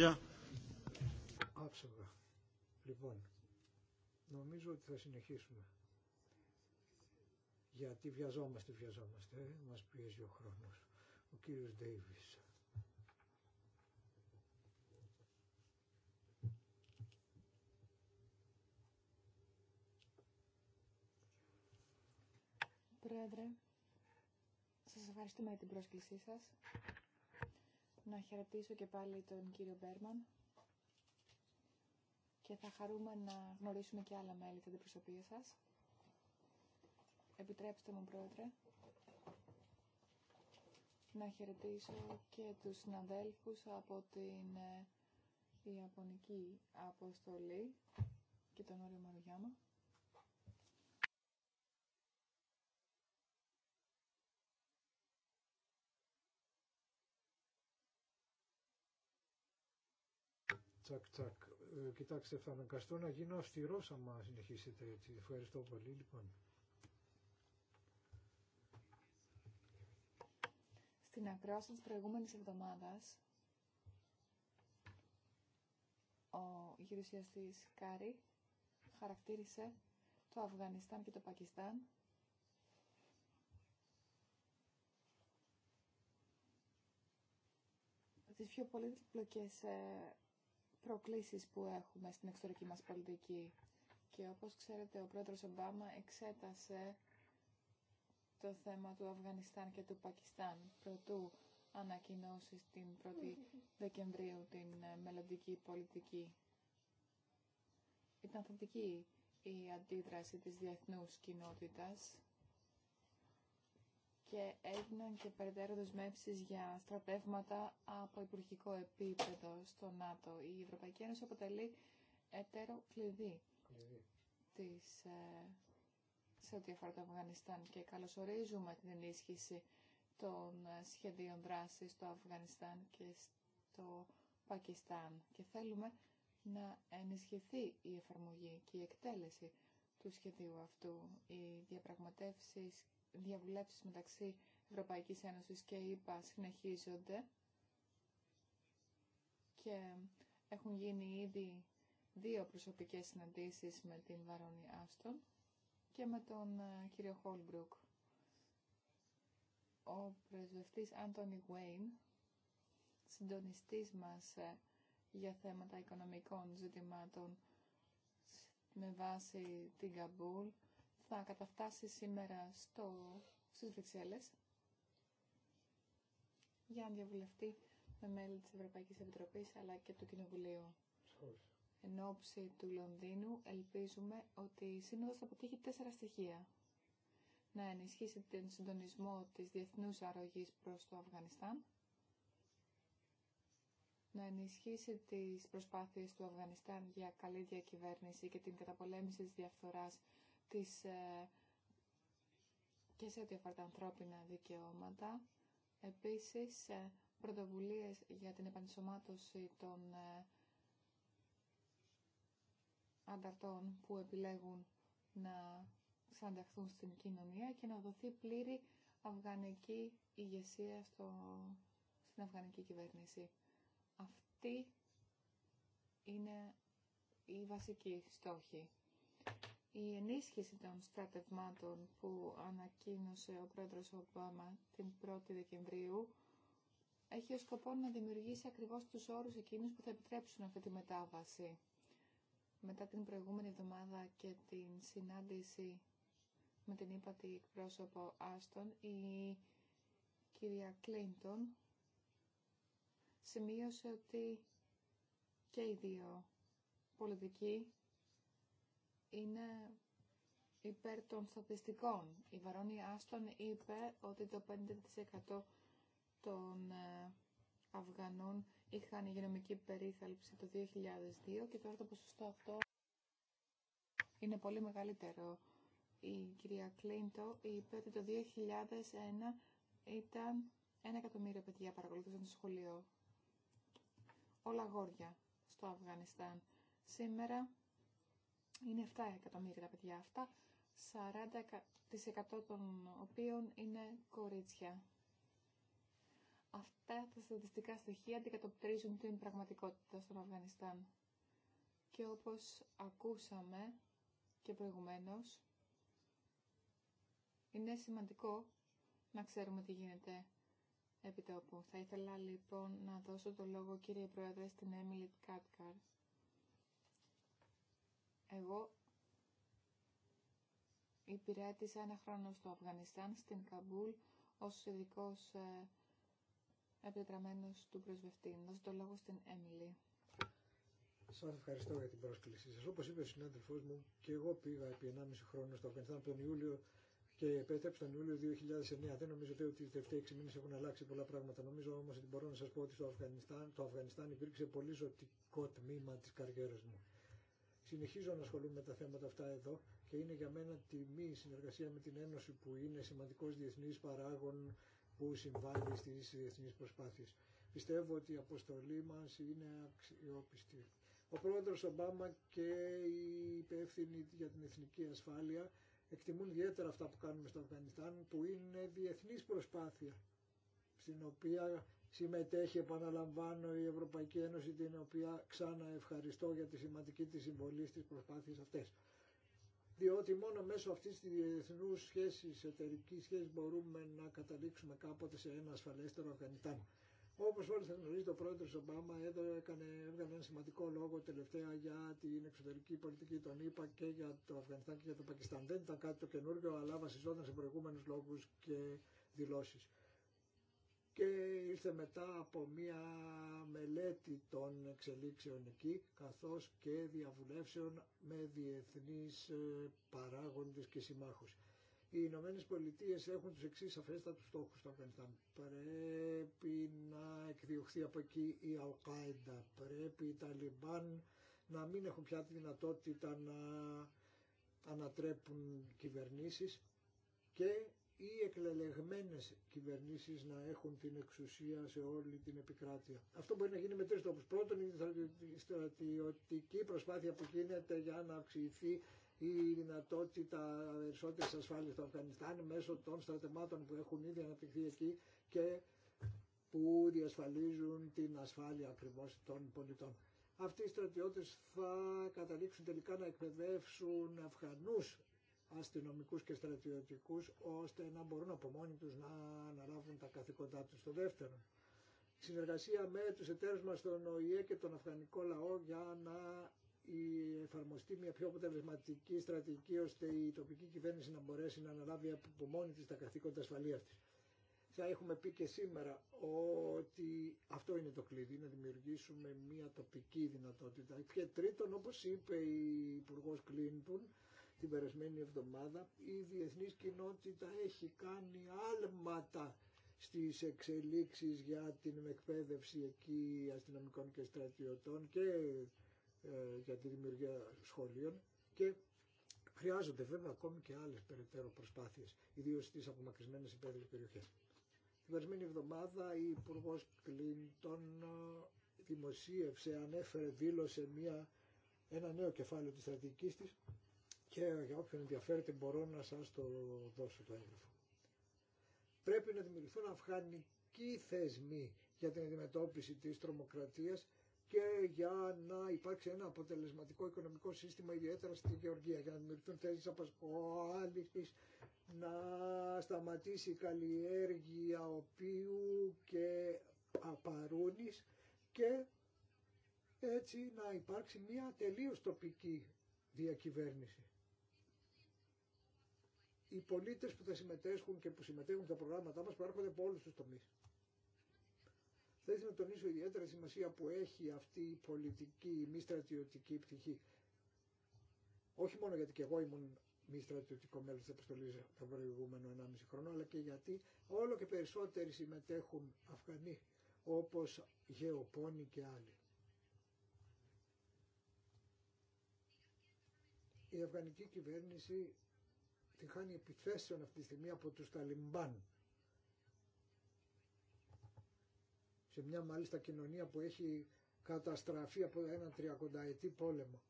bien. Άψογα. Λοιπόν, νομίζω ότι θα συνεχίσουμε. Γιατί βιαζόμαστε, βιαζόμαστε, ε? μας πιέζει ο χρόνος. Ο κύριος Ντέιβις. Πρόεδρε, σας ευχαριστούμε για την πρόσκλησή σας να χαιρετήσω και πάλι τον κύριο Μπέρμαν και θα χαρούμε να γνωρίσουμε και άλλα μέλη της αντιπροσωπείας σας. Επιτρέψτε μου, Πρόεδρε, να χαιρετήσω και τους συναδέλφους από την ε, Ιαπωνική Αποστολή και τον Όριο Μαρουγιάμα. Τσακ, τσακ. Ε, κοιτάξτε, θα αναγκαστώ να γίνω αυστηρός άμα συνεχίσετε έτσι. Ευχαριστώ πολύ, λοιπόν. Στην ακρόαση της προηγούμενης εβδομάδας, ο γυρουσιαστής Κάρι χαρακτήρισε το Αφγανιστάν και το Πακιστάν τις πιο πολύπλοκες ε, προκλήσεις που έχουμε στην εξωτερική μας πολιτική. Και όπως ξέρετε, ο πρόεδρος Ομπάμα εξέτασε το θέμα του Αφγανιστάν και του Πακιστάν προτού ανακοινώσει την 1η Δεκεμβρίου την ε, μελλοντική πολιτική. Ήταν θετική η αντίδραση της διεθνούς κοινότητας και έγιναν και περαιτέρω δεσμεύσει για στρατεύματα από υπουργικό επίπεδο στο ΝΑΤΟ. Η Ευρωπαϊκή Ένωση αποτελεί εταίρο κλειδί της, ε, σε ό,τι αφορά το Αφγανιστάν και καλωσορίζουμε την ενίσχυση των ε, σχεδίων δράση στο Αφγανιστάν και στο Πακιστάν και θέλουμε να ενισχυθεί η εφαρμογή και η εκτέλεση του σχεδίου αυτού. Οι διαπραγματεύσεις διαβουλεύσεις μεταξύ Ευρωπαϊκής Ένωσης και ΕΥΠΑ συνεχίζονται και έχουν γίνει ήδη δύο προσωπικές συναντήσεις με την Βαρόνι Άστον και με τον ε, κύριο Χόλμπρουκ. Ο πρεσβευτής Άντωνι Γουέιν, συντονιστής μας ε, για θέματα οικονομικών ζητημάτων με βάση την Καμπούλ, θα καταφτάσει σήμερα στο, στις Βρυξέλλες για να διαβουλευτεί με μέλη της Ευρωπαϊκής Επιτροπής αλλά και του Κοινοβουλίου. Εν όψη του Λονδίνου ελπίζουμε ότι η Σύνοδος θα αποτύχει τέσσερα στοιχεία. Να ενισχύσει τον συντονισμό της διεθνούς αρρωγής προς το Αφγανιστάν, να ενισχύσει τις προσπάθειες του Αφγανιστάν για καλή διακυβέρνηση και την καταπολέμηση της διαφθοράς τις, ε, και σε ό,τι αφορά τα ανθρώπινα δικαιώματα. Επίσης, ε, πρωτοβουλίες για την επανσωμάτωση των ε, ανταρτών που επιλέγουν να ξανταχθούν στην κοινωνία και να δοθεί πλήρη αφγανική ηγεσία στο, στην αφγανική κυβέρνηση. Αυτή είναι η βασική στόχη η ενίσχυση των στρατευμάτων που ανακοίνωσε ο πρόεδρος Ομπάμα την 1η Δεκεμβρίου έχει ως σκοπό να δημιουργήσει ακριβώς τους όρους εκείνους που θα επιτρέψουν αυτή τη μετάβαση. Μετά την προηγούμενη εβδομάδα και την συνάντηση με την ύπατη εκπρόσωπο Άστον, η κυρία Κλίντον σημείωσε ότι και οι δύο πολιτικοί είναι υπέρ των στατιστικών. Η Βαρόνι Άστον είπε ότι το 50% των ε, Αφγανών είχαν υγειονομική περίθαλψη το 2002 και τώρα το ποσοστό αυτό είναι πολύ μεγαλύτερο. Η κυρία Κλίντο είπε ότι το 2001 ήταν ένα εκατομμύριο παιδιά παρακολουθούσαν το σχολείο. Όλα γόρια στο Αφγανιστάν. Σήμερα είναι 7 εκατομμύρια τα παιδιά αυτά, 40% των οποίων είναι κορίτσια. Αυτά τα στατιστικά στοιχεία αντικατοπτρίζουν την πραγματικότητα στον Αφγανιστάν. Και όπως ακούσαμε και προηγουμένως, είναι σημαντικό να ξέρουμε τι γίνεται επί τόπου. Θα ήθελα λοιπόν να δώσω το λόγο κύριε Πρόεδρε στην Έμιλι Κάτκαρ εγώ υπηρέτησα ένα χρόνο στο Αφγανιστάν, στην Καμπούλ, ως ειδικό ε, επιτραμένος του πρεσβευτή. Δώσω το λόγο στην Έμιλη. Σας ευχαριστώ για την πρόσκλησή σας. Όπως είπε ο συνάδελφός μου, και εγώ πήγα επί 1,5 χρόνο στο Αφγανιστάν από τον Ιούλιο και επέτρεψα τον Ιούλιο 2009. Δεν νομίζω ότι οι τελευταίοι 6 μήνες έχουν αλλάξει πολλά πράγματα. Νομίζω όμως ότι μπορώ να σας πω ότι στο Αφγανιστάν, το Αφγανιστάν υπήρξε πολύ ζωτικό τμήμα τη καριέρας μου. Συνεχίζω να ασχολούμαι με τα θέματα αυτά εδώ και είναι για μένα τιμή η συνεργασία με την Ένωση που είναι σημαντικός διεθνής παράγων που συμβάλλει στις διεθνείς προσπάθειες. Πιστεύω ότι η αποστολή μας είναι αξιόπιστη. Ο πρόεδρος Ομπάμα και οι υπεύθυνοι για την εθνική ασφάλεια εκτιμούν ιδιαίτερα αυτά που κάνουμε στο Αφγανιστάν που είναι διεθνής προσπάθεια στην οποία συμμετέχει επαναλαμβάνω η Ευρωπαϊκή Ένωση την οποία ξανά ευχαριστώ για τη σημαντική της συμβολή στις προσπάθειες αυτές. Διότι μόνο μέσω αυτής της διεθνούς σχέσης, εταιρικής σχέσης μπορούμε να καταλήξουμε κάποτε σε ένα ασφαλέστερο Αφγανιστάν. Όπως όλοι θα γνωρίζετε, ο πρόεδρος Ομπάμα έκανε, έβγαλε ένα σημαντικό λόγο τελευταία για την εξωτερική πολιτική των ΗΠΑ και για το Αφγανιστάν και για το Πακιστάν. Δεν ήταν κάτι το καινούργιο, αλλά βασιζόταν σε προηγούμενους λόγους και δηλώσεις και ήρθε μετά από μία μελέτη των εξελίξεων εκεί καθώς και διαβουλεύσεων με διεθνείς ε, παράγοντες και συμμάχους. Οι Ηνωμένε Πολιτείε έχουν τους εξής αφέστατου στόχους στο Αφγανιστάν. Πρέπει να εκδιωχθεί από εκεί η Αλκάιντα, πρέπει οι Ταλιμπάν να μην έχουν πια τη δυνατότητα να ανατρέπουν κυβερνήσεις και ή εκλεγμένε κυβερνήσει να έχουν την εξουσία σε όλη την επικράτη. Αυτό μπορεί να γίνει με τρίτο. Πρώτο είναι η εκλελεγμένες κυβερνήσεις να έχουν την εξουσία σε όλη την επικράτεια. Αυτό μπορεί να γίνει με τρεις τρόπους. Πρώτον, η στρατιωτική προσπάθεια που γίνεται για να αυξηθεί η δυνατότητα περισσότερη ασφάλεια του Αφγανιστάν μέσω των στρατεμάτων που έχουν ήδη αναπτυχθεί εκεί και που διασφαλίζουν την ασφάλεια ακριβώς των πολιτών. Αυτοί οι στρατιώτες θα καταλήξουν τελικά να εκπαιδεύσουν Αφγανούς αστυνομικούς και στρατιωτικούς ώστε να μπορούν από μόνοι τους να αναλάβουν τα καθήκοντά τους. Το δεύτερο, η συνεργασία με τους εταίρους μας στον ΟΗΕ και τον Αφγανικό λαό για να εφαρμοστεί μια πιο αποτελεσματική στρατηγική ώστε η τοπική κυβέρνηση να μπορέσει να αναλάβει από μόνη της τα καθήκοντα ασφαλείας της. Θα έχουμε πει και σήμερα ότι αυτό είναι το κλειδί, να δημιουργήσουμε μια τοπική δυνατότητα. Και τρίτον, όπως είπε η Υπουργός Κλίντον, την περασμένη εβδομάδα, η διεθνής κοινότητα έχει κάνει άλματα στις εξελίξεις για την εκπαίδευση εκεί αστυνομικών και στρατιωτών και ε, για τη δημιουργία σχολείων και χρειάζονται βέβαια ακόμη και άλλες περαιτέρω προσπάθειες, ιδίως στις απομακρυσμένες υπέδρες περιοχές. Την περασμένη εβδομάδα η Υπουργό Κλίντον ε, δημοσίευσε, ανέφερε, δήλωσε μια, ένα νέο κεφάλαιο της στρατηγικής της και για όποιον ενδιαφέρεται μπορώ να σας το δώσω το έγγραφο. Πρέπει να δημιουργηθούν αφγανικοί θεσμοί για την αντιμετώπιση της τρομοκρατίας και για να υπάρξει ένα αποτελεσματικό οικονομικό σύστημα ιδιαίτερα στη Γεωργία για να δημιουργηθούν θέσεις απασχόλησης, να σταματήσει η καλλιέργεια οποίου και απαρούνης και έτσι να υπάρξει μια τελείως τοπική διακυβέρνηση οι πολίτε που θα συμμετέχουν και που συμμετέχουν στα προγράμματά μα προέρχονται από όλου του τομεί. Θα ήθελα να τονίσω ιδιαίτερα τη σημασία που έχει αυτή η πολιτική, η μη στρατιωτική πτυχή. Όχι μόνο γιατί και εγώ ήμουν μη στρατιωτικό μέλο τη αποστολής τον προηγούμενο 1,5 χρόνο, αλλά και γιατί όλο και περισσότεροι συμμετέχουν Αφγανοί, όπω γεωπόνοι και άλλοι. Η Αφγανική κυβέρνηση τη χάνει επιθέσεων αυτή τη στιγμή από τους Ταλιμπάν. Σε μια μάλιστα κοινωνία που έχει καταστραφεί από έναν τριακονταετή πόλεμο.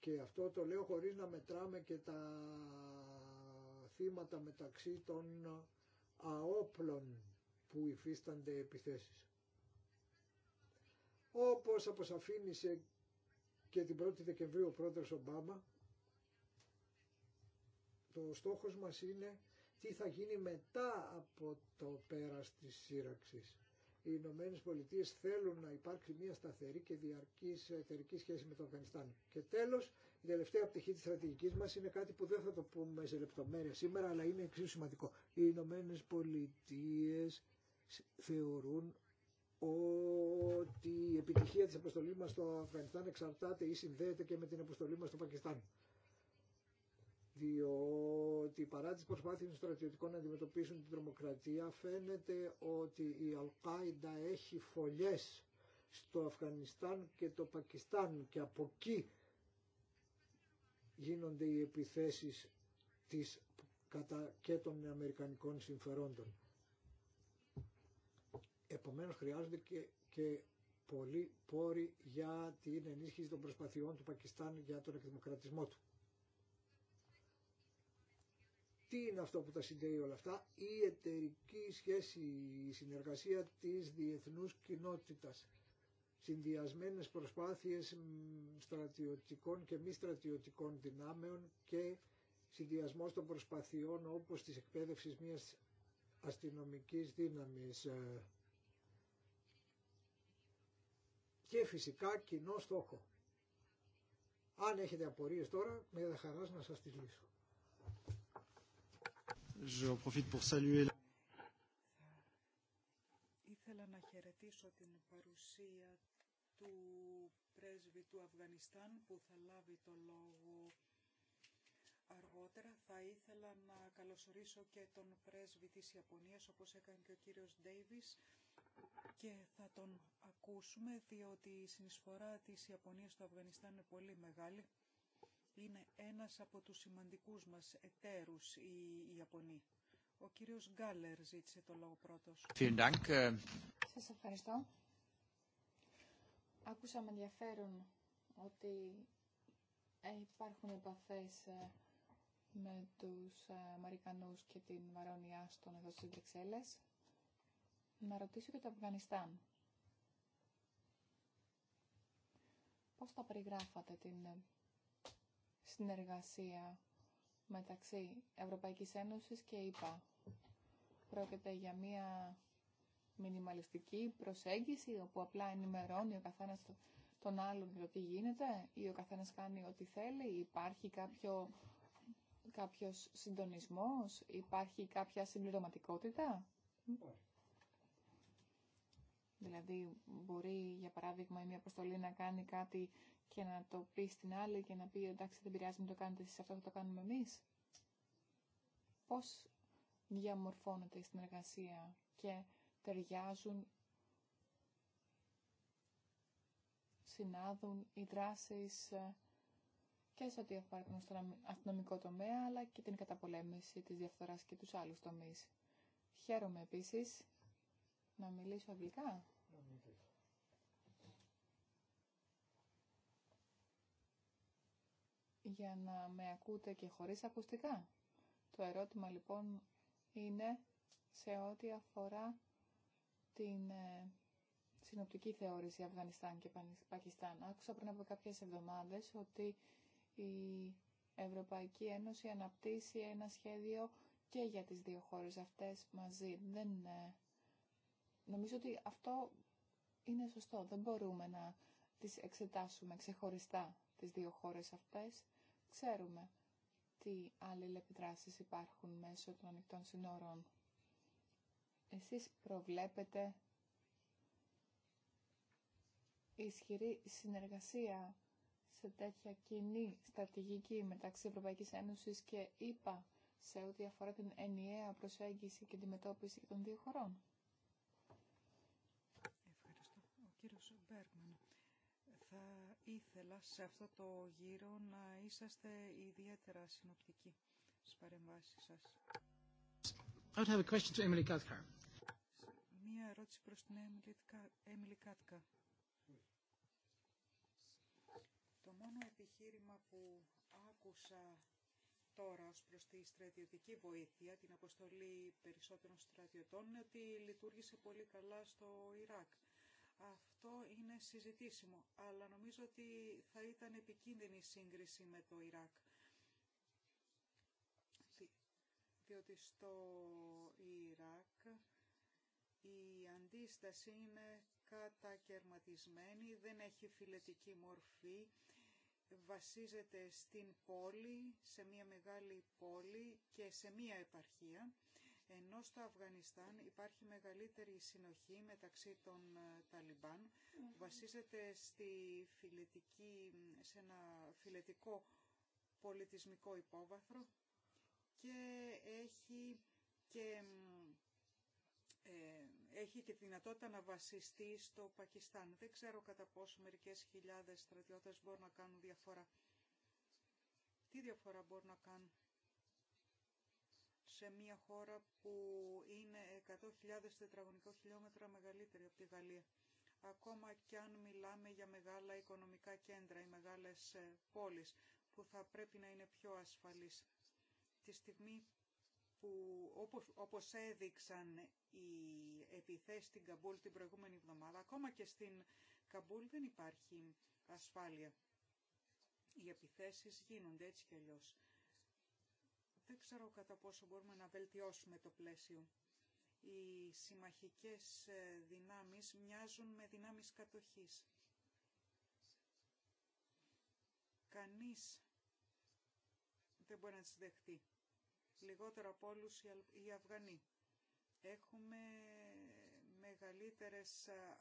Και αυτό το λέω χωρίς να μετράμε και τα θύματα μεταξύ των αόπλων που υφίστανται επιθέσεις. Όπως αποσαφήνισε και την 1η Δεκεμβρίου ο πρόεδρος Ομπάμα, το στόχος μας είναι τι θα γίνει μετά από το πέρας της σύραξης. Οι Ηνωμένε Πολιτείε θέλουν να υπάρξει μια σταθερή και διαρκή εταιρική σχέση με το Αφγανιστάν. Και τέλο, η τελευταία πτυχή τη στρατηγική μα είναι κάτι που δεν θα το πούμε σε λεπτομέρεια σήμερα, αλλά είναι εξίσου σημαντικό. Οι Ηνωμένε Πολιτείε θεωρούν ότι η επιτυχία της αποστολής μας στο Αφγανιστάν εξαρτάται ή συνδέεται και με την αποστολή μας στο Πακιστάν διότι παρά τις προσπάθειες των στρατιωτικών να αντιμετωπίσουν την τρομοκρατία φαίνεται ότι η Αλκάιντα έχει φωλιές στο Αφγανιστάν και το Πακιστάν και από εκεί γίνονται οι επιθέσεις της κατά και των Αμερικανικών συμφερόντων. Επομένως χρειάζονται και, και πολλοί πόροι για την ενίσχυση των προσπαθειών του Πακιστάν για τον εκδημοκρατισμό του τι είναι αυτό που τα συνδέει όλα αυτά, η εταιρική σχέση, η συνεργασία της διεθνούς κοινότητας, συνδυασμένες προσπάθειες στρατιωτικών και μη στρατιωτικών δυνάμεων και συνδυασμός των προσπαθειών όπως της εκπαίδευσης μιας αστυνομικής δύναμης. Ε, και φυσικά κοινό στόχο. Αν έχετε απορίες τώρα, με χαρά να σας τις λύσω. Je Ήθελα να χαιρετήσω την παρουσία του πρέσβη του Αφγανιστάν που θα λάβει το λόγο αργότερα. Θα ήθελα να καλωσορίσω και τον πρέσβη της Ιαπωνίας όπως έκανε και ο κύριος Ντέιβις και θα τον ακούσουμε διότι η συνεισφορά της Ιαπωνίας στο Αφγανιστάν είναι πολύ μεγάλη είναι ένας από τους σημαντικούς μας εταίρους η Ιαπωνία. Ο κύριος Γκάλερ ζήτησε το λόγο πρώτος. Ε, Σας ευχαριστώ. Άκουσα με ενδιαφέρον ότι ε, υπάρχουν επαφές ε, με τους Αμερικανούς και την Βαρόνια στον εδώ στις Βρυξέλλες. Να ρωτήσω και το Αφγανιστάν. Πώς θα περιγράφατε την συνεργασία μεταξύ Ευρωπαϊκής Ένωσης και ΕΙΠΑ. Πρόκειται για μια μινιμαλιστική προσέγγιση όπου απλά ενημερώνει ο καθένας τον άλλον για το τι γίνεται ή ο καθένας κάνει ό,τι θέλει. Υπάρχει κάποιο, κάποιος συντονισμός, υπάρχει κάποια συμπληρωματικότητα. Δηλαδή μπορεί για παράδειγμα η μια αποστολή να κάνει κάτι και να το πει στην άλλη και να πει εντάξει δεν πειράζει να το κάνετε εσείς αυτό που το κάνουμε εμείς. Πώς διαμορφώνεται η συνεργασία και ταιριάζουν, συνάδουν οι δράσεις ε, και σε ό,τι αφορά τον αστυνομικό τομέα αλλά και την καταπολέμηση της διαφθοράς και τους άλλους τομείς. Χαίρομαι επίσης να μιλήσω αγγλικά. για να με ακούτε και χωρίς ακουστικά. Το ερώτημα λοιπόν είναι σε ό,τι αφορά την ε, συνοπτική θεώρηση Αφγανιστάν και Πακιστάν. Άκουσα πριν από κάποιες εβδομάδες ότι η Ευρωπαϊκή Ένωση αναπτύσσει ένα σχέδιο και για τις δύο χώρες αυτές μαζί. Δεν, ε, νομίζω ότι αυτό είναι σωστό. Δεν μπορούμε να τις εξετάσουμε ξεχωριστά τις δύο χώρες αυτές. Ξέρουμε τι αλληλεπιδράσεις υπάρχουν μέσω των ανοιχτών συνόρων. Εσείς προβλέπετε ισχυρή συνεργασία σε τέτοια κοινή στρατηγική μεταξύ Ευρωπαϊκής Ένωσης και ΕΠΑ σε ό,τι αφορά την ενιαία προσέγγιση και τη των δύο χωρών. ήθελα σε αυτό το γύρο να είσαστε ιδιαίτερα συνοπτικοί στις παρεμβάσεις σας. I have a question to Emily Μία ερώτηση προς την Emily Katka. Το μόνο επιχείρημα που άκουσα τώρα ως προς τη στρατιωτική βοήθεια, την αποστολή περισσότερων στρατιωτών, είναι ότι λειτουργήσε πολύ καλά στο Ιράκ αυτό είναι συζητήσιμο, αλλά νομίζω ότι θα ήταν επικίνδυνη σύγκριση με το Ιράκ. Διότι στο Ιράκ η αντίσταση είναι κατακαιρματισμένη, δεν έχει φιλετική μορφή, βασίζεται στην πόλη, σε μια μεγάλη πόλη και σε μια επαρχία ενώ στο Αφγανιστάν υπάρχει μεγαλύτερη συνοχή μεταξύ των ε, Ταλιμπάν βασίζεται στη φιλετική, σε ένα φιλετικό πολιτισμικό υπόβαθρο και έχει και, ε, έχει και τη δυνατότητα να βασιστεί στο Πακιστάν. Δεν ξέρω κατά πόσο μερικές χιλιάδες στρατιώτες μπορούν να κάνουν διαφορά. Τι διαφορά μπορούν να κάνουν σε μια χώρα που είναι 100.000 τετραγωνικό χιλιόμετρα μεγαλύτερη από τη Γαλλία. Ακόμα και αν μιλάμε για μεγάλα οικονομικά κέντρα ή μεγάλες ε, πόλεις που θα πρέπει να είναι πιο ασφαλείς. Τη στιγμή που όπως, όπως έδειξαν οι επιθέσεις στην Καμπούλ την προηγούμενη εβδομάδα, ακόμα και στην Καμπούλ δεν υπάρχει ασφάλεια. Οι επιθέσεις γίνονται έτσι κι αλλιώς δεν ξέρω κατά πόσο μπορούμε να βελτιώσουμε το πλαίσιο. Οι συμμαχικές ε, δυνάμεις μοιάζουν με δυνάμεις κατοχής. Κανείς δεν μπορεί να τις δεχτεί. Λιγότερο από όλου οι Αφγανοί. Έχουμε μεγαλύτερες ε,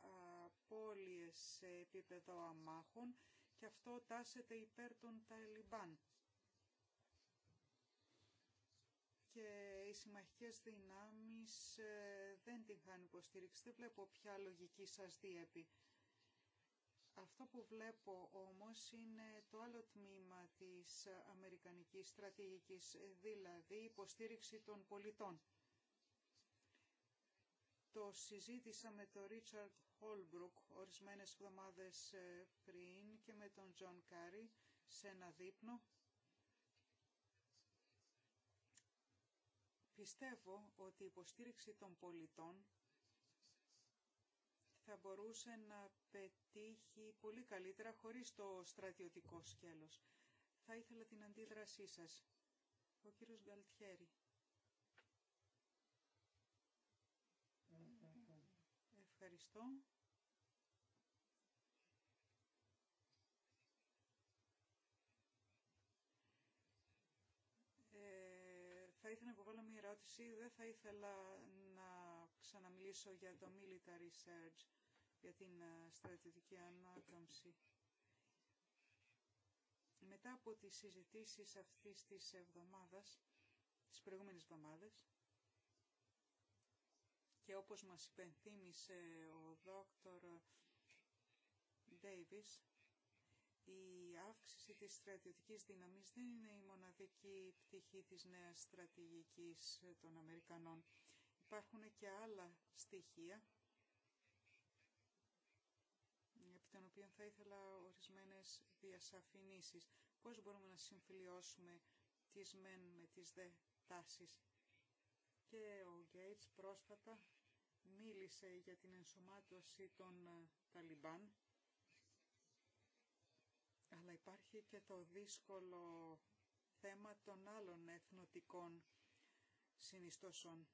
απώλειες σε επίπεδο αμάχων και αυτό τάσεται υπέρ των Ταλιμπάν. και οι συμμαχικές δυνάμεις ε, δεν την χάνουν υποστήριξη. Δεν βλέπω ποια λογική σας διέπει. Αυτό που βλέπω όμως είναι το άλλο τμήμα της αμερικανικής στρατηγικής, δηλαδή υποστήριξη των πολιτών. Το συζήτησα με τον Ρίτσαρντ Χόλμπρουκ ορισμένες εβδομάδες ε, πριν και με τον Τζον Κάρι σε ένα δείπνο Πιστεύω ότι η υποστήριξη των πολιτών θα μπορούσε να πετύχει πολύ καλύτερα χωρίς το στρατιωτικό σκέλος. Θα ήθελα την αντίδρασή σας. Ο κύριος Γκαλτιέρη. Ε, ε, ε. Ευχαριστώ. βάλω μια ερώτηση. Δεν θα ήθελα να ξαναμιλήσω για το military surge, για την ε, στρατιωτική ανάκαμψη. Μετά από τις συζητήσεις αυτής της εβδομάδας, της προηγούμενης εβδομάδας, και όπως μας υπενθύμησε ο δόκτωρ Ντέιβις, η αύξηση της στρατιωτικής δύναμης δεν είναι η μοναδική πτυχή της νέας στρατηγικής των Αμερικανών. Υπάρχουν και άλλα στοιχεία από τα οποία θα ήθελα ορισμένες διασαφηνίσεις. Πώς μπορούμε να συμφιλιώσουμε τις μεν με τις δε τάσεις. Και ο Γκέιτς πρόσφατα μίλησε για την ενσωμάτωση των Ταλιμπάν αλλά υπάρχει και το δύσκολο θέμα των άλλων εθνοτικών συνιστώσεων.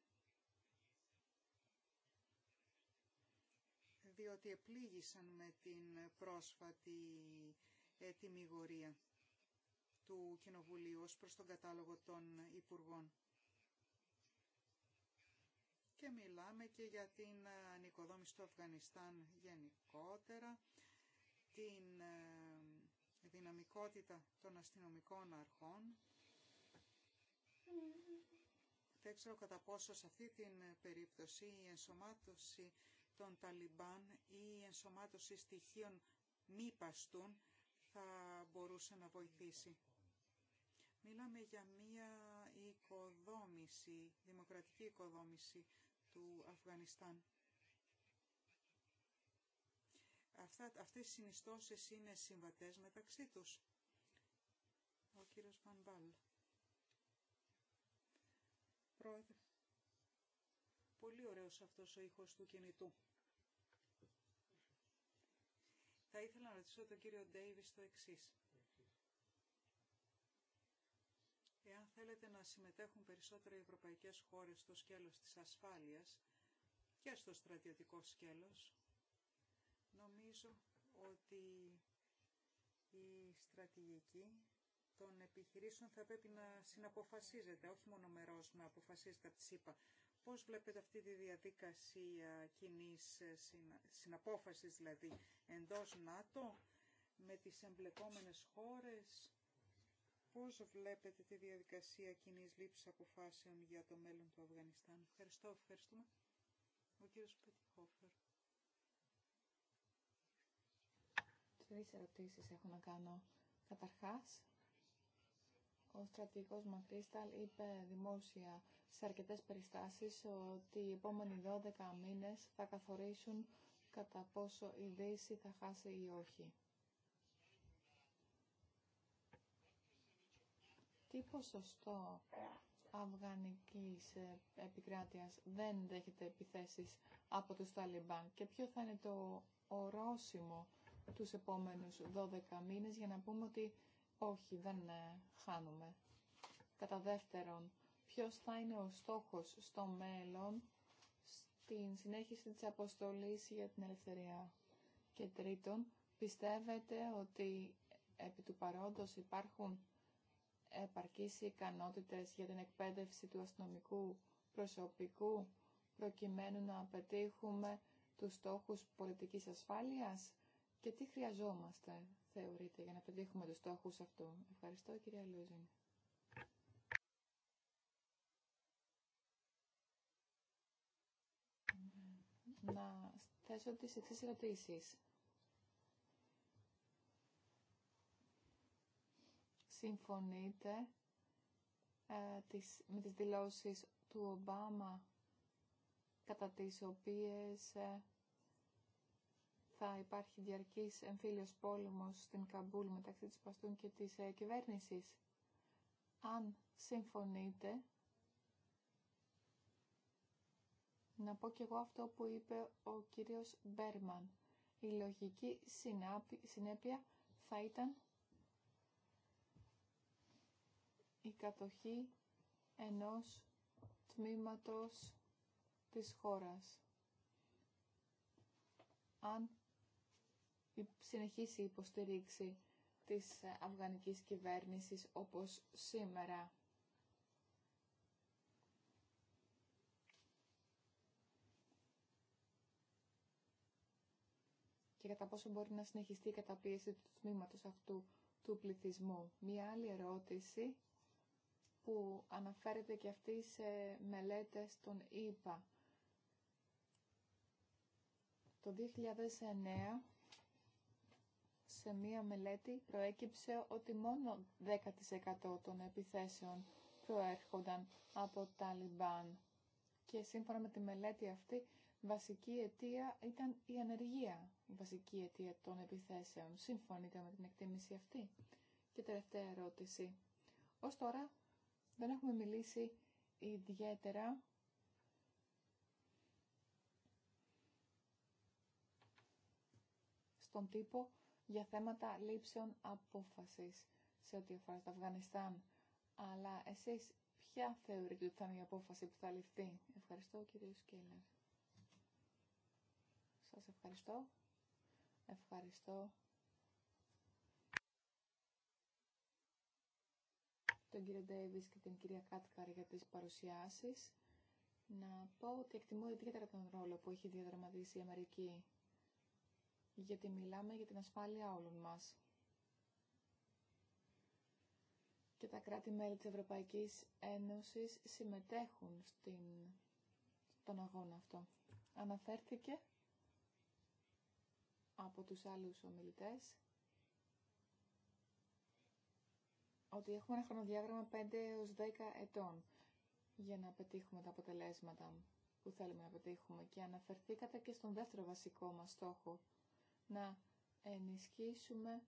Διότι επλήγησαν με την πρόσφατη ετοιμιγορία του Κοινοβουλίου ως προς τον κατάλογο των Υπουργών. Και μιλάμε και για την ανοικοδόμηση του Αφγανιστάν γενικότερα, την ε, δυναμικότητα των αστυνομικών αρχών. Δεν ξέρω κατά πόσο σε αυτή την περίπτωση η ενσωμάτωση των Ταλιμπάν ή η ενσωμάτωση στοιχείων μη παστούν θα μπορούσε να βοηθήσει. Μιλάμε για μία οικοδόμηση, δημοκρατική οικοδόμηση του Αφγανιστάν. Αυτά, αυτές οι συνιστώσεις είναι συμβατές μεταξύ τους. Ο κύριος Βανμπάλ. Πρόεδρε. Πολύ ωραίος αυτός ο ήχος του κινητού. Θα ήθελα να ρωτήσω τον κύριο Ντέιβις το εξής. Εάν θέλετε να συμμετέχουν περισσότερο οι ευρωπαϊκές χώρες στο σκέλος της ασφάλειας και στο στρατιωτικό σκέλος, Νομίζω ότι η στρατηγική των επιχειρήσεων θα πρέπει να συναποφασίζεται, όχι μόνο μερός να αποφασίζεται από τη ΣΥΠΑ. Πώς βλέπετε αυτή τη διαδικασία κοινή ε, συναπόφασης, δηλαδή εντός ΝΑΤΟ, με τις εμπλεκόμενες χώρες, πώς βλέπετε τη διαδικασία κοινή λήψης αποφάσεων για το μέλλον του Αφγανιστάν. Ευχαριστώ, ευχαριστούμε. Ο κύριος Πετυχόφερ. Τρει ερωτήσεις έχω να κάνω. Καταρχάς, ο στρατηγός Μακρίσταλ είπε δημόσια σε αρκετές περιστάσεις ότι οι επόμενοι 12 μήνες θα καθορίσουν κατά πόσο η Δύση θα χάσει ή όχι. Τι ποσοστό αφγανικής επικράτειας δεν δέχεται επιθέσεις από τους Ταλιμπάν και ποιο θα είναι το ορόσημο τους επόμενους 12 μήνες για να πούμε ότι όχι, δεν ε, χάνουμε. Κατά δεύτερον, ποιος θα είναι ο στόχος στο μέλλον στην συνέχιση της αποστολής για την ελευθερία. Και τρίτον, πιστεύετε ότι επί του παρόντος υπάρχουν επαρκείς ικανότητες για την εκπαίδευση του αστυνομικού προσωπικού προκειμένου να πετύχουμε τους στόχους πολιτικής ασφάλειας και τι χρειαζόμαστε, θεωρείτε, για να πετύχουμε τους στόχους αυτού. Ευχαριστώ, κυρία Λούζιν. Να θέσω τις εξή ερωτήσεις. Συμφωνείτε ε, τις, με τις δηλώσεις του Ομπάμα κατά τις οποίες ε, θα υπάρχει διαρκής εμφύλιος πόλεμος στην Καμπούλ μεταξύ της Παστούν και της ε, κυβέρνησης. Αν συμφωνείτε, να πω κι εγώ αυτό που είπε ο κύριος Μπέρμαν. Η λογική συνέπεια θα ήταν η κατοχή ενός τμήματος της χώρας. Αν συνεχίσει η υποστήριξη της ε, αφγανικής κυβέρνησης όπως σήμερα. Και κατά πόσο μπορεί να συνεχιστεί η καταπίεση του τμήματος αυτού του πληθυσμού. Μία άλλη ερώτηση που αναφέρεται και αυτή σε μελέτες των ΙΠΑ. Το 2009 σε μία μελέτη προέκυψε ότι μόνο 10% των επιθέσεων προέρχονταν από Ταλιμπάν Και σύμφωνα με τη μελέτη αυτή, βασική αιτία ήταν η ανεργία, η βασική αιτία των επιθέσεων. Συμφωνείτε με την εκτίμηση αυτή. Και τελευταία ερώτηση. Ως τώρα δεν έχουμε μιλήσει ιδιαίτερα στον τύπο για θέματα λήψεων απόφασης σε ό,τι αφορά το Αφγανιστάν. Αλλά εσείς ποια θεωρείτε ότι θα είναι η απόφαση που θα ληφθεί. Ευχαριστώ κύριε Σκέλερ. Σας ευχαριστώ. Ευχαριστώ. τον κύριο Ντέιβις και την κυρία Κάτκαρ για τις παρουσιάσεις. Να πω ότι εκτιμώ ιδιαίτερα τον ρόλο που έχει διαδραματίσει η Αμερική γιατί μιλάμε για την ασφάλεια όλων μας. Και τα κράτη-μέλη της Ευρωπαϊκής Ένωσης συμμετέχουν στην, στον αγώνα αυτό. Αναφέρθηκε από τους άλλους ομιλητές ότι έχουμε ένα χρονοδιάγραμμα 5 έως 10 ετών για να πετύχουμε τα αποτελέσματα που θέλουμε να πετύχουμε και αναφερθήκατε και στον δεύτερο βασικό μας στόχο να ενισχύσουμε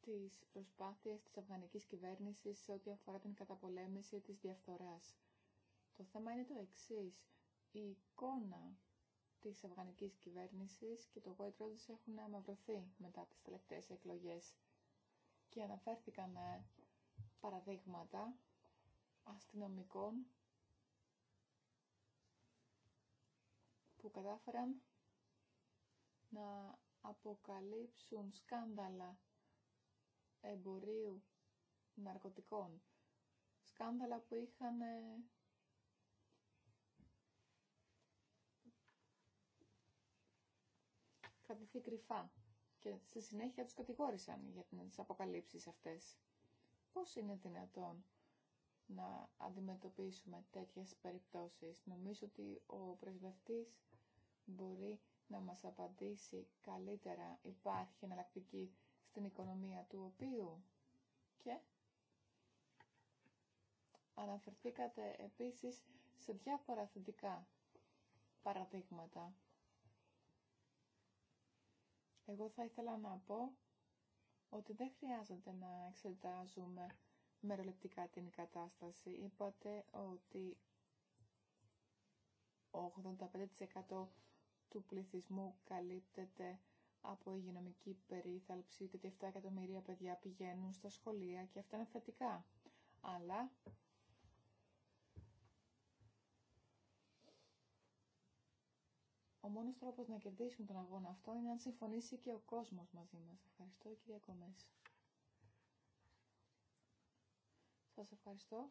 τις προσπάθειες της αφγανικής κυβέρνησης σε ό,τι αφορά την καταπολέμηση της διαφθοράς. Το θέμα είναι το εξής. Η εικόνα της αφγανικής κυβέρνησης και το White Rose έχουν αμαυρωθεί μετά τις τελευταίες εκλογές και αναφέρθηκαν ε, παραδείγματα αστυνομικών που κατάφεραν να αποκαλύψουν σκάνδαλα εμπορίου ναρκωτικών. Σκάνδαλα που είχαν ε, κρατηθεί κρυφά και στη συνέχεια τους κατηγόρησαν για τις αποκαλύψεις αυτές. Πώς είναι δυνατόν να αντιμετωπίσουμε τέτοιες περιπτώσεις. Νομίζω ότι ο πρεσβευτής μπορεί να μας απαντήσει καλύτερα υπάρχει εναλλακτική στην οικονομία του οποίου και αναφερθήκατε επίσης σε διάφορα θετικά παραδείγματα. Εγώ θα ήθελα να πω ότι δεν χρειάζεται να εξετάζουμε μεροληπτικά την κατάσταση. Είπατε ότι 85% του πληθυσμού καλύπτεται από υγειονομική περίθαλψη, ότι 7 εκατομμύρια παιδιά πηγαίνουν στα σχολεία και αυτά είναι θετικά. Αλλά ο μόνος τρόπος να κερδίσουμε τον αγώνα αυτό είναι αν συμφωνήσει και ο κόσμος μαζί μας. Ευχαριστώ κυρία Κομές. Σας ευχαριστώ.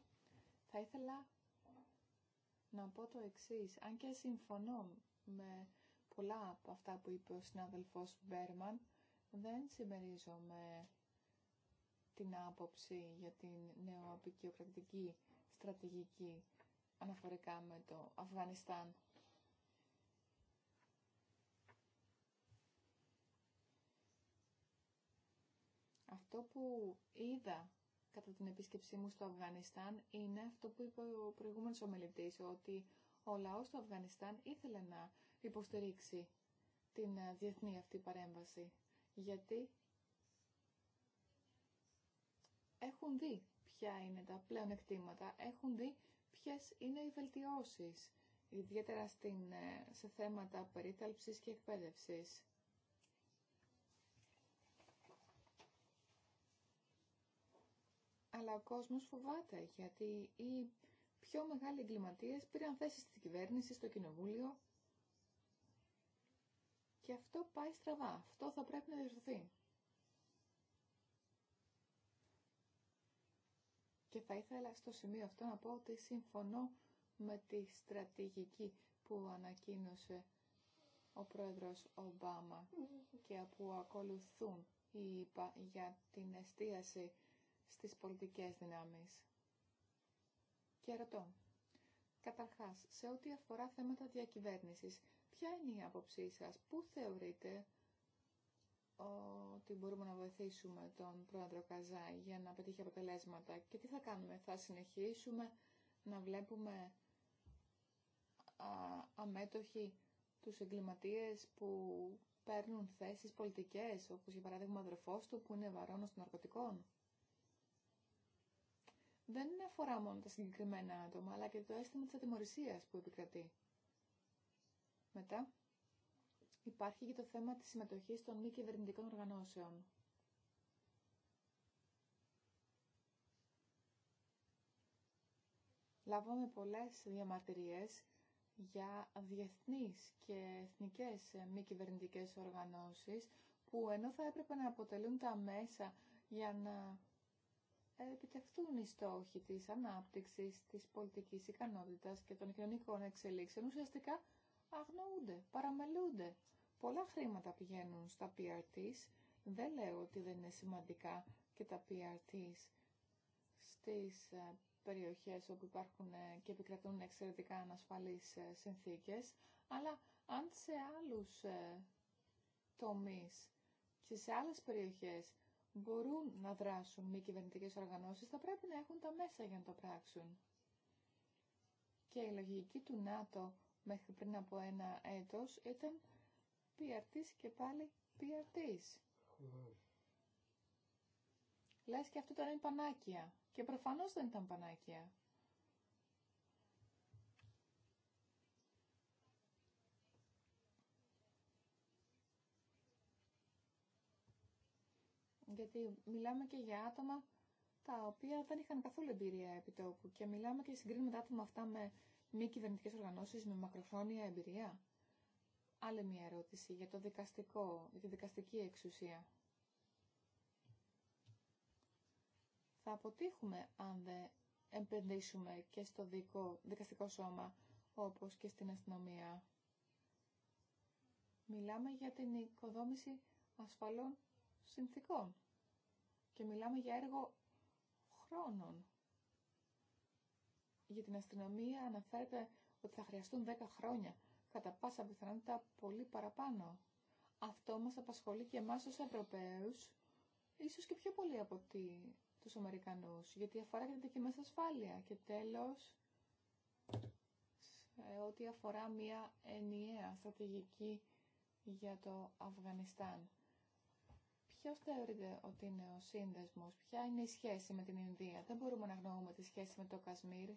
Θα ήθελα να πω το εξής. Αν και συμφωνώ με πολλά από αυτά που είπε ο συνάδελφος Μπέρμαν. Δεν συμμερίζομαι την άποψη για την νεοαπικιοκρατική στρατηγική αναφορικά με το Αφγανιστάν. Αυτό που είδα κατά την επίσκεψή μου στο Αφγανιστάν είναι αυτό που είπε ο προηγούμενος ομιλητής, ότι ο λαός του Αφγανιστάν ήθελε να υποστηρίξει την ε, διεθνή αυτή παρέμβαση. Γιατί έχουν δει ποια είναι τα πλέον εκτήματα, έχουν δει ποιες είναι οι βελτιώσεις, ιδιαίτερα στην, ε, σε θέματα περίταλψης και εκπαίδευσης. Αλλά ο κόσμος φοβάται, γιατί οι πιο μεγάλοι εγκληματίες πήραν θέση στην κυβέρνηση, στο κοινοβούλιο, και αυτό πάει στραβά. Αυτό θα πρέπει να διορθωθεί. Και θα ήθελα στο σημείο αυτό να πω ότι συμφωνώ με τη στρατηγική που ανακοίνωσε ο πρόεδρος Ομπάμα και που ακολουθούν οι για την εστίαση στις πολιτικές δυνάμεις. Και ρωτώ, καταρχάς, σε ό,τι αφορά θέματα διακυβέρνησης, Ποια είναι η άποψή σας, πού θεωρείτε ότι μπορούμε να βοηθήσουμε τον πρόεδρο Καζά για να πετύχει αποτελέσματα και τι θα κάνουμε, θα συνεχίσουμε να βλέπουμε α, αμέτωχοι τους εγκληματίες που παίρνουν θέσεις πολιτικές, όπως για παράδειγμα ο αδερφός του που είναι βαρόνος των ναρκωτικών. Δεν αφορά μόνο τα συγκεκριμένα άτομα, αλλά και το αίσθημα της ατιμορρησίας που επικρατεί. Μετά υπάρχει και το θέμα της συμμετοχής των μη κυβερνητικών οργανώσεων. Λάβαμε πολλές διαμαρτυρίες για διεθνείς και εθνικές μη κυβερνητικέ οργανώσεις που ενώ θα έπρεπε να αποτελούν τα μέσα για να επιτευχθούν οι στόχοι της ανάπτυξης, της πολιτικής ικανότητας και των κοινωνικών εξελίξεων, ουσιαστικά αγνοούνται, παραμελούνται. Πολλά χρήματα πηγαίνουν στα PRTs, δεν λέω ότι δεν είναι σημαντικά και τα PRTs στις ε, περιοχές όπου υπάρχουν ε, και επικρατούν εξαιρετικά ανασφαλείς ε, συνθήκες, αλλά αν σε άλλους τομείς και σε άλλες περιοχές μπορούν να δράσουν μη κυβερνητικέ οργανώσεις, θα πρέπει να έχουν τα μέσα για να το πράξουν. Και η λογική του ΝΑΤΟ μέχρι πριν από ένα έτος ήταν PRTs και πάλι PRTs. Λες και αυτό τώρα είναι πανάκια. Και προφανώς δεν ήταν πανάκια. Γιατί μιλάμε και για άτομα τα οποία δεν είχαν καθόλου εμπειρία επιτόπου και μιλάμε και συγκρίνουμε τα άτομα αυτά με μη κυβερνητικέ οργανώσεις με μακροχρόνια εμπειρία. Άλλη μια ερώτηση για το δικαστικό, για τη δικαστική εξουσία. Θα αποτύχουμε αν δεν επενδύσουμε και στο δικό, δικαστικό σώμα, όπως και στην αστυνομία. Μιλάμε για την οικοδόμηση ασφαλών συνθήκων και μιλάμε για έργο χρόνων για την αστυνομία αναφέρεται ότι θα χρειαστούν 10 χρόνια, κατά πάσα πιθανότητα πολύ παραπάνω. Αυτό μας απασχολεί και εμάς ως Ευρωπαίους, ίσως και πιο πολύ από του τους Αμερικανούς, γιατί αφορά και την δική ασφάλεια. Και τέλος, ό,τι αφορά μια ενιαία στρατηγική για το Αφγανιστάν. Ποιο θεωρείται ότι είναι ο σύνδεσμο, ποια είναι η σχέση με την Ινδία. Δεν μπορούμε να γνωρούμε τη σχέση με το Κασμίρ.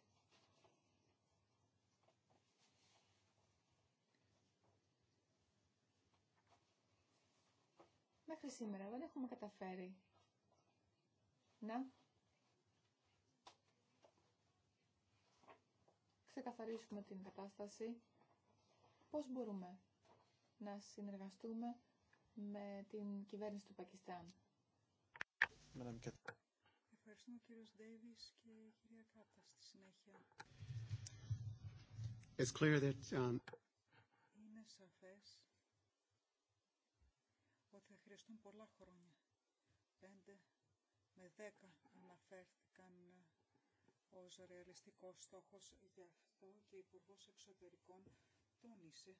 μέχρι σήμερα δεν έχουμε καταφέρει να ξεκαθαρίσουμε την κατάσταση, πώς μπορούμε να συνεργαστούμε με την κυβέρνηση του Πακιστάν. Ευχαριστούμε κύριο Ντέιβις και κυρία Κάτα στη συνέχεια. It's clear that, um... πολλά χρόνια. 5 με 10 αναφέρθηκαν ε, ως ρεαλιστικό στόχος γι' αυτό και ο Εξωτερικών τόνισε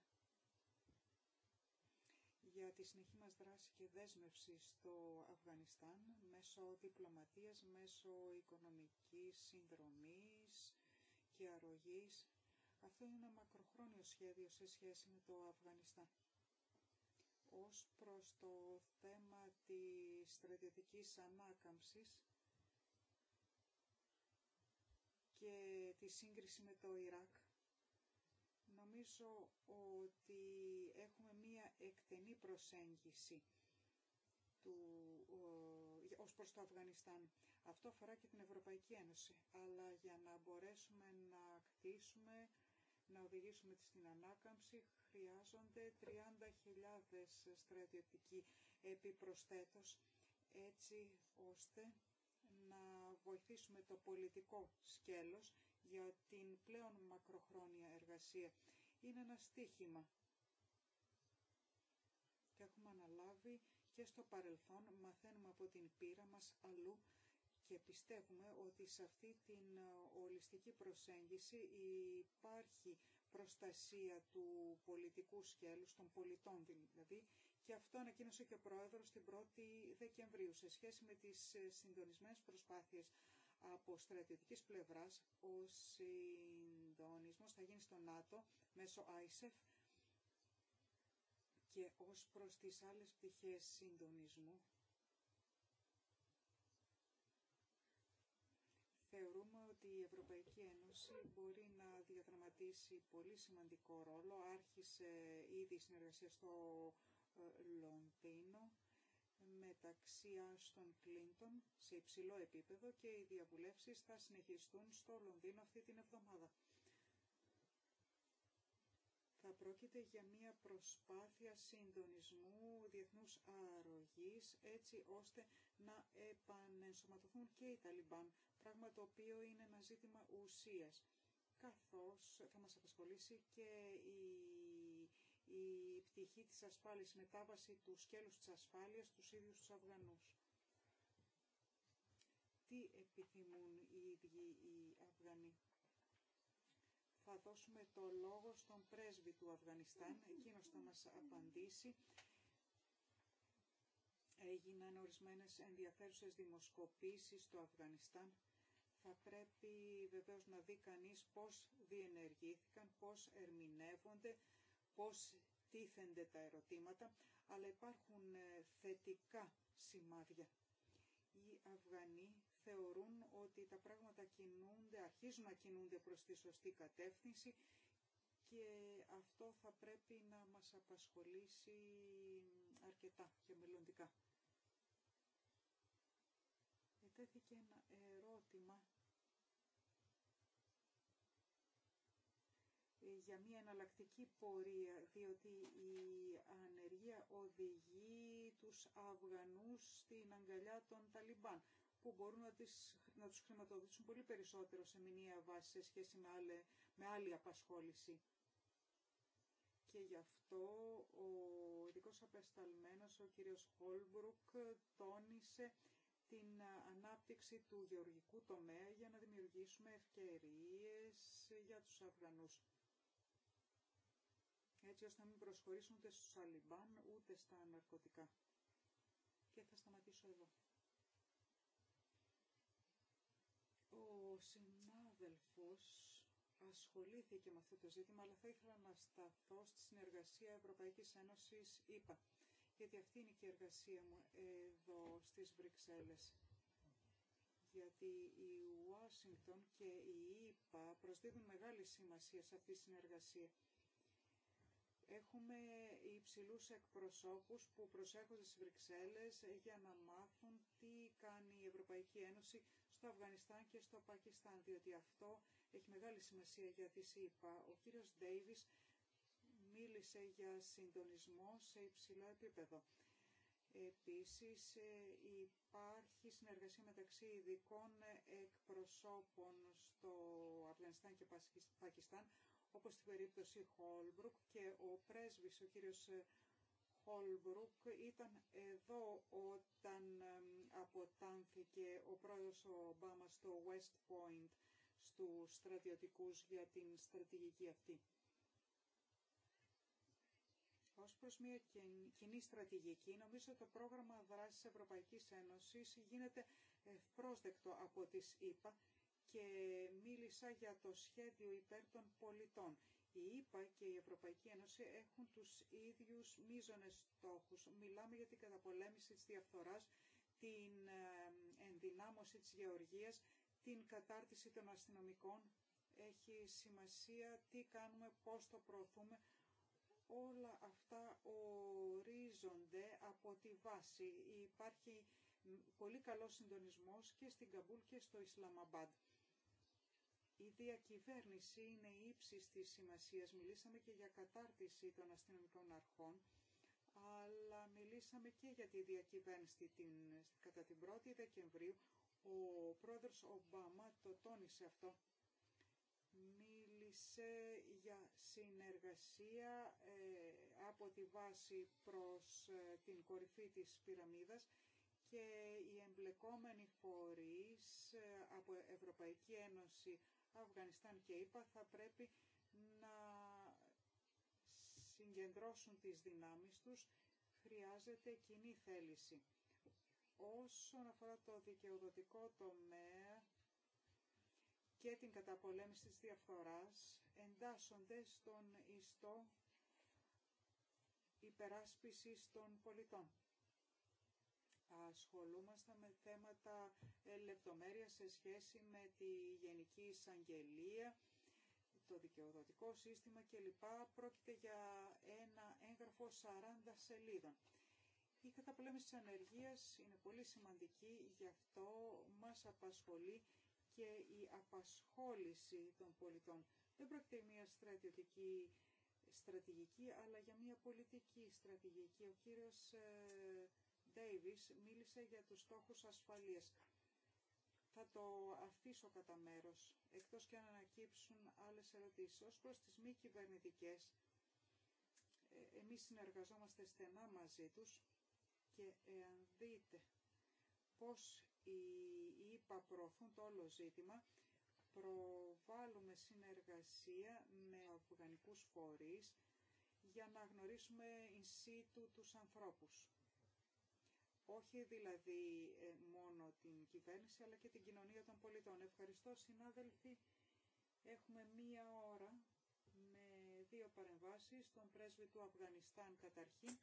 για τη συνεχή μας δράση και δέσμευση στο Αφγανιστάν μέσω διπλωματίας, μέσω οικονομικής συνδρομής και αρρωγής. Αυτό είναι ένα μακροχρόνιο σχέδιο σε σχέση με το Αφγανιστάν ως προς το θέμα της στρατιωτικής ανάκαμψης και τη σύγκριση με το Ιράκ. Νομίζω ότι έχουμε μία εκτενή προσέγγιση του, ε, ως προς το Αφγανιστάν. Αυτό αφορά και την Ευρωπαϊκή Ένωση. Αλλά για να μπορέσουμε να κτίσουμε να οδηγήσουμε στην ανάκαμψη χρειάζονται 30.000 στρατιωτικοί επιπροσθέτως έτσι ώστε να βοηθήσουμε το πολιτικό σκέλος για την πλέον μακροχρόνια εργασία. Είναι ένα στίχημα και έχουμε αναλάβει και στο παρελθόν μαθαίνουμε από την πείρα μας αλλού και πιστεύουμε ότι σε αυτή την ε, ολιστική προσέγγιση υπάρχει προστασία του πολιτικού σκέλους, των πολιτών δηλαδή, και αυτό ανακοίνωσε και ο Πρόεδρος την 1η Δεκεμβρίου σε σχέση με τις ε, συντονισμένες προσπάθειες από στρατιωτικής πλευράς. Ο συντονισμός θα γίνει στο ΝΑΤΟ μέσω ISEF και ως προς τις άλλες πτυχές συντονισμού θεωρούμε ότι η Ευρωπαϊκή Ένωση μπορεί να διαδραματίσει πολύ σημαντικό ρόλο. Άρχισε ήδη η συνεργασία στο ε, Λονδίνο μεταξύ Άστον Κλίντον σε υψηλό επίπεδο και οι διαβουλεύσεις θα συνεχιστούν στο Λονδίνο αυτή την εβδομάδα θα πρόκειται για μια προσπάθεια συντονισμού διεθνούς αρρωγής έτσι ώστε να επανενσωματωθούν και οι Ταλιμπάν, πράγμα το οποίο είναι ένα ζήτημα ουσίας, καθώς θα μας απασχολήσει και η, η πτυχή της ασφάλειας, μετάβαση του σκέλους της ασφάλειας τους ίδιους τους Αφγανούς. Τι επιθυμούν οι ίδιοι οι Αφγανοί θα δώσουμε το λόγο στον πρέσβη του Αφγανιστάν, εκείνος θα μας απαντήσει. Έγιναν ορισμένες ενδιαφέρουσες δημοσκοπήσεις στο Αφγανιστάν. Θα πρέπει βεβαίως να δει κανείς πώς διενεργήθηκαν, πώς ερμηνεύονται, πώς τίθενται τα ερωτήματα, αλλά υπάρχουν ε, θετικά σημάδια. Οι Αφγανοί θεωρούν ότι τα πράγματα κινούνται, αρχίζουν να κινούνται προς τη σωστή κατεύθυνση και αυτό θα πρέπει να μας απασχολήσει αρκετά και μελλοντικά. Ετέθηκε ένα ερώτημα ε, για μια εναλλακτική πορεία, διότι η ανεργία οδηγεί τους Αφγανούς στην αγκαλιά των Ταλιμπάν που μπορούν να, να τους χρηματοδοτήσουν πολύ περισσότερο σε μηνιαία βάση σε σχέση με, άλλη, με άλλη απασχόληση. Και γι' αυτό ο ειδικό απεσταλμένος, ο κύριος Χόλμπρουκ, τόνισε την ανάπτυξη του γεωργικού τομέα για να δημιουργήσουμε ευκαιρίες για τους Αφγανούς. Έτσι ώστε να μην προσχωρήσουν ούτε στους Αλιμπάν ούτε στα ναρκωτικά. Και θα σταματήσω εδώ. Ο συνάδελφος ασχολήθηκε με αυτό το ζήτημα, αλλά θα ήθελα να σταθώ στη συνεργασία Ευρωπαϊκής Ένωσης ΕΠΑ, γιατί αυτή είναι και η εργασία μου εδώ στις Βρυξέλλες. Γιατί η Ουάσιγκτον και η ΕΠΑ προσδίδουν μεγάλη σημασία σε αυτή τη συνεργασία. Έχουμε υψηλούς εκπροσώπους που προσέχονται στις Βρυξέλλες για να μάθουν τι κάνει η Ευρωπαϊκή Ένωση στο Αφγανιστάν και στο Πακιστάν, διότι αυτό έχει μεγάλη σημασία για τη ΣΥΠΑ. Ο κύριος Ντέιβις μίλησε για συντονισμό σε υψηλό επίπεδο. Επίσης ε, υπάρχει συνεργασία μεταξύ ειδικών εκπροσώπων στο Αφγανιστάν και Πακιστάν, όπως στην περίπτωση Χόλμπρουκ και ο πρέσβης, ο κύριος ε, Χολμπρουκ ήταν εδώ όταν αποτάνθηκε ο πρόεδρος Ομπάμα στο West Point στους στρατιωτικούς για την στρατηγική αυτή. Ως προς μια κοινή στρατηγική, νομίζω το πρόγραμμα δράσης Ευρωπαϊκής Ένωσης γίνεται ευπρόσδεκτο από τις ΗΠΑ και μίλησα για το σχέδιο υπέρ των πολιτών η ΕΠΑ και η Ευρωπαϊκή Ένωση έχουν τους ίδιους μείζονες στόχους. Μιλάμε για την καταπολέμηση της διαφθοράς, την ε, ενδυνάμωση της γεωργίας, την κατάρτιση των αστυνομικών. Έχει σημασία τι κάνουμε, πώς το προωθούμε. Όλα αυτά ορίζονται από τη βάση. Υπάρχει πολύ καλός συντονισμός και στην Καμπούλ και στο Ισλαμαμπάντ. Η διακυβέρνηση είναι ύψης τη σημασίας. Μιλήσαμε και για κατάρτιση των αστυνομικών αρχών, αλλά μιλήσαμε και για τη διακυβέρνηση την, κατά την 1η Δεκεμβρίου. Ο πρόεδρος Ομπάμα το τόνισε αυτό. Μίλησε για συνεργασία ε, από τη βάση προς ε, την κορυφή της πυραμίδας και οι εμπλεκόμενοι φορείς ε, από Ευρωπαϊκή Ένωση, Αφγανιστάν και ΕΠΑ θα πρέπει να συγκεντρώσουν τις δυνάμεις τους, χρειάζεται κοινή θέληση. Όσον αφορά το δικαιοδοτικό τομέα και την καταπολέμηση της διαφθοράς, εντάσσονται στον ιστό υπεράσπισης των πολιτών ασχολούμαστε με θέματα ε, λεπτομέρειας σε σχέση με τη Γενική Εισαγγελία, το δικαιοδοτικό σύστημα κλπ. Πρόκειται για ένα έγγραφο 40 σελίδων. Η καταπολέμηση της ανεργίας είναι πολύ σημαντική, γι' αυτό μας απασχολεί και η απασχόληση των πολιτών. Δεν πρόκειται μια στρατιωτική στρατηγική, αλλά για μια πολιτική στρατηγική. Ο κύριος ε, Ντέιβις μίλησε για τους στόχους ασφαλείας. Θα το αφήσω κατά μέρος, εκτός και αν ανακύψουν άλλες ερωτήσεις. Ως προς τις μη κυβερνητικέ, ε, εμείς συνεργαζόμαστε στενά μαζί τους και εάν δείτε πώς οι ΙΠΑ προωθούν το όλο ζήτημα, προβάλλουμε συνεργασία με αφγανικούς φορείς για να γνωρίσουμε in situ τους ανθρώπους όχι δηλαδή ε, μόνο την κυβέρνηση αλλά και την κοινωνία των πολιτών. Ευχαριστώ συνάδελφοι. Έχουμε μία ώρα με δύο παρεμβάσεις, τον πρέσβη του Αφγανιστάν καταρχήν.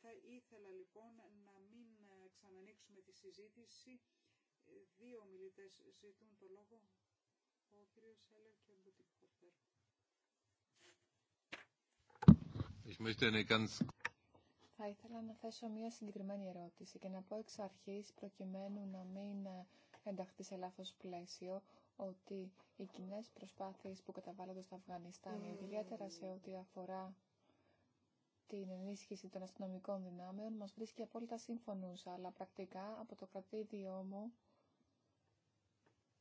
Θα ήθελα λοιπόν να μην ε, ξανανοίξουμε τη συζήτηση. Δύο ομιλητές ζητούν το λόγο, ο κύριος Σέλερ και ο ganz θα ήθελα να θέσω μια συγκεκριμένη ερώτηση και να πω εξ αρχής, προκειμένου να μην ενταχθεί σε λάθος πλαίσιο, ότι οι κοινέ προσπάθειες που καταβάλλονται στο Αφγανιστάν, ιδιαίτερα σε ό,τι αφορά την ενίσχυση των αστυνομικών δυνάμεων, μας βρίσκει απόλυτα σύμφωνους, αλλά πρακτικά από το κρατήδιό μου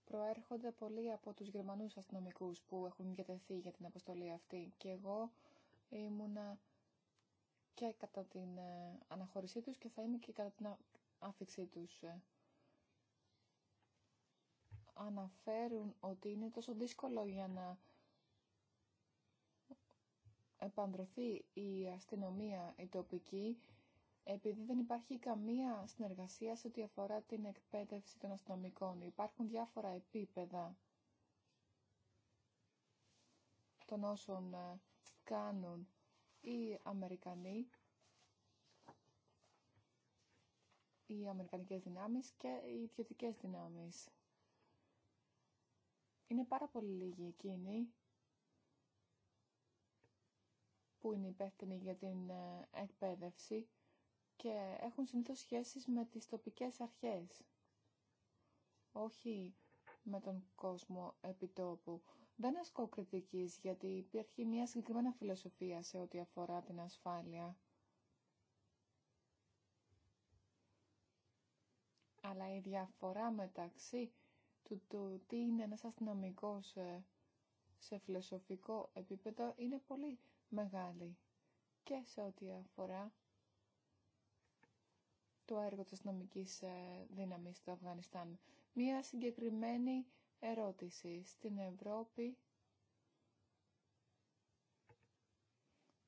προέρχονται πολλοί από τους Γερμανούς αστυνομικούς που έχουν διατεθεί για την αποστολή αυτή και εγώ ήμουνα και κατά την ε, αναχώρησή τους και θα είναι και κατά την άφηξή τους. Ε, αναφέρουν ότι είναι τόσο δύσκολο για να επανδρωθεί η αστυνομία η τοπική επειδή δεν υπάρχει καμία συνεργασία σε ό,τι αφορά την εκπαίδευση των αστυνομικών. Υπάρχουν διάφορα επίπεδα των όσων ε, κάνουν οι Αμερικανοί, οι Αμερικανικές δυνάμεις και οι ιδιωτικέ δυνάμεις. Είναι πάρα πολύ λίγοι εκείνοι που είναι υπεύθυνοι για την ε, εκπαίδευση και έχουν συνήθως σχέσεις με τις τοπικές αρχές, όχι με τον κόσμο επιτόπου. Δεν ασκώ κριτικής, γιατί υπήρχε μια συγκεκριμένα φιλοσοφία σε ό,τι αφορά την ασφάλεια. Αλλά η διαφορά μεταξύ του, τι είναι ένας αστυνομικός ε, σε φιλοσοφικό επίπεδο είναι πολύ μεγάλη και σε ό,τι αφορά το έργο της αστυνομικής ε, δύναμης στο Αφγανιστάν. Μία συγκεκριμένη ερώτηση. Στην Ευρώπη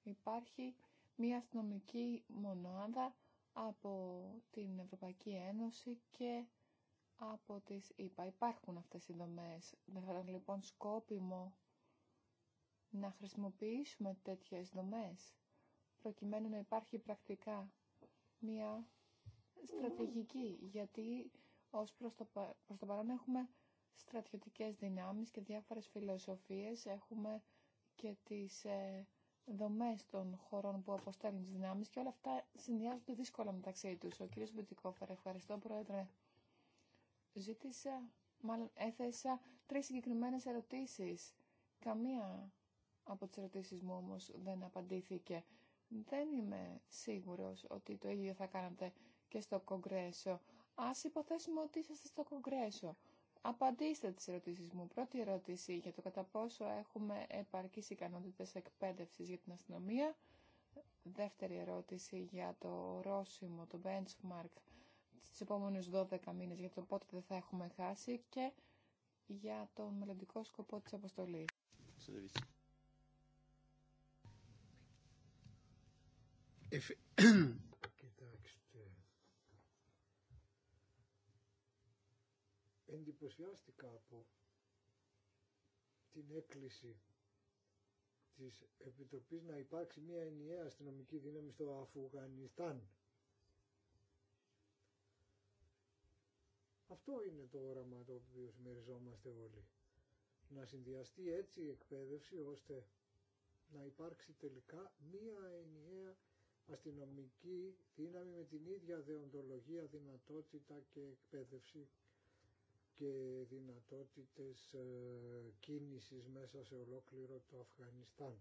υπάρχει μια αστυνομική μονάδα από την Ευρωπαϊκή Ένωση και από τις ΗΠΑ. Υπάρχουν αυτές οι δομές. Δεν θα ήταν λοιπόν σκόπιμο να χρησιμοποιήσουμε τέτοιες δομές προκειμένου να υπάρχει πρακτικά μια στρατηγική γιατί ως προς το, προς το παρόν έχουμε στρατιωτικές δυνάμεις και διάφορες φιλοσοφίες. Έχουμε και τις ε, δομές των χωρών που αποστέλνουν τις δυνάμεις και όλα αυτά συνδυάζονται δύσκολα μεταξύ τους. Ο κύριος Μπουτικόφερ, ευχαριστώ Πρόεδρε. Ζήτησα, μάλλον έθεσα τρεις συγκεκριμένες ερωτήσεις. Καμία από τις ερωτήσεις μου όμως δεν απαντήθηκε. Δεν είμαι σίγουρος ότι το ίδιο θα κάνατε και στο Κογκρέσο. Ας υποθέσουμε ότι είσαστε στο Κογκρέσο. Απαντήστε τις ερωτήσεις μου. Πρώτη ερώτηση για το κατά πόσο έχουμε επαρκείς ικανότητες εκπαίδευσης για την αστυνομία. Δεύτερη ερώτηση για το ορόσημο, το benchmark στις επόμενους 12 μήνες για το πότε δεν θα έχουμε χάσει και για τον μελλοντικό σκοπό της αποστολής. Ευχαριστώ. εντυπωσιάστηκα από την έκκληση της Επιτροπής να υπάρξει μια ενιαία αστυνομική δύναμη στο Αφουγανιστάν. Αυτό είναι το όραμα το οποίο συμμεριζόμαστε όλοι. Να συνδυαστεί έτσι η εκπαίδευση ώστε να υπάρξει τελικά μία ενιαία αστυνομική δύναμη με την ίδια δεοντολογία, δυνατότητα και εκπαίδευση και δυνατότητες ε, κίνησης μέσα σε ολόκληρο το Αφγανιστάν.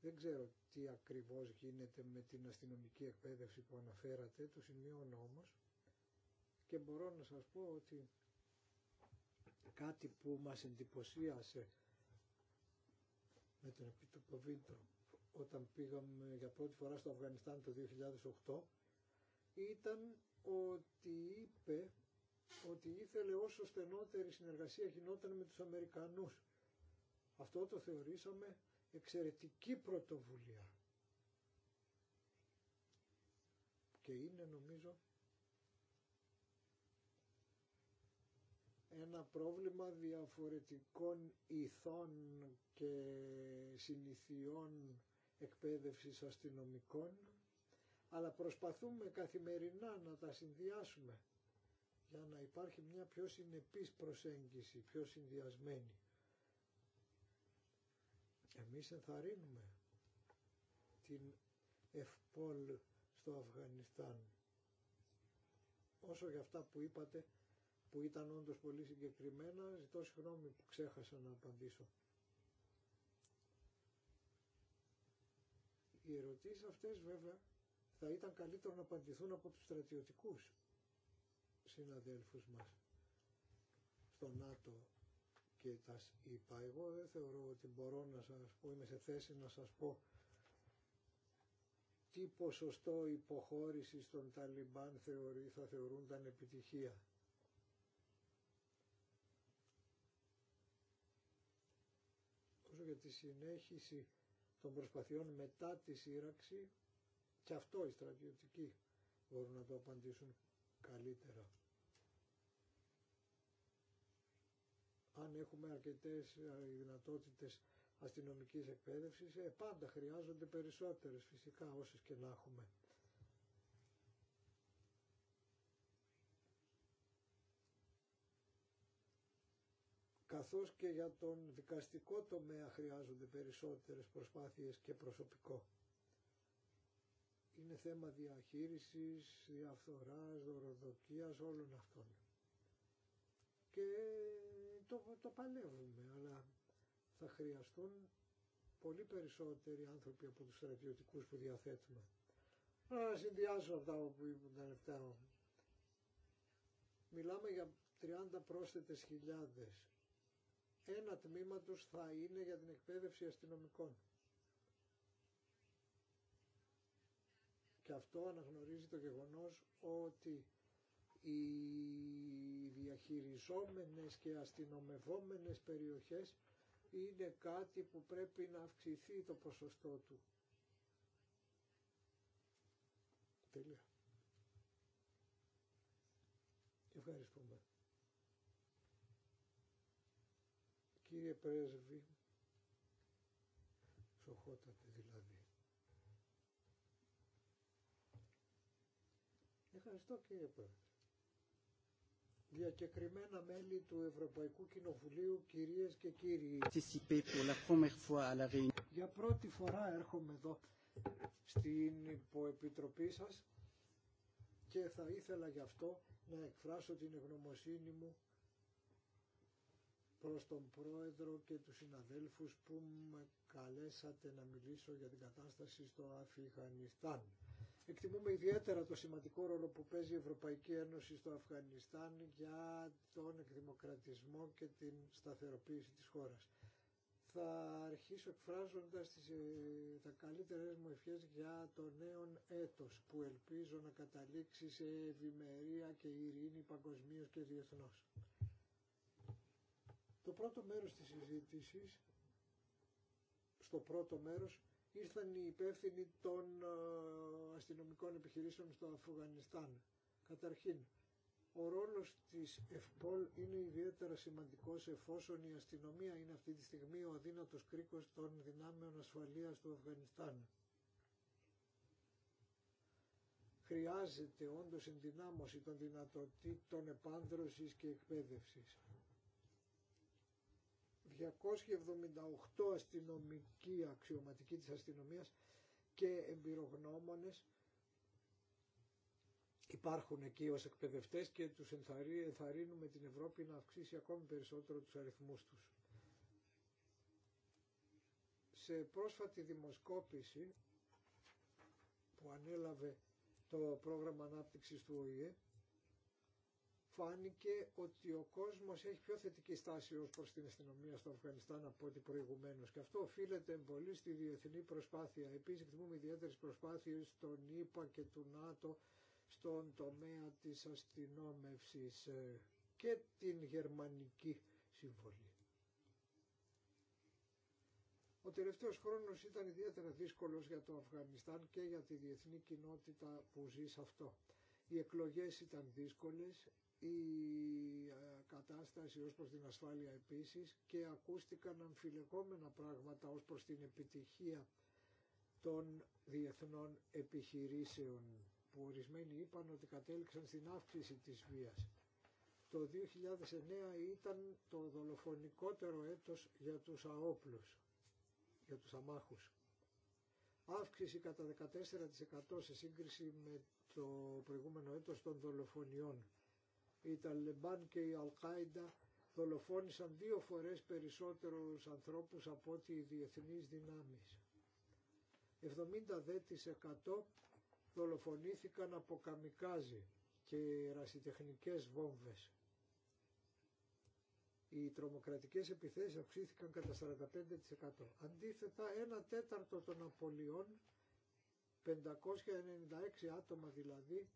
Δεν ξέρω τι ακριβώς γίνεται με την αστυνομική εκπαίδευση που αναφέρατε, το σημειώνω όμως και μπορώ να σας πω ότι κάτι που μας εντυπωσίασε με τον Επίτροπο Βίντρο όταν πήγαμε για πρώτη φορά στο Αφγανιστάν το 2008 ήταν ότι είπε ότι ήθελε όσο στενότερη συνεργασία γινόταν με τους Αμερικανούς. Αυτό το θεωρήσαμε εξαιρετική πρωτοβουλία. Και είναι νομίζω ένα πρόβλημα διαφορετικών ηθών και συνηθιών εκπαίδευσης αστυνομικών, αλλά προσπαθούμε καθημερινά να τα συνδυάσουμε για να υπάρχει μια πιο συνεπής προσέγγιση, πιο συνδυασμένη. Εμείς ενθαρρύνουμε την ευπόλ στο Αφγανιστάν. Όσο για αυτά που είπατε, που ήταν όντως πολύ συγκεκριμένα, ζητώ συγγνώμη που ξέχασα να απαντήσω. Οι ερωτήσεις αυτές βέβαια θα ήταν καλύτερο να απαντηθούν από τους στρατιωτικούς συναδέλφους μας στο ΝΑΤΟ και τα είπα. Εγώ δεν θεωρώ ότι μπορώ να σας πω, είμαι σε θέση να σας πω τι ποσοστό υποχώρησης των Ταλιμπάν θεωρεί, θα θεωρούνταν επιτυχία. Όσο για τη συνέχιση των προσπαθειών μετά τη σύραξη, και αυτό οι στρατιωτικοί μπορούν να το απαντήσουν καλύτερα. αν έχουμε αρκετές δυνατότητες αστυνομικής εκπαίδευσης, ε, πάντα χρειάζονται περισσότερες φυσικά όσες και να έχουμε. καθώς και για τον δικαστικό τομέα χρειάζονται περισσότερες προσπάθειες και προσωπικό. Είναι θέμα διαχείρισης, διαφθοράς, δωροδοκίας, όλων αυτών. Και το, το παλεύουμε, αλλά θα χρειαστούν πολύ περισσότεροι άνθρωποι από τους στρατιωτικούς που διαθέτουμε. Να συνδυάσω αυτά που τα λεπτά Μιλάμε για 30 πρόσθετες χιλιάδες. Ένα τμήμα τους θα είναι για την εκπαίδευση αστυνομικών. Και αυτό αναγνωρίζει το γεγονός ότι η διαχειριζόμενες και αστυνομευόμενες περιοχές είναι κάτι που πρέπει να αυξηθεί το ποσοστό του. Τέλεια. Ευχαριστούμε. Κύριε Πρέσβη, σοχότατε δηλαδή. Ευχαριστώ κύριε Πρέσβη. Διακεκριμένα μέλη του Ευρωπαϊκού Κοινοβουλίου, κυρίες και κύριοι. Για πρώτη φορά έρχομαι εδώ στην υποεπιτροπή σας και θα ήθελα γι' αυτό να εκφράσω την ευγνωμοσύνη μου προς τον Πρόεδρο και τους συναδέλφους που με καλέσατε να μιλήσω για την κατάσταση στο Αφιχανιστάν. Εκτιμούμε ιδιαίτερα το σημαντικό ρόλο που παίζει η Ευρωπαϊκή Ένωση στο Αφγανιστάν για τον εκδημοκρατισμό και την σταθεροποίηση της χώρας. Θα αρχίσω εκφράζοντας τις, ε, τα καλύτερες μου ευχές για το νέο έτος που ελπίζω να καταλήξει σε ευημερία και ειρήνη παγκοσμίω και διεθνώς. Το πρώτο μέρος της συζήτησης, στο πρώτο μέρος ήρθαν οι υπεύθυνοι των ε, αστυνομικών επιχειρήσεων στο Αφγανιστάν. Καταρχήν, ο ρόλος της ΕΦΠΟΛ είναι ιδιαίτερα σημαντικός εφόσον η αστυνομία είναι αυτή τη στιγμή ο αδύνατος κρίκος των δυνάμεων ασφαλείας του Αφγανιστάν. Χρειάζεται όντως ενδυνάμωση των δυνατοτήτων επάνδρωσης και εκπαίδευσης. 278 αστυνομικοί αξιωματικοί της αστυνομίας και εμπειρογνώμονες υπάρχουν εκεί ως εκπαιδευτές και τους ενθαρρύνουμε την Ευρώπη να αυξήσει ακόμη περισσότερο τους αριθμούς τους. Σε πρόσφατη δημοσκόπηση που ανέλαβε το πρόγραμμα ανάπτυξης του ΟΗΕ φάνηκε ότι ο κόσμος έχει πιο θετική στάση ως προς την αστυνομία στο Αφγανιστάν από ό,τι προηγουμένως και αυτό οφείλεται πολύ στη διεθνή προσπάθεια. Επίσης εκτιμούμε ιδιαίτερε προσπάθειες των ΙΠΑ και του ΝΑΤΟ στον τομέα της αστυνόμευσης ε, και την γερμανική συμβολή. Ο τελευταίος χρόνος ήταν ιδιαίτερα δύσκολος για το Αφγανιστάν και για τη διεθνή κοινότητα που ζει σε αυτό. Οι εκλογές ήταν δύσκολες, η ε, κατάσταση ως προς την ασφάλεια επίσης και ακούστηκαν αμφιλεγόμενα πράγματα ως προς την επιτυχία των διεθνών επιχειρήσεων που ορισμένοι είπαν ότι κατέληξαν στην αύξηση της βίας. Το 2009 ήταν το δολοφονικότερο έτος για τους αόπλους, για τους αμάχους. Αύξηση κατά 14% σε σύγκριση με το προηγούμενο έτος των δολοφονιών. Οι Ταλεμπάν και η Αλκάιντα δολοφόνησαν δύο φορές περισσότερους ανθρώπους από ό,τι οι διεθνείς δυνάμεις. 70% δολοφονήθηκαν από καμικάζι και ρασιτεχνικές βόμβες. Οι τρομοκρατικές επιθέσεις αυξήθηκαν κατά 45%. Αντίθετα, ένα τέταρτο των απολειών, 596 άτομα δηλαδή,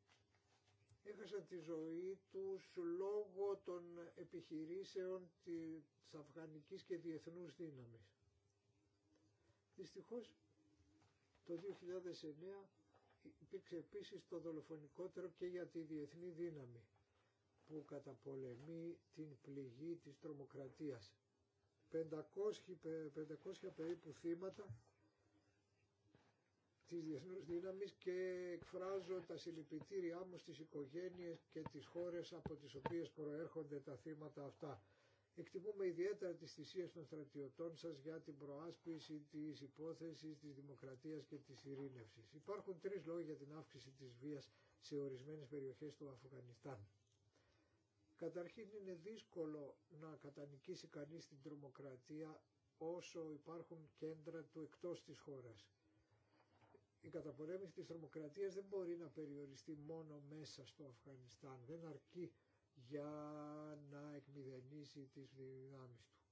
έχασαν τη ζωή τους λόγω των επιχειρήσεων της αφγανικής και διεθνούς δύναμης. Δυστυχώς το 2009 υπήρξε επίσης το δολοφονικότερο και για τη διεθνή δύναμη που καταπολεμεί την πληγή της τρομοκρατίας. 500, 500 περίπου θύματα της Διεθνούς Δύναμης και εκφράζω τα συλληπιτήριά μου στις οικογένειες και τις χώρες από τις οποίες προέρχονται τα θύματα αυτά. Εκτιμούμε ιδιαίτερα τις θυσίες των στρατιωτών σας για την προάσπιση της υπόθεσης, της δημοκρατίας και της ειρήνευσης. Υπάρχουν τρεις λόγοι για την αύξηση της βίας σε ορισμένες περιοχές του Αφγανιστάν. Καταρχήν είναι δύσκολο να κατανικήσει κανείς την τρομοκρατία όσο υπάρχουν κέντρα του εκτός της χώρας η καταπολέμηση της τρομοκρατίας δεν μπορεί να περιοριστεί μόνο μέσα στο Αφγανιστάν. Δεν αρκεί για να εκμηδενήσει τις δυνάμεις του.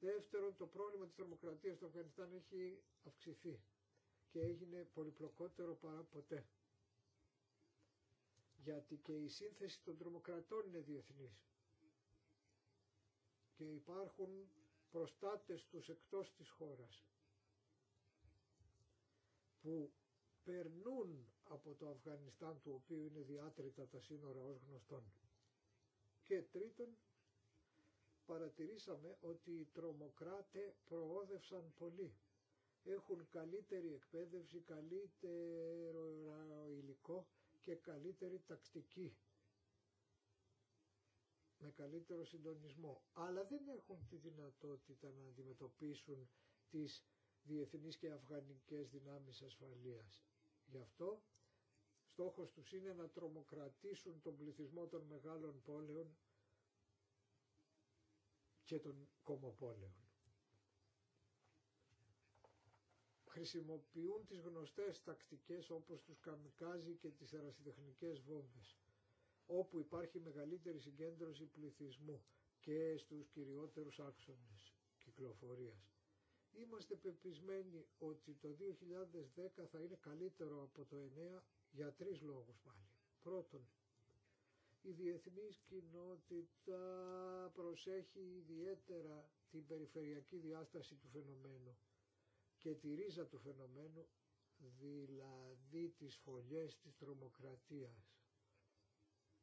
Δεύτερον, το πρόβλημα της τρομοκρατίας στο Αφγανιστάν έχει αυξηθεί και έγινε πολυπλοκότερο παρά ποτέ. Γιατί και η σύνθεση των τρομοκρατών είναι διεθνής. Και υπάρχουν προστάτες τους εκτός της χώρας που περνούν από το Αφγανιστάν του οποίου είναι διάτρητα τα σύνορα ως γνωστόν. Και τρίτον, παρατηρήσαμε ότι οι τρομοκράτε προόδευσαν πολύ. Έχουν καλύτερη εκπαίδευση, καλύτερο υλικό και καλύτερη τακτική με καλύτερο συντονισμό. Αλλά δεν έχουν τη δυνατότητα να αντιμετωπίσουν τις διεθνείς και αφγανικές δυνάμεις ασφαλείας. Γι' αυτό στόχος τους είναι να τρομοκρατήσουν τον πληθυσμό των μεγάλων πόλεων και των κομοπόλεων. Χρησιμοποιούν τις γνωστές τακτικές όπως τους καμικάζει και τις ερασιτεχνικές βόμβες, όπου υπάρχει μεγαλύτερη συγκέντρωση πληθυσμού και στους κυριότερους άξονες κυκλοφορίας. Είμαστε πεπισμένοι ότι το 2010 θα είναι καλύτερο από το 2009 για τρεις λόγους πάλι. Πρώτον, η διεθνής κοινότητα προσέχει ιδιαίτερα την περιφερειακή διάσταση του φαινομένου και τη ρίζα του φαινομένου, δηλαδή τις φωλιές της τρομοκρατίας,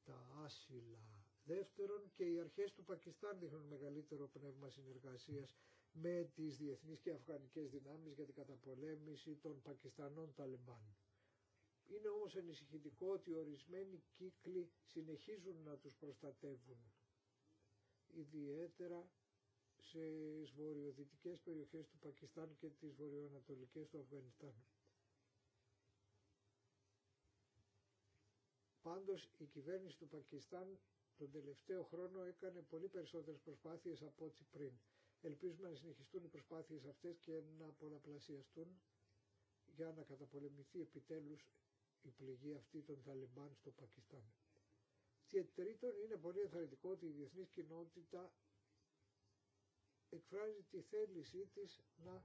τα άσυλα. Δεύτερον, και οι αρχές του Πακιστάν δείχνουν μεγαλύτερο πνεύμα συνεργασίας με τις διεθνείς και αφγανικές δυνάμεις για την καταπολέμηση των Πακιστανών Ταλιμπάν. Είναι όμως ενισχυτικό ότι ορισμένοι κύκλοι συνεχίζουν να τους προστατεύουν, ιδιαίτερα σε βορειοδυτικές περιοχές του Πακιστάν και τις βορειοανατολικές του Αφγανιστάν. Πάντως η κυβέρνηση του Πακιστάν τον τελευταίο χρόνο έκανε πολύ περισσότερες προσπάθειες από ό,τι πριν. Ελπίζουμε να συνεχιστούν οι προσπάθειες αυτές και να πολλαπλασιαστούν για να καταπολεμηθεί επιτέλους η πληγή αυτή των Ταλιμπάν στο Πακιστάν. Και τρίτον είναι πολύ ενθαρρυντικό ότι η διεθνής κοινότητα εκφράζει τη θέλησή της να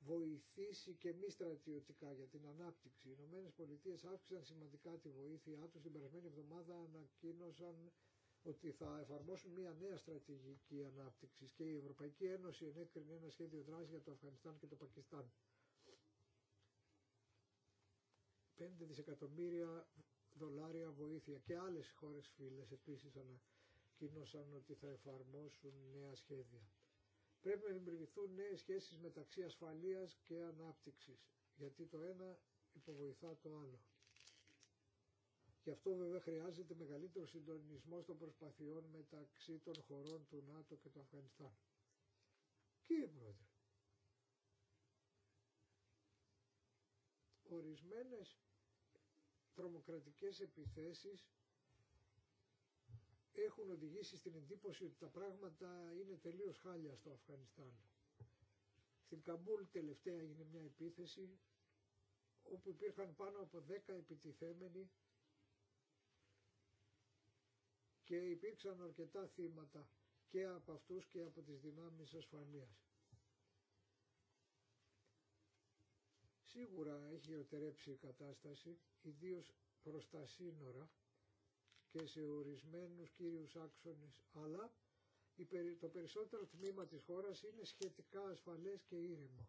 βοηθήσει και μη στρατιωτικά για την ανάπτυξη. Οι Ηνωμένες Πολιτείες σημαντικά τη βοήθειά τους. Την περασμένη εβδομάδα ανακοίνωσαν ότι θα εφαρμόσουν μια νέα στρατηγική ανάπτυξης και η Ευρωπαϊκή Ένωση ενέκρινε ένα σχέδιο δράσης για το Αφγανιστάν και το Πακιστάν. 5 δισεκατομμύρια δολάρια βοήθεια και άλλες χώρες φίλες επίσης ανακοίνωσαν ότι θα εφαρμόσουν νέα σχέδια. Πρέπει να δημιουργηθούν νέες σχέσεις μεταξύ ασφαλείας και ανάπτυξης, γιατί το ένα υποβοηθά το άλλο. Γι' αυτό βέβαια χρειάζεται μεγαλύτερο συντονισμό των προσπαθειών μεταξύ των χωρών του ΝΑΤΟ και του Αφγανιστάν. Κύριε Πρόεδρε, ορισμένες τρομοκρατικές επιθέσεις έχουν οδηγήσει στην εντύπωση ότι τα πράγματα είναι τελείως χάλια στο Αφγανιστάν. Στην Καμπούλ τελευταία έγινε μια επίθεση όπου υπήρχαν πάνω από 10 επιτιθέμενοι και υπήρξαν αρκετά θύματα και από αυτούς και από τις δυνάμεις ασφαλείας. Σίγουρα έχει γεωτερέψει η κατάσταση, ιδίως προς τα σύνορα και σε ορισμένους κύριους άξονες, αλλά το περισσότερο τμήμα της χώρας είναι σχετικά ασφαλές και ήρεμο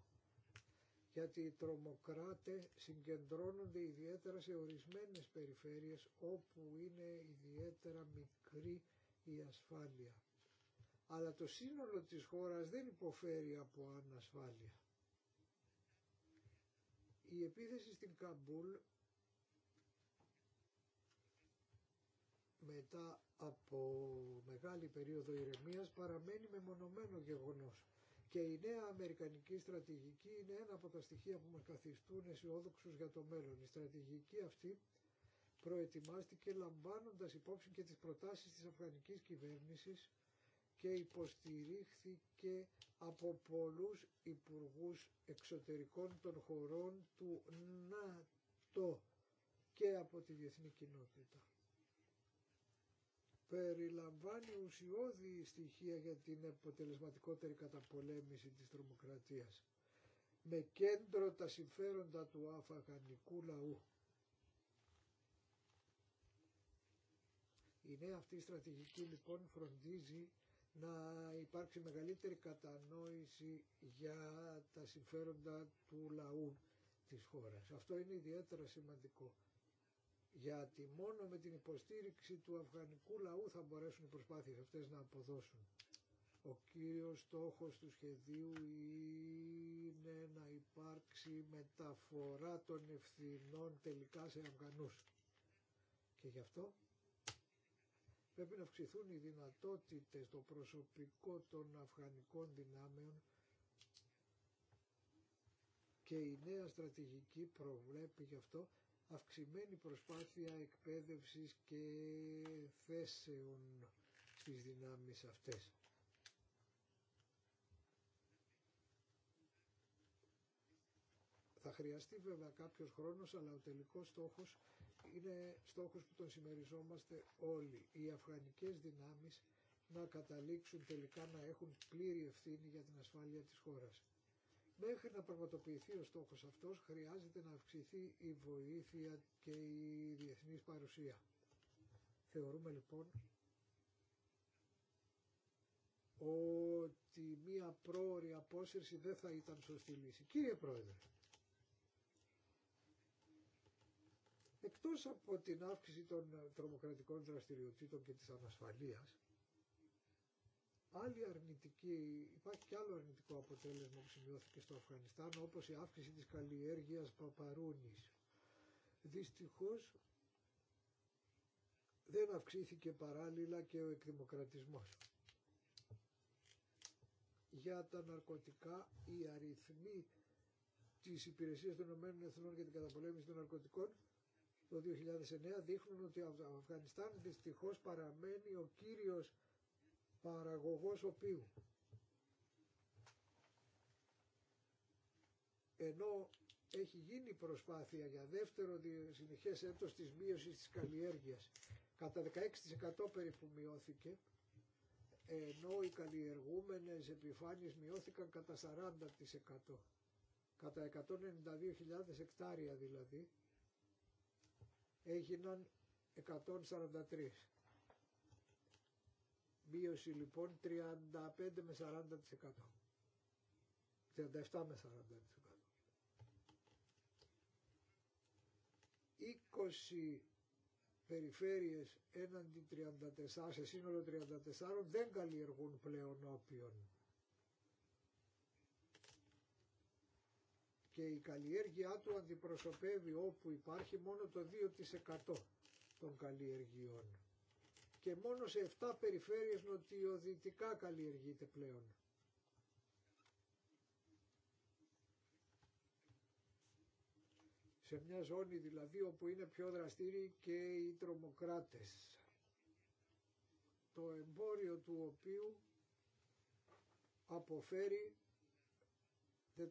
γιατί οι τρομοκράτε συγκεντρώνονται ιδιαίτερα σε ορισμένες περιφέρειες όπου είναι ιδιαίτερα μικρή η ασφάλεια. Αλλά το σύνολο της χώρας δεν υποφέρει από ανασφάλεια. Η επίθεση στην Καμπούλ μετά από μεγάλη περίοδο ηρεμίας παραμένει μεμονωμένο γεγονός και η νέα αμερικανική στρατηγική είναι ένα από τα στοιχεία που μας καθιστούν αισιόδοξου για το μέλλον. Η στρατηγική αυτή προετοιμάστηκε λαμβάνοντας υπόψη και τις προτάσεις της αφγανικής κυβέρνησης και υποστηρίχθηκε από πολλούς υπουργούς εξωτερικών των χωρών του ΝΑΤΟ και από τη διεθνή κοινότητα περιλαμβάνει ουσιώδη στοιχεία για την αποτελεσματικότερη καταπολέμηση της τρομοκρατίας με κέντρο τα συμφέροντα του αφαγανικού λαού. Η νέα αυτή στρατηγική λοιπόν φροντίζει να υπάρξει μεγαλύτερη κατανόηση για τα συμφέροντα του λαού της χώρας. Αυτό είναι ιδιαίτερα σημαντικό γιατί μόνο με την υποστήριξη του αφγανικού λαού θα μπορέσουν οι προσπάθειες αυτές να αποδώσουν. Ο κύριος στόχος του σχεδίου είναι να υπάρξει μεταφορά των ευθυνών τελικά σε Αφγανούς. Και γι' αυτό πρέπει να αυξηθούν οι δυνατότητες, το προσωπικό των αφγανικών δυνάμεων και η νέα στρατηγική προβλέπει γι' αυτό αυξημένη προσπάθεια εκπαίδευσης και θέσεων στις δυνάμεις αυτές. Θα χρειαστεί βέβαια κάποιος χρόνος, αλλά ο τελικός στόχος είναι στόχος που τον συμμεριζόμαστε όλοι. Οι αφγανικές δυνάμεις να καταλήξουν τελικά να έχουν πλήρη ευθύνη για την ασφάλεια της χώρας. Μέχρι να πραγματοποιηθεί ο στόχος αυτός χρειάζεται να αυξηθεί η βοήθεια και η διεθνής παρουσία. Θεωρούμε λοιπόν ότι μία πρόορη απόσυρση δεν θα ήταν σωστή λύση. Κύριε Πρόεδρε, εκτός από την αύξηση των τρομοκρατικών δραστηριοτήτων και της ανασφαλείας, Άλλη αρνητική, υπάρχει και άλλο αρνητικό αποτέλεσμα που σημειώθηκε στο Αφγανιστάν όπως η αύξηση της καλλιέργειας παπαρούνης. Δυστυχώς δεν αυξήθηκε παράλληλα και ο εκδημοκρατισμός. Για τα ναρκωτικά οι αριθμοί της Υπηρεσίας των Ηνωμένων Εθνών για την καταπολέμηση των ναρκωτικών το 2009 δείχνουν ότι ο Αφγανιστάν δυστυχώς παραμένει ο κύριος παραγωγός οποίου. Ενώ έχει γίνει προσπάθεια για δεύτερο συνεχές έτος της μείωσης της καλλιέργειας. Κατά 16% περίπου μειώθηκε, ενώ οι καλλιεργούμενες επιφάνειες μειώθηκαν κατά 40%. Κατά 192.000 εκτάρια δηλαδή, έγιναν 143. Μείωση λοιπόν 35 με 40%. 37 με 40%. 20 περιφέρειες έναντι 34, σε σύνολο 34 δεν καλλιεργούν πλέον όπιον. Και η καλλιέργειά του αντιπροσωπεύει όπου υπάρχει μόνο το 2% των καλλιεργειών και μόνο σε 7 περιφέρειες νοτιοδυτικά καλλιεργείται πλέον. Σε μια ζώνη δηλαδή όπου είναι πιο δραστήριοι και οι τρομοκράτες. Το εμπόριο του οποίου αποφέρει 400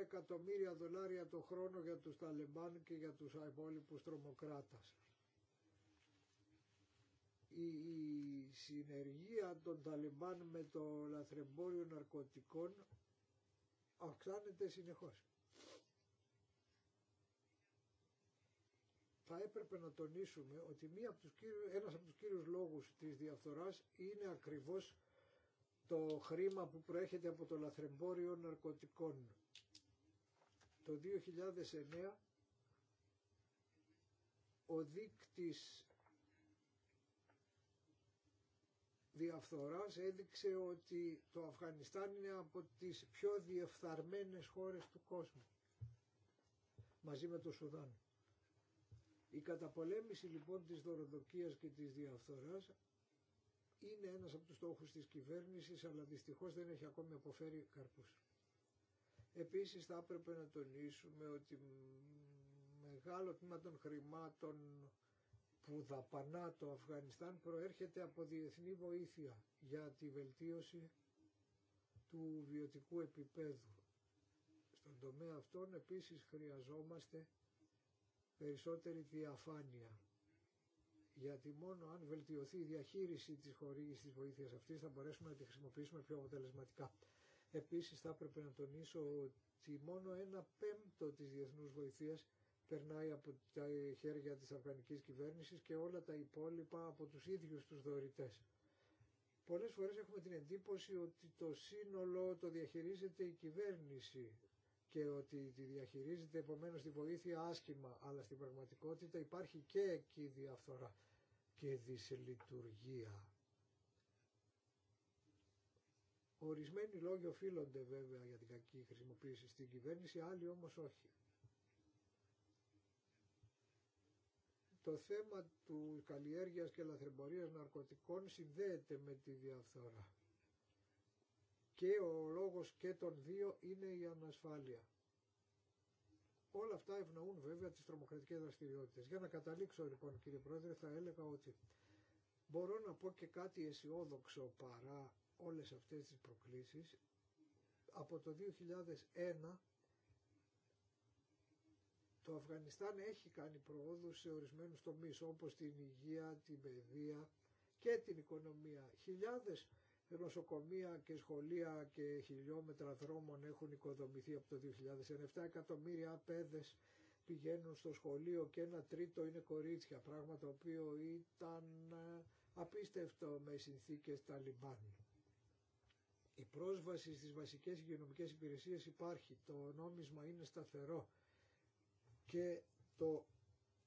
εκατομμύρια δολάρια το χρόνο για τους Ταλεμπάν και για τους υπόλοιπους τρομοκράτες η συνεργία των Ταλιμπάν με το λαθρεμπόριο ναρκωτικών αυξάνεται συνεχώς. Θα έπρεπε να τονίσουμε ότι μία από τους κύριους, ένας από τους κύριους λόγους της διαφθοράς είναι ακριβώς το χρήμα που προέρχεται από το λαθρεμπόριο ναρκωτικών. Το 2009 ο δείκτης διαφθοράς έδειξε ότι το Αφγανιστάν είναι από τις πιο διεφθαρμένες χώρες του κόσμου μαζί με το Σουδάν. Η καταπολέμηση λοιπόν της δωροδοκίας και της διαφθοράς είναι ένας από τους στόχους της κυβέρνησης αλλά δυστυχώς δεν έχει ακόμη αποφέρει καρπούς. Επίσης θα έπρεπε να τονίσουμε ότι μεγάλο τμήμα των χρημάτων που δαπανά το Αφγανιστάν προέρχεται από διεθνή βοήθεια για τη βελτίωση του βιωτικού επίπεδου. Στον τομέα αυτόν επίσης χρειαζόμαστε περισσότερη διαφάνεια γιατί μόνο αν βελτιωθεί η διαχείριση της χορήγησης της βοήθειας αυτής θα μπορέσουμε να τη χρησιμοποιήσουμε πιο αποτελεσματικά. Επίσης θα έπρεπε να τονίσω ότι μόνο ένα πέμπτο της διεθνούς βοηθείας περνάει από τα χέρια της αφγανικής κυβέρνησης και όλα τα υπόλοιπα από τους ίδιους τους δωρητές. Πολλές φορές έχουμε την εντύπωση ότι το σύνολο το διαχειρίζεται η κυβέρνηση και ότι τη διαχειρίζεται επομένω τη βοήθεια άσχημα, αλλά στην πραγματικότητα υπάρχει και εκεί διαφθορά και δυσλειτουργία. Ορισμένοι λόγοι οφείλονται βέβαια για την κακή χρησιμοποίηση στην κυβέρνηση, άλλοι όμως όχι. Το θέμα του καλλιέργειας και λαθρεμπορίας ναρκωτικών συνδέεται με τη διαφθορά. Και ο λόγος και των δύο είναι η ανασφάλεια. Όλα αυτά ευνοούν βέβαια τις τρομοκρατικές δραστηριότητες. Για να καταλήξω λοιπόν κύριε Πρόεδρε θα έλεγα ότι μπορώ να πω και κάτι αισιόδοξο παρά όλες αυτές τις προκλήσεις. Από το 2001 το Αφγανιστάν έχει κάνει προόδους σε ορισμένους τομείς όπως την υγεία, την παιδεία και την οικονομία. Χιλιάδες νοσοκομεία και σχολεία και χιλιόμετρα δρόμων έχουν οικοδομηθεί από το 2007. εκατομμύρια παιδες πηγαίνουν στο σχολείο και ένα τρίτο είναι κορίτσια, πράγμα το οποίο ήταν ε, απίστευτο με συνθήκες Ταλιμπάν. Η πρόσβαση στις βασικές υγειονομικές υπηρεσίες υπάρχει, το νόμισμα είναι σταθερό και το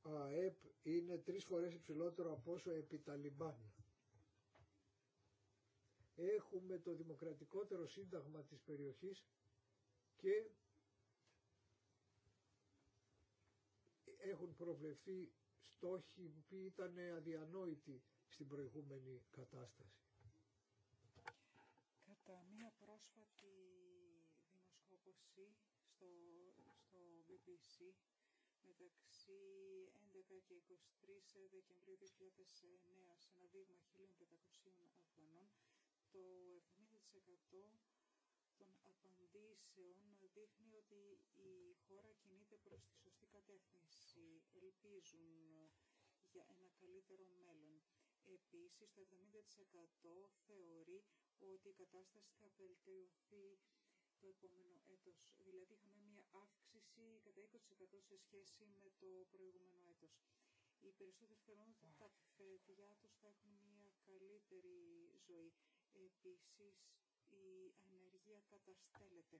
ΑΕΠ είναι τρεις φορές υψηλότερο από όσο επί Ταλιμπάν. Έχουμε το δημοκρατικότερο σύνταγμα της περιοχής και έχουν προβλεφθεί στόχοι που ήταν αδιανόητοι στην προηγούμενη κατάσταση. Κατά μία πρόσφατη δημοσκόπηση στο, στο BBC μεταξύ 11 και 23 Δεκεμβρίου 2009 σε ένα δείγμα 1.500 Αφγανών, το 70% των απαντήσεων δείχνει ότι η χώρα κινείται προς τη σωστή κατεύθυνση, ελπίζουν για ένα καλύτερο μέλλον. Επίσης, το 70% θεωρεί ότι η κατάσταση θα βελτιωθεί το επόμενο έτος. Δηλαδή είχαμε μια αύξηση κατά 20% σε σχέση με το προηγούμενο έτος. Οι περισσότεροι θεωρούν ότι τα παιδιά τους θα έχουν μια καλύτερη ζωή. Επίσης, η ανεργία καταστέλλεται.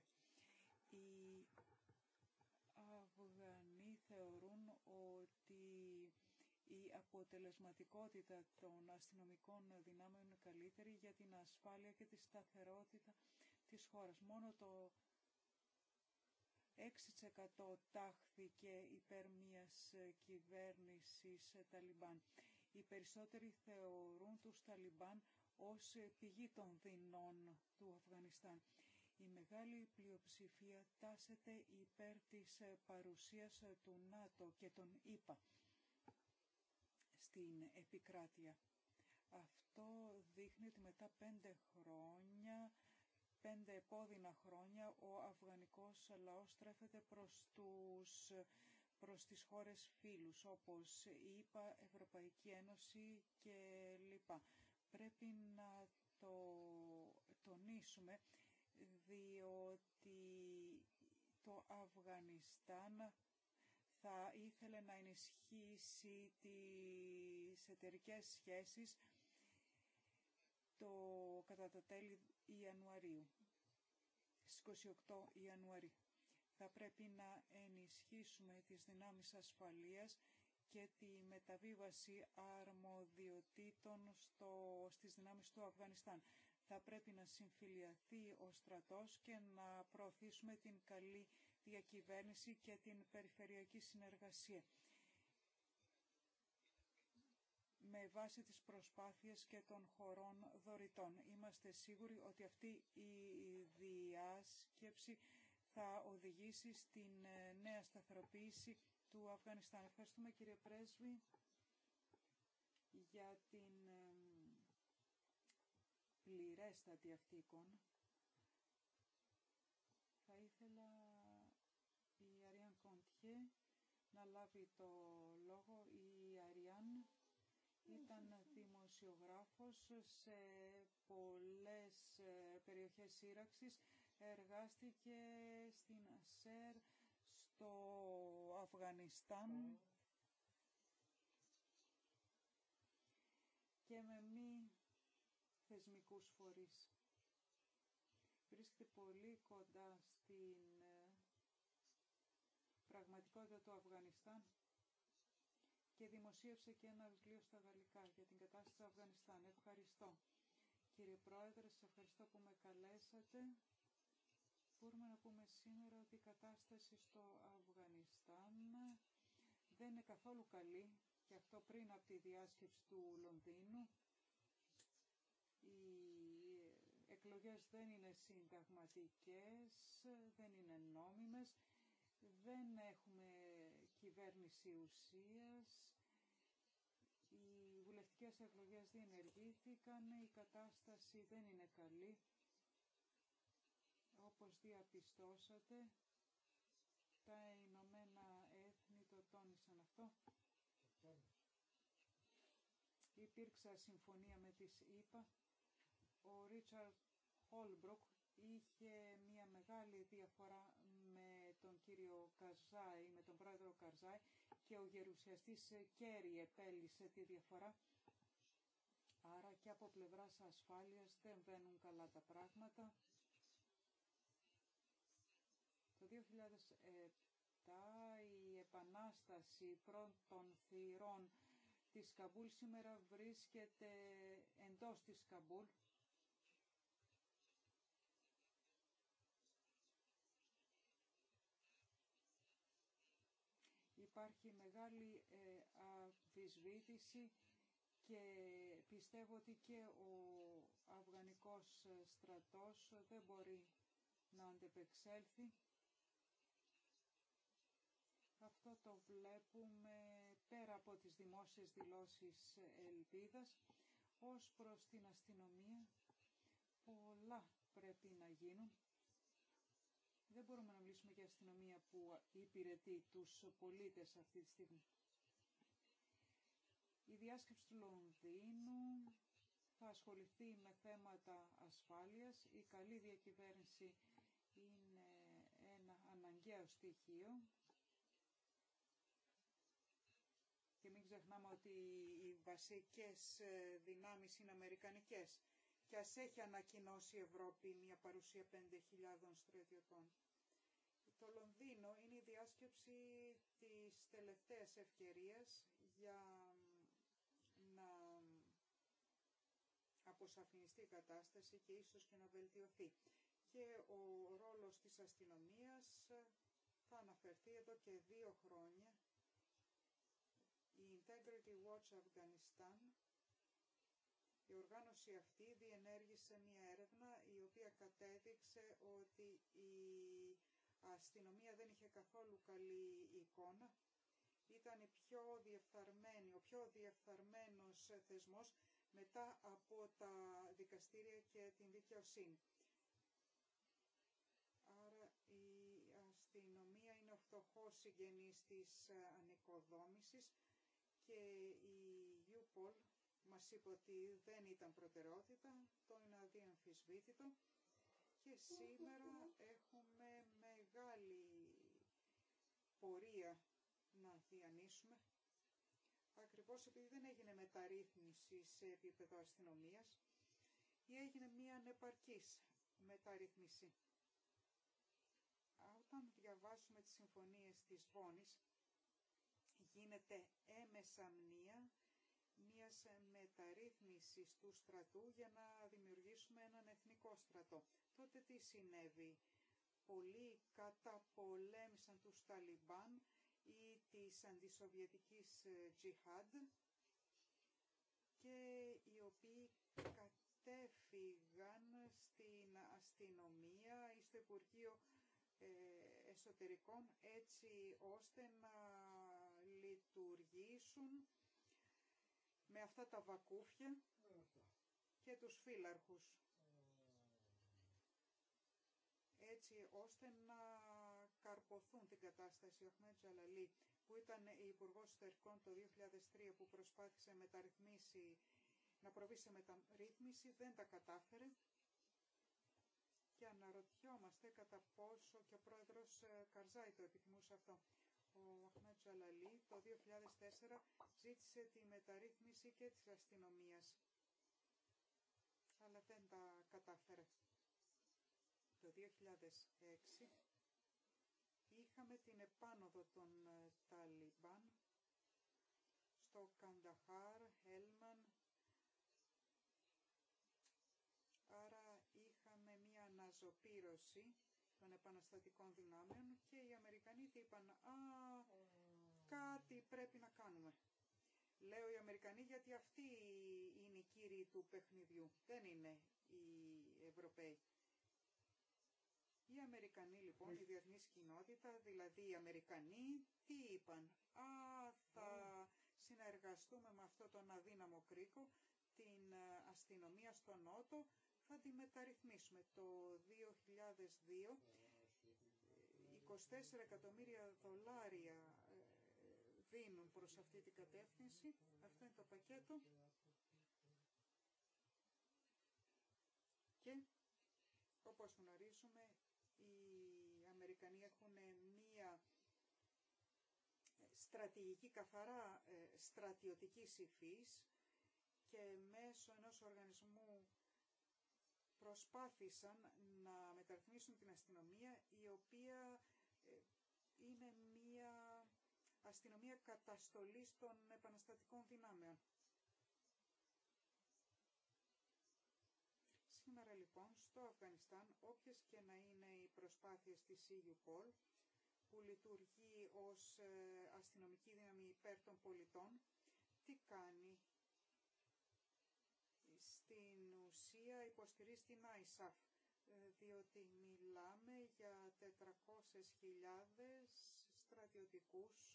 Οι Αφγανοί θεωρούν ότι η αποτελεσματικότητα των αστυνομικών δυνάμεων είναι καλύτερη για την ασφάλεια και τη σταθερότητα της χώρας. Μόνο το 6% τάχθηκε υπέρ μιας κυβέρνησης Ταλιμπάν. Οι περισσότεροι θεωρούν τους Ταλιμπάν ως πηγή των δεινών του Αφγανιστάν. Η μεγάλη πλειοψηφία τάσεται υπέρ της παρουσίας του ΝΑΤΟ και των ΙΠΑ στην επικράτεια. Αυτό δείχνει ότι μετά πέντε χρόνια πέντε επώδυνα χρόνια ο αφγανικός λαός στρέφεται προς, τους, προς τις χώρες φίλους όπως η ΕΠΑ, Ευρωπαϊκή Ένωση και λοιπά. Πρέπει να το τονίσουμε διότι το Αφγανιστάν θα ήθελε να ενισχύσει τις εταιρικές σχέσεις το, κατά τα τέλη Ιανουαρίου, 28 Ιανουαρίου. Θα πρέπει να ενισχύσουμε τις δυνάμεις ασφαλείας και τη μεταβίβαση αρμοδιοτήτων στο, στις δυνάμεις του Αφγανιστάν. Θα πρέπει να συμφιλιαθεί ο στρατός και να προωθήσουμε την καλή διακυβέρνηση και την περιφερειακή συνεργασία με βάση τις προσπάθειες και των χωρών δωρητών. Είμαστε σίγουροι ότι αυτή η διάσκεψη θα οδηγήσει στην ε, νέα σταθεροποίηση του Αφγανιστάν. Ευχαριστούμε κύριε Πρέσβη για την πληρέστατη αυτή εικόνα. Θα ήθελα η Αριάν Κοντιέ να λάβει το λόγο, δημοσιογράφος σε πολλές ε, περιοχές σύραξης. Εργάστηκε στην ΑΣΕΡ, στο Αφγανιστάν και με μη θεσμικούς φορείς. Βρίσκεται πολύ κοντά στην ε, πραγματικότητα του Αφγανιστάν και δημοσίευσε και ένα βιβλίο στα γαλλικά για την κατάσταση του Αφγανιστάν. Ευχαριστώ. Κύριε Πρόεδρε, σας ευχαριστώ που με καλέσατε. Μπορούμε να πούμε σήμερα ότι η κατάσταση στο Αφγανιστάν δεν είναι καθόλου καλή και αυτό πριν από τη διάσκεψη του Λονδίνου. Οι εκλογές δεν είναι συνταγματικές, δεν είναι νόμιμες, δεν έχουμε Κυβέρνηση ουσίας, οι βουλευτικές εκλογές διενεργήθηκαν, η κατάσταση δεν είναι καλή. Όπως διαπιστώσατε, τα Ηνωμένα Έθνη το τόνισαν αυτό. Υπήρξα συμφωνία με τις ΗΠΑ. Ο Ρίτσαρτ Χόλμπροκ είχε μια μεγάλη διαφορά τον κύριο Καζάη, με τον πρόεδρο Καζάη και ο γερουσιαστής Κέρι επέλυσε τη διαφορά. Άρα και από πλευράς ασφάλειας δεν βαίνουν καλά τα πράγματα. Το 2007 η επανάσταση πρώτων θυρών της Καμπούλ σήμερα βρίσκεται εντός της Καμπούλ μεγάλη ε, αμφισβήτηση και πιστεύω ότι και ο αφγανικός ε, στρατός δεν μπορεί να αντεπεξέλθει. Αυτό το βλέπουμε πέρα από τις δημόσιες δηλώσεις ελπίδας ως προς την αστυνομία. Πολλά πρέπει να γίνουν δεν μπορούμε να μιλήσουμε για αστυνομία που υπηρετεί τους πολίτες αυτή τη στιγμή. Η διάσκεψη του Λονδίνου θα ασχοληθεί με θέματα ασφάλειας. Η καλή διακυβέρνηση είναι ένα αναγκαίο στοιχείο. Και μην ξεχνάμε ότι οι βασικές δυνάμεις είναι αμερικανικές και ας έχει ανακοινώσει η Ευρώπη μια παρουσία 5.000 στρατιωτών. Το Λονδίνο είναι η διάσκεψη της τελευταίας ευκαιρίας για να αποσαφινιστεί η κατάσταση και ίσως και να βελτιωθεί. Και ο ρόλος της αστυνομίας θα αναφερθεί εδώ και δύο χρόνια. Η Integrity Watch Afghanistan η οργάνωση αυτή διενέργησε μια έρευνα η οποία κατέδειξε ότι η αστυνομία δεν είχε καθόλου καλή εικόνα. Ήταν πιο διεφθαρμένη, ο πιο διεφθαρμένος θεσμός μετά από τα δικαστήρια και την δικαιοσύνη. Άρα η αστυνομία είναι ο φτωχός συγγενής της ανοικοδόμησης και η UPOL μας είπε ότι δεν ήταν προτερότητα, το είναι αδιαμφισβήτητο και σήμερα έχουμε μεγάλη πορεία να διανύσουμε ακριβώς επειδή δεν έγινε μεταρρύθμιση σε επίπεδο αστυνομίας ή έγινε μία ανεπαρκής μεταρρύθμιση. Όταν διαβάσουμε τις συμφωνίες της Βόνης γίνεται έμεσα μνήμα μια μεταρρύθμιση του στρατού για να δημιουργήσουμε έναν εθνικό στρατό. Τότε τι συνέβη. Πολλοί καταπολέμησαν τους Ταλιμπάν ή της αντισοβιετικής ε, τζιχάντ και οι οποίοι κατέφυγαν στην αστυνομία ή στο Υπουργείο ε, Εσωτερικών έτσι ώστε να λειτουργήσουν με αυτά τα βακούφια και τους φύλαρχους. Έτσι ώστε να καρποθούν την κατάσταση. Ο Αχμέτ που ήταν υπουργό Εσωτερικών το 2003 που προσπάθησε να προβεί σε μεταρρύθμιση, δεν τα κατάφερε και αναρωτιόμαστε κατά πόσο και ο πρόεδρος ε, Καρζάη το επιθυμούσε αυτό ο Μαχμέτ το 2004 ζήτησε τη μεταρρύθμιση και της αστυνομίας. Αλλά δεν τα κατάφερε. Το 2006 είχαμε την επάνωδο των ε, Ταλιμπάν στο Κανταχάρ, Έλμαν. Άρα είχαμε μία αναζωπήρωση των επαναστατικών δυνάμεων και οι Αμερικανοί τι είπαν «Α, κάτι πρέπει να κάνουμε». Λέω οι Αμερικανοί γιατί αυτοί είναι οι κύριοι του παιχνιδιού, δεν είναι οι Ευρωπαίοι. Οι Αμερικανοί λοιπόν, η διεθνής κοινότητα, δηλαδή οι Αμερικανοί, τι είπαν «Α, θα συνεργαστούμε με αυτό τον αδύναμο κρίκο, την ε, αστυνομία στον Νότο θα τη μεταρρυθμίσουμε. Το 2002 24 εκατομμύρια δολάρια ε, δίνουν προς αυτή την κατεύθυνση. Αυτό είναι το πακέτο. Και όπως γνωρίζουμε οι Αμερικανοί έχουν μία ε, στρατηγική καθαρά ε, στρατιωτικής υφής και μέσω ενός οργανισμού προσπάθησαν να μεταρρυθμίσουν την αστυνομία η οποία ε, είναι μια αστυνομία καταστολής των επαναστατικών δυνάμεων. Σήμερα λοιπόν στο Αφγανιστάν όποιες και να είναι οι προσπάθειες της EUPOL που λειτουργεί ως ε, αστυνομική δύναμη υπέρ των πολιτών, τι κάνει οποία υποστηρίζει την ISAF, ε, διότι μιλάμε για 400.000 στρατιωτικούς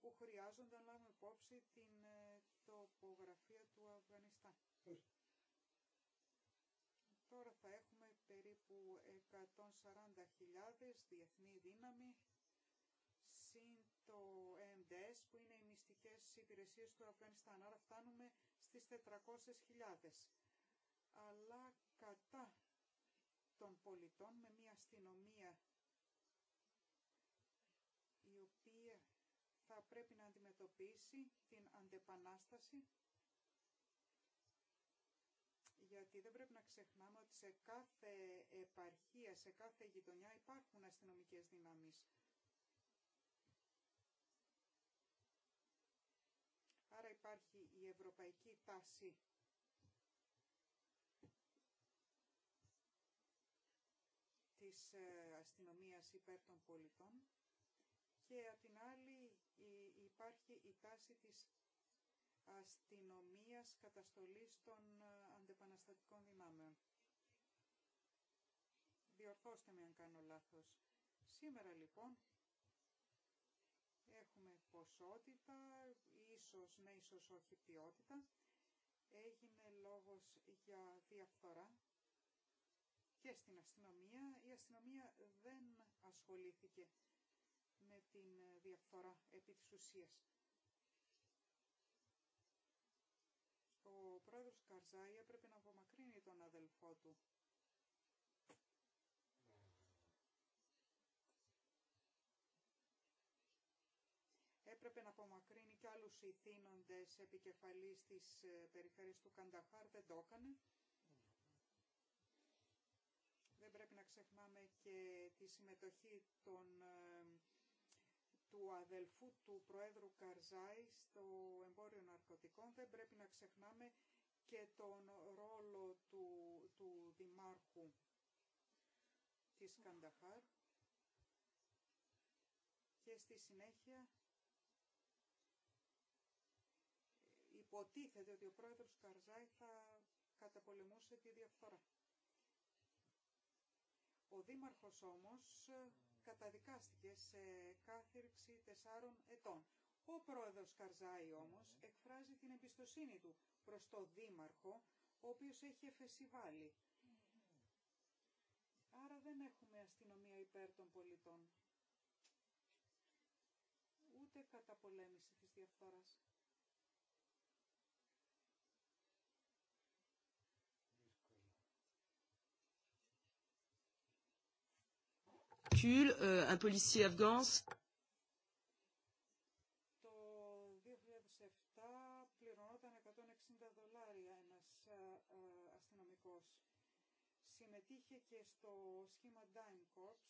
που χρειάζονται να λάβουν υπόψη την ε, τοπογραφία του Αφγανιστάν. Τώρα θα έχουμε περίπου 140.000 διεθνή δύναμη συν το MDS που είναι οι μυστικές υπηρεσίες του Αφγανιστάν. Άρα φτάνουμε στις 400.000 αλλά κατά των πολιτών με μια αστυνομία η οποία θα πρέπει να αντιμετωπίσει την αντεπανάσταση γιατί δεν πρέπει να ξεχνάμε ότι σε κάθε επαρχία, σε κάθε γειτονιά υπάρχουν αστυνομικές δυνάμεις. Άρα υπάρχει η ευρωπαϊκή τάση της ε, αστυνομίας υπέρ των πολιτών και απ' την άλλη υπάρχει η τάση της αστυνομίας καταστολής των ε, αντεπαναστατικών δυνάμεων. Διορθώστε με αν κάνω λάθος. Σήμερα λοιπόν έχουμε ποσότητα, ίσως ναι, ίσως όχι ποιότητα. Έγινε λόγος για διαφθορά και στην αστυνομία. Η αστυνομία δεν ασχολήθηκε με την ε, διαφθορά επί Ο πρόεδρος Καρζάη έπρεπε να απομακρύνει τον αδελφό του. Έπρεπε να απομακρύνει και άλλους ηθήνοντες επικεφαλής της ε, περιφέρειας του Κανταχάρ, δεν το έκανε ξεχνάμε και τη συμμετοχή των, ε, του αδελφού του Προέδρου Καρζάη στο εμπόριο ναρκωτικών. Δεν πρέπει να ξεχνάμε και τον ρόλο του, του Δημάρχου της Κανταχάρ. Και στη συνέχεια υποτίθεται ότι ο πρόεδρος Καρζάη θα καταπολεμούσε τη διαφθορά. Ο δήμαρχος όμως ε, καταδικάστηκε σε κάθυρξη τεσσάρων ετών. Ο πρόεδρος Καρζάη όμως εκφράζει την εμπιστοσύνη του προς το δήμαρχο, ο οποίος έχει εφεσιβάλει. Άρα δεν έχουμε αστυνομία υπέρ των πολιτών. Ούτε πολέμηση της διαφθοράς. Euh, Το 2007 πληρωνόταν 160 δολάρια ένας ε, ε, αστυνομικός. Συμμετείχε και στο σχήμα Dime Corps.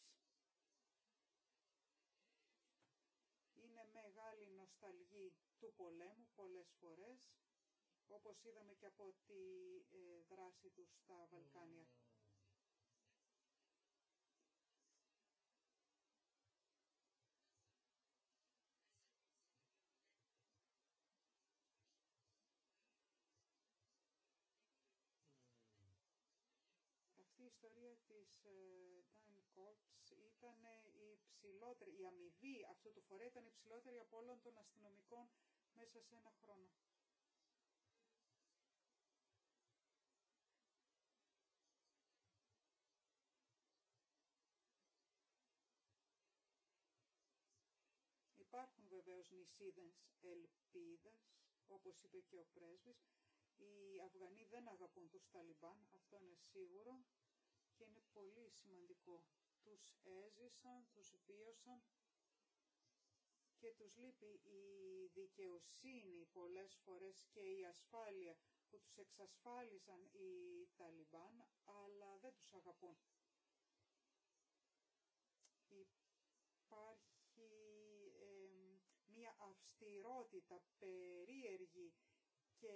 Είναι μεγάλη νοσταλγή του πολέμου πολλές φορές, όπως είδαμε και από τη ε, δράση του στα Βαλκάνια. ιστορία της Time ε, Corps ήταν η ψηλότερη, η αμοιβή αυτού του φορέ ήταν η ψηλότερη από όλων των αστυνομικών μέσα σε ένα χρόνο. Υπάρχουν βεβαίως νησίδες ελπίδας, όπως είπε και ο πρέσβης. Οι Αφγανοί δεν αγαπούν τους Ταλιμπάν, αυτό είναι σίγουρο και είναι πολύ σημαντικό. Τους έζησαν, τους βίωσαν και τους λείπει η δικαιοσύνη πολλές φορές και η ασφάλεια που τους εξασφάλισαν οι Ταλιμπάν, αλλά δεν τους αγαπούν. Υπάρχει μία αυστηρότητα περίεργη και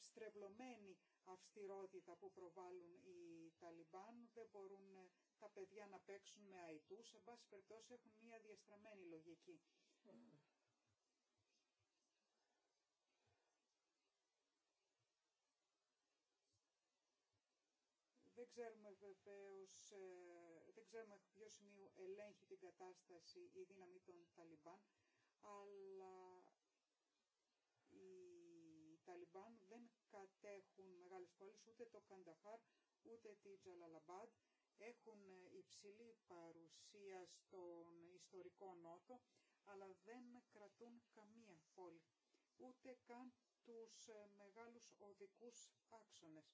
στρεβλωμένη αυστηρότητα που προβάλλουν οι Ταλιμπάν, δεν μπορούν ε, τα παιδιά να παίξουν με αϊτούς σε πάση περιπτώσει έχουν μια διαστραμμένη λογική. Δεν ξέρουμε βεβαίως, ε, δεν ξέρουμε ποιο σημείο ελέγχει την κατάσταση η δύναμη των Ταλιμπάν, αλλά οι Ταλιμπάν δεν κατέχουν μεγάλες πόλεις, ούτε το Κανταχάρ, ούτε τη Τζαλαλαμπάντ. Έχουν ε, υψηλή παρουσία στον ιστορικό νότο, αλλά δεν κρατούν καμία πόλη, ούτε καν τους ε, μεγάλους οδικούς άξονες.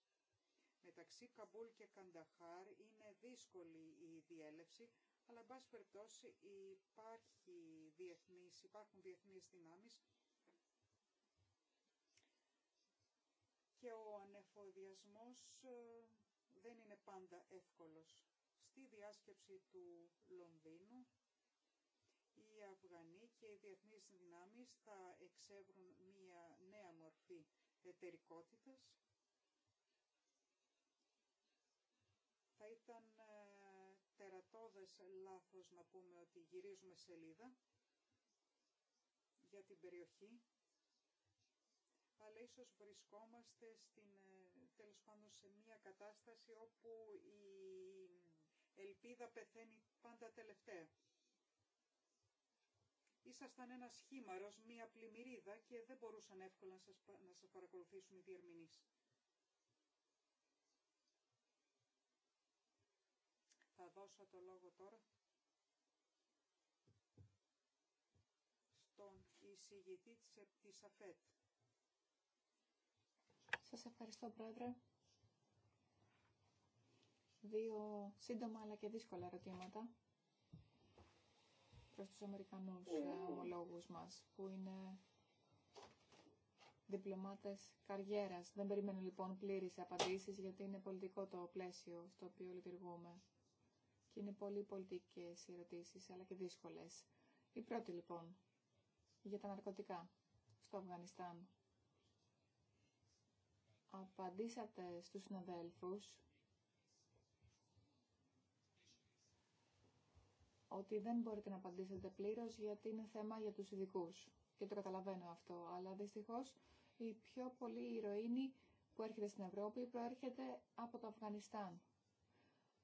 Μεταξύ Καμπούλ και Κανταχάρ είναι δύσκολη η διέλευση, αλλά εν πάση περιπτώσει υπάρχει διεθνής, υπάρχουν διεθνείς δυνάμεις και ο ανεφοδιασμός ε, δεν είναι πάντα εύκολος. Στη διάσκεψη του Λονδίνου, οι Αφγανοί και οι διεθνείς δυνάμεις θα εξεύρουν μία νέα μορφή εταιρικότητας. Θα ήταν ε, τερατώδες λάθος να πούμε ότι γυρίζουμε σελίδα για την περιοχή αλλά ίσως βρισκόμαστε στην, ε, τέλος πάντων σε μια κατάσταση όπου η ελπίδα πεθαίνει πάντα τελευταία. Ήσασταν ένα χήμαρος, μία πλημμυρίδα και δεν μπορούσαν εύκολα να σας, να σας παρακολουθήσουν οι διερμηνείς. Θα δώσω το λόγο τώρα στον εισηγητή της ΑΦΕΤ. Σας ευχαριστώ, Πρόεδρε. Δύο σύντομα αλλά και δύσκολα ερωτήματα προς τους Αμερικανούς ε, ομολόγους μας, που είναι διπλωμάτες καριέρας. Δεν περιμένω λοιπόν πλήρης απαντήσεις, γιατί είναι πολιτικό το πλαίσιο στο οποίο λειτουργούμε. Και είναι πολύ πολιτικές οι ερωτήσεις, αλλά και δύσκολες. Η πρώτη λοιπόν, για τα ναρκωτικά στο Αφγανιστάν απαντήσατε στους συναδέλφους ότι δεν μπορείτε να απαντήσετε πλήρως γιατί είναι θέμα για τους ειδικού. Και το καταλαβαίνω αυτό, αλλά δυστυχώς η πιο πολλή ηρωίνη που έρχεται στην Ευρώπη προέρχεται από το Αφγανιστάν,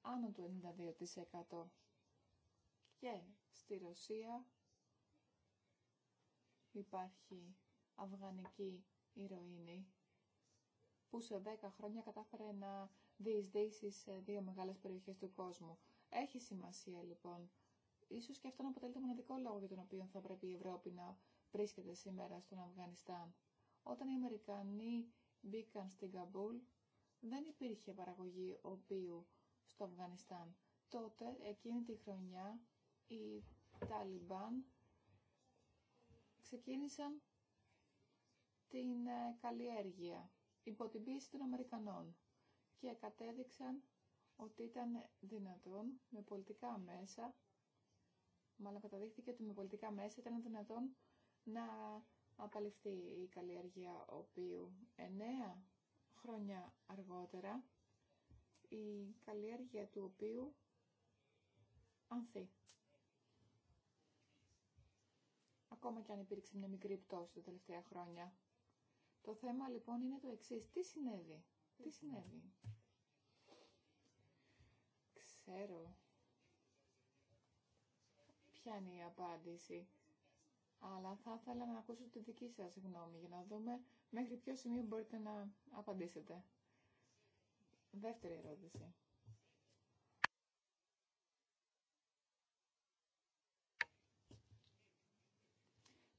άνω του 92%. Και στη Ρωσία υπάρχει αφγανική ηρωίνη που σε 10 χρόνια κατάφερε να διεισδύσει σε δύο μεγάλες περιοχές του κόσμου. Έχει σημασία λοιπόν. Ίσως και αυτό να αποτελεί το μοναδικό λόγο για τον οποίο θα πρέπει η Ευρώπη να βρίσκεται σήμερα στον Αφγανιστάν. Όταν οι Αμερικανοί μπήκαν στην Καμπούλ, δεν υπήρχε παραγωγή οπίου στο Αφγανιστάν. Τότε, εκείνη τη χρονιά, οι Ταλιμπάν ξεκίνησαν την ε, καλλιέργεια υπό την πίεση των Αμερικανών και κατέδειξαν ότι ήταν δυνατόν με πολιτικά μέσα, μάλλον καταδείχθηκε ότι με πολιτικά μέσα ήταν δυνατόν να απαλληφθεί η καλλιέργεια οποίου εννέα χρόνια αργότερα η καλλιέργεια του οποίου ανθεί. Ακόμα και αν υπήρξε μια μικρή πτώση τα τελευταία χρόνια. Το θέμα λοιπόν είναι το εξή. Τι συνέβη. Τι ναι. συνέβη. Ξέρω ποια είναι η απάντηση, αλλά θα ήθελα να ακούσω τη δική σας γνώμη για να δούμε μέχρι ποιο σημείο μπορείτε να απαντήσετε. Δεύτερη ερώτηση.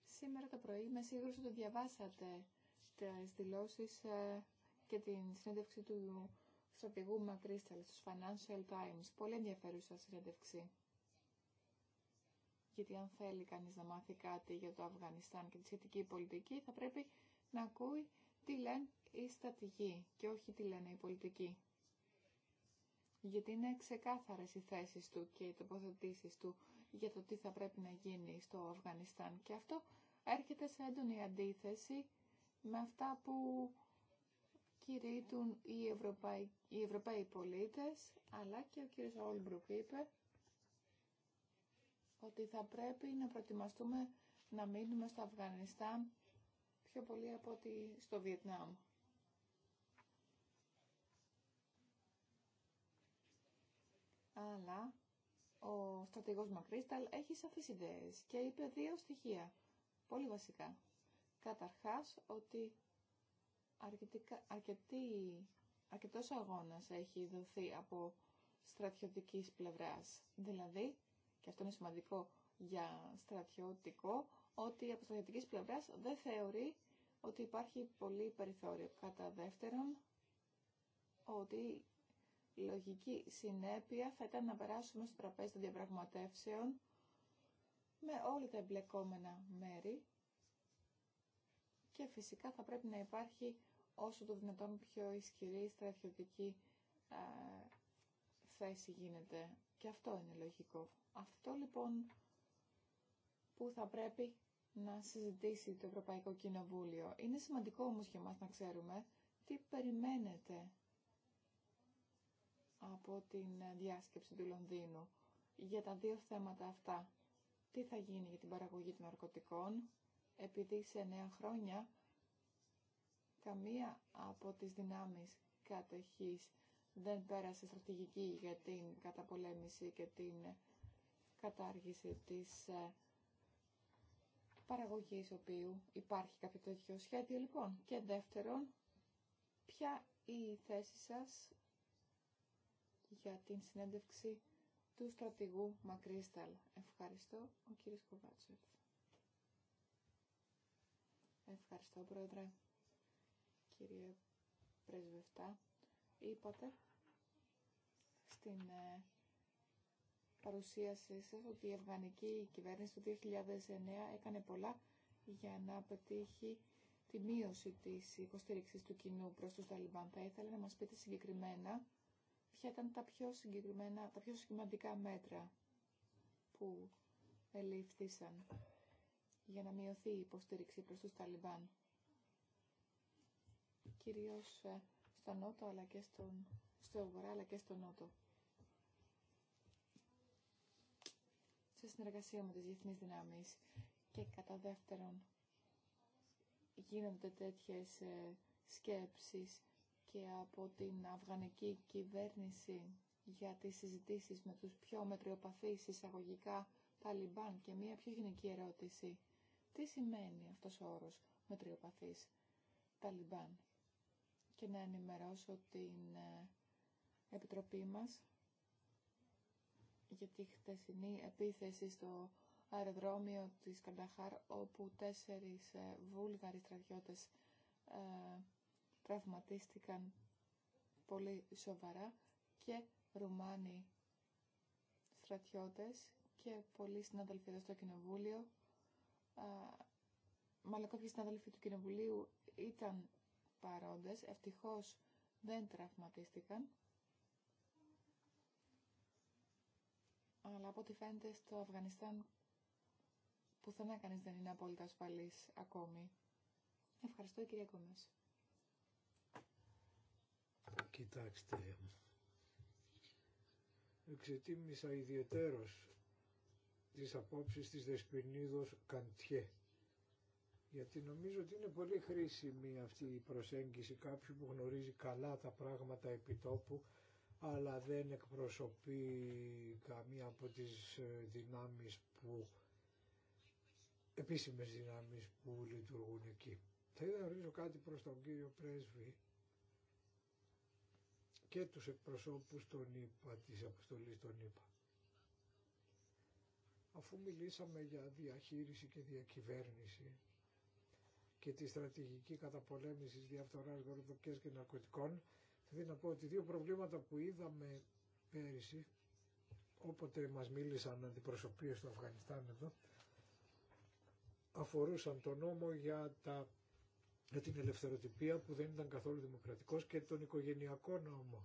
Σήμερα το πρωί είμαι σίγουρη ότι το διαβάσατε ε, τις δηλώσεις ε, και την συνέντευξη του στρατηγού Μακρίσταλ στους Financial Times. Πολύ ενδιαφέρουσα συνέντευξη. Γιατί αν θέλει κανείς να μάθει κάτι για το Αφγανιστάν και τη σχετική πολιτική, θα πρέπει να ακούει τι λένε οι στρατηγοί και όχι τι λένε οι πολιτικοί. Γιατί είναι ξεκάθαρες οι θέσεις του και οι τοποθετήσεις του για το τι θα πρέπει να γίνει στο Αφγανιστάν. Και αυτό έρχεται σε έντονη αντίθεση με αυτά που κηρύττουν οι, Ευρωπαίοι πολίτες, αλλά και ο κύριος Όλμπρουκ είπε ότι θα πρέπει να προετοιμαστούμε να μείνουμε στο Αφγανιστάν πιο πολύ από ότι στο Βιετνάμ. Αλλά ο στρατηγός Μακρίσταλ έχει σαφείς ιδέες και είπε δύο στοιχεία, πολύ βασικά. Καταρχάς ότι αρκετή, αρκετός αγώνας έχει δοθεί από στρατιωτικής πλευράς. Δηλαδή, και αυτό είναι σημαντικό για στρατιωτικό, ότι από στρατιωτικής πλευράς δεν θεωρεί ότι υπάρχει πολύ περιθώριο. Κατά δεύτερον, ότι λογική συνέπεια θα ήταν να περάσουμε στο τραπέζι των διαπραγματεύσεων με όλα τα εμπλεκόμενα μέρη και φυσικά θα πρέπει να υπάρχει όσο το δυνατόν πιο ισχυρή στρατιωτική α, θέση γίνεται. Και αυτό είναι λογικό. Αυτό λοιπόν που θα πρέπει να συζητήσει το Ευρωπαϊκό Κοινοβούλιο. Είναι σημαντικό όμως για μας να ξέρουμε τι περιμένετε από την διάσκεψη του Λονδίνου για τα δύο θέματα αυτά. Τι θα γίνει για την παραγωγή των ναρκωτικών επειδή σε νέα χρόνια καμία από τις δυνάμεις κατοχής δεν πέρασε στρατηγική για την καταπολέμηση και την κατάργηση της ε, παραγωγής οποίου υπάρχει κάποιο τέτοιο σχέδιο λοιπόν. Και δεύτερον, ποια η θέση σας για την συνέντευξη του στρατηγού Μακρίσταλ. Ευχαριστώ, ο κύριος Ευχαριστώ, Πρόεδρε. Κύριε Πρεσβευτά, είπατε στην ε, παρουσίασή σας ότι η Αφγανική κυβέρνηση του 2009 έκανε πολλά για να πετύχει τη μείωση της υποστήριξης του κοινού προς τους Ταλιμπάν. Θα ήθελα να μας πείτε συγκεκριμένα ποια ήταν τα πιο, συγκεκριμένα, τα πιο σημαντικά μέτρα που ελήφθησαν για να μειωθεί η υποστήριξη προς τους Ταλιμπάν. Κυρίως ε, στο νότο αλλά και στον, στο βορρά αλλά και στο νότο. Σε συνεργασία με τις διεθνείς δυνάμεις και κατά δεύτερον γίνονται τέτοιες ε, σκέψεις και από την αφγανική κυβέρνηση για τις συζητήσεις με τους πιο μετριοπαθείς εισαγωγικά Ταλιμπάν και μία πιο γενική ερώτηση. Τι σημαίνει αυτός ο όρος μετριοπαθής Ταλιμπάν και να ενημερώσω την ε, Επιτροπή μας για τη χτεσινή επίθεση στο αεροδρόμιο της Κανταχάρ όπου τέσσερις ε, βούλγαροι στρατιώτες ε, τραυματίστηκαν πολύ σοβαρά και Ρουμάνοι στρατιώτες και πολλοί συναδελφοί εδώ στο Κοινοβούλιο μάλλον κάποιοι συναδέλφοι του Κοινοβουλίου ήταν παρόντες, ευτυχώς δεν τραυματίστηκαν. Αλλά από ό,τι φαίνεται στο Αφγανιστάν πουθενά κανείς δεν είναι απόλυτα ασφαλής ακόμη. Ευχαριστώ κυρία Κόμες. Κοιτάξτε, εξετίμησα ιδιαιτέρως τις απόψεις της Δεσποινίδος Καντιέ. Γιατί νομίζω ότι είναι πολύ χρήσιμη αυτή η προσέγγιση κάποιου που γνωρίζει καλά τα πράγματα επιτόπου αλλά δεν εκπροσωπεί καμία από τις ε, δυνάμεις που επίσημες δυνάμεις που λειτουργούν εκεί. Θα ήθελα να ρωτήσω κάτι προς τον κύριο Πρέσβη και τους εκπροσώπους των ΗΠΑ της αποστολής των ΙΠΑ. Αφού μιλήσαμε για διαχείριση και διακυβέρνηση και τη στρατηγική καταπολέμηση διαφθοράς γορδοκές και ναρκωτικών, θα να πω ότι δύο προβλήματα που είδαμε πέρυσι, όποτε μας μίλησαν αντιπροσωπείες στο Αφγανιστάν εδώ, αφορούσαν τον νόμο για, τα, για την ελευθεροτυπία που δεν ήταν καθόλου δημοκρατικός και τον οικογενειακό νόμο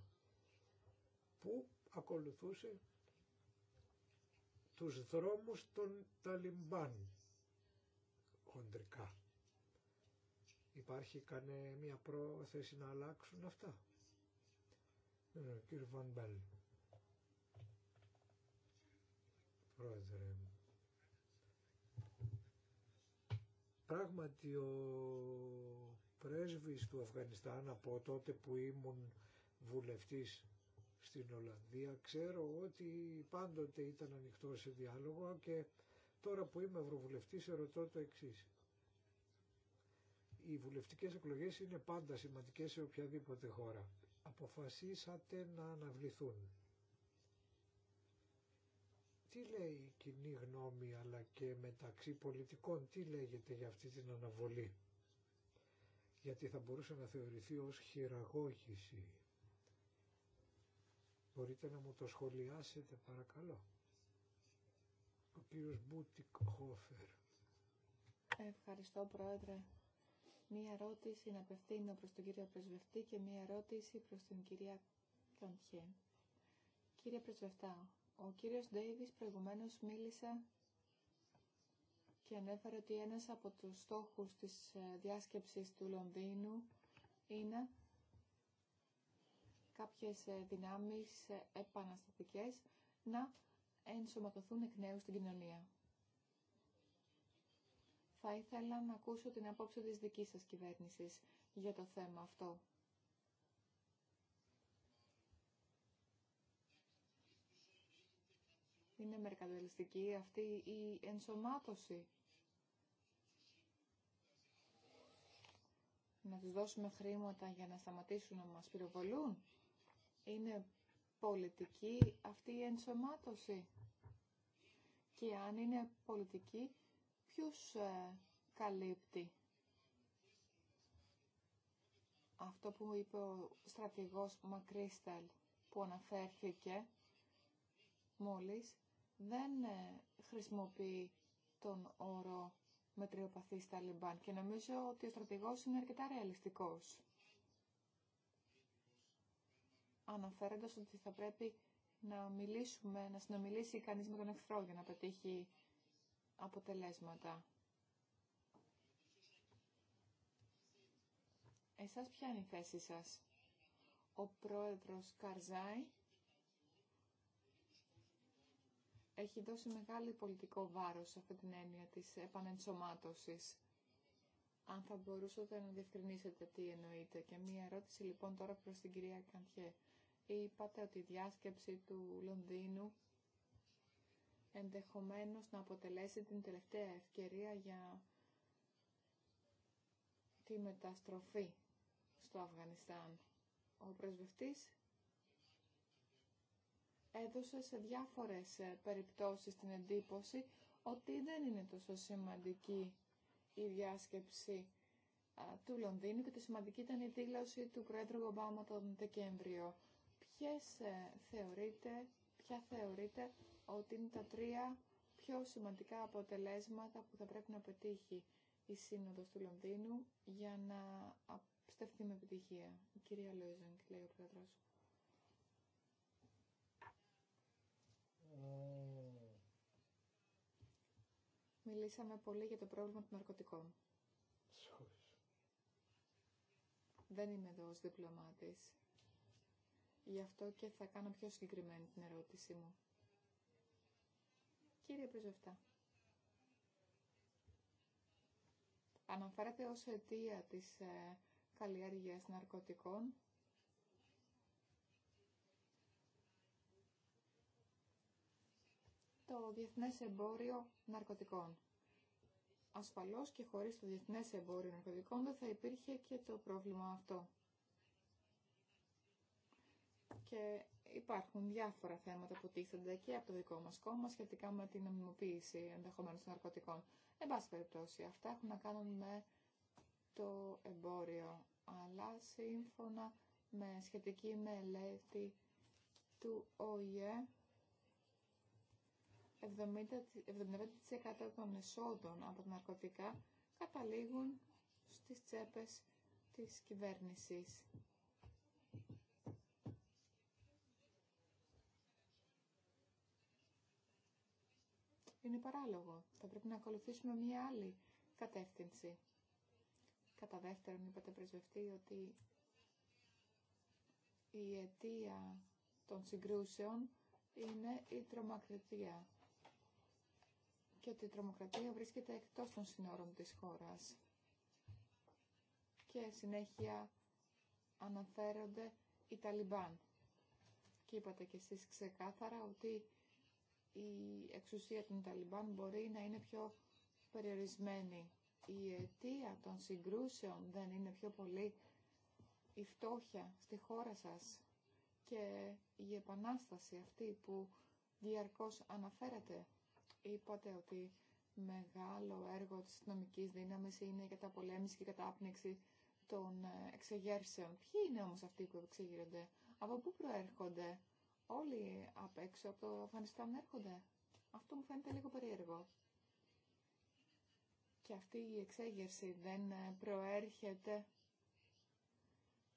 που ακολουθούσε τους δρόμους των Ταλιμπάν χοντρικά. Υπάρχει κανένα μια πρόθεση να αλλάξουν αυτά. Ναι, κύριε Βαν Πρόεδρε. Πράγματι ο πρέσβης του Αφγανιστάν από τότε που ήμουν βουλευτής στην Ολλανδία. Ξέρω ότι πάντοτε ήταν ανοιχτό σε διάλογο και τώρα που είμαι ευρωβουλευτής ερωτώ το εξή. Οι βουλευτικές εκλογές είναι πάντα σημαντικές σε οποιαδήποτε χώρα. Αποφασίσατε να αναβληθούν. Τι λέει η κοινή γνώμη αλλά και μεταξύ πολιτικών, τι λέγεται για αυτή την αναβολή. Γιατί θα μπορούσε να θεωρηθεί ως χειραγώγηση. Μπορείτε να μου το σχολιάσετε παρακαλώ. Ο κύριος Μπούτικ Χόφερ. Ευχαριστώ Πρόεδρε. Μία ερώτηση να απευθύνω προς τον κύριο Πρεσβευτή και μία ερώτηση προς την κυρία Καντιέ. Κύριε Πρεσβευτά, ο κύριος Ντέιβις προηγουμένως μίλησε και ανέφερε ότι ένας από τους στόχους της ε, διάσκεψης του Λονδίνου είναι κάποιες ε, δυνάμεις ε, επαναστατικές να ενσωματωθούν εκ νέου στην κοινωνία. Θα ήθελα να ακούσω την απόψη της δικής σας κυβέρνησης για το θέμα αυτό. Είναι μερικαντελιστική αυτή η ενσωμάτωση. Να τους δώσουμε χρήματα για να σταματήσουν να μας πυροβολούν είναι πολιτική αυτή η ενσωμάτωση. Και αν είναι πολιτική, ποιους ε, καλύπτει. Αυτό που μου είπε ο στρατηγός Μακρίσταλ που αναφέρθηκε μόλις, δεν ε, χρησιμοποιεί τον όρο μετριοπαθής Ταλιμπάν και νομίζω ότι ο στρατηγός είναι αρκετά ρεαλιστικός αναφέροντας ότι θα πρέπει να μιλήσουμε, να συνομιλήσει κανείς με τον εχθρό για να πετύχει αποτελέσματα. Εσάς ποια είναι η θέση σας. Ο πρόεδρος Καρζάη έχει δώσει μεγάλη πολιτικό βάρος σε αυτή την έννοια της επανενσωμάτωσης. Αν θα μπορούσατε να διευκρινίσετε τι εννοείτε. Και μία ερώτηση λοιπόν τώρα προς την κυρία Καντιέ είπατε ότι η διάσκεψη του Λονδίνου ενδεχομένως να αποτελέσει την τελευταία ευκαιρία για τη μεταστροφή στο Αφγανιστάν. Ο πρεσβευτής έδωσε σε διάφορες ε, περιπτώσεις την εντύπωση ότι δεν είναι τόσο σημαντική η διάσκεψη του Λονδίνου και το σημαντική ήταν η δήλωση του Πρόεδρου Ομπάμα τον Δεκέμβριο ποιες ε, θεωρείτε, ποια θεωρείτε ότι είναι τα τρία πιο σημαντικά αποτελέσματα που θα πρέπει να πετύχει η Σύνοδος του Λονδίνου για να στεφθεί με επιτυχία. Η κυρία Λόιζανγκ, λέει ο πρόεδρος. Ε. Μιλήσαμε πολύ για το πρόβλημα των ναρκωτικών. Δεν είμαι εδώ ως διπλωμάτης. Γι' αυτό και θα κάνω πιο συγκεκριμένη την ερώτησή μου. Κύριε Πριζευτά, αναφέρατε ως αιτία της ε, καλλιέργειας ναρκωτικών το διεθνές εμπόριο ναρκωτικών. Ασφαλώς και χωρίς το διεθνές εμπόριο ναρκωτικών δεν θα υπήρχε και το πρόβλημα αυτό και υπάρχουν διάφορα θέματα που τίθενται και από το δικό μας κόμμα σχετικά με την νομιμοποίηση ενδεχομένω των ναρκωτικών. Εν πάση περιπτώσει, αυτά έχουν να κάνουν με το εμπόριο, αλλά σύμφωνα με σχετική μελέτη του ΟΗΕ, 75% των εσόδων από τα ναρκωτικά καταλήγουν στις τσέπες της κυβέρνησης. είναι παράλογο. Θα πρέπει να ακολουθήσουμε μία άλλη κατεύθυνση. Κατά δεύτερον, είπατε πρεσβευτή ότι η αιτία των συγκρούσεων είναι η τρομακρατία και ότι η τρομοκρατία βρίσκεται εκτός των συνόρων της χώρας. Και συνέχεια αναφέρονται οι Ταλιμπάν. Και είπατε κι εσείς ξεκάθαρα ότι η εξουσία των Ταλιμπάν μπορεί να είναι πιο περιορισμένη. Η αιτία των συγκρούσεων δεν είναι πιο πολύ η φτώχεια στη χώρα σας και η επανάσταση αυτή που διαρκώς αναφέρατε. Είπατε ότι μεγάλο έργο της νομικής δύναμης είναι η καταπολέμηση και η κατάπνιξη των ε, εξεγέρσεων. Ποιοι είναι όμως αυτοί που εξεγείρονται, από πού προέρχονται, όλοι απ' έξω από το Αφγανιστάν έρχονται. Αυτό μου φαίνεται λίγο περίεργο. Και αυτή η εξέγερση δεν προέρχεται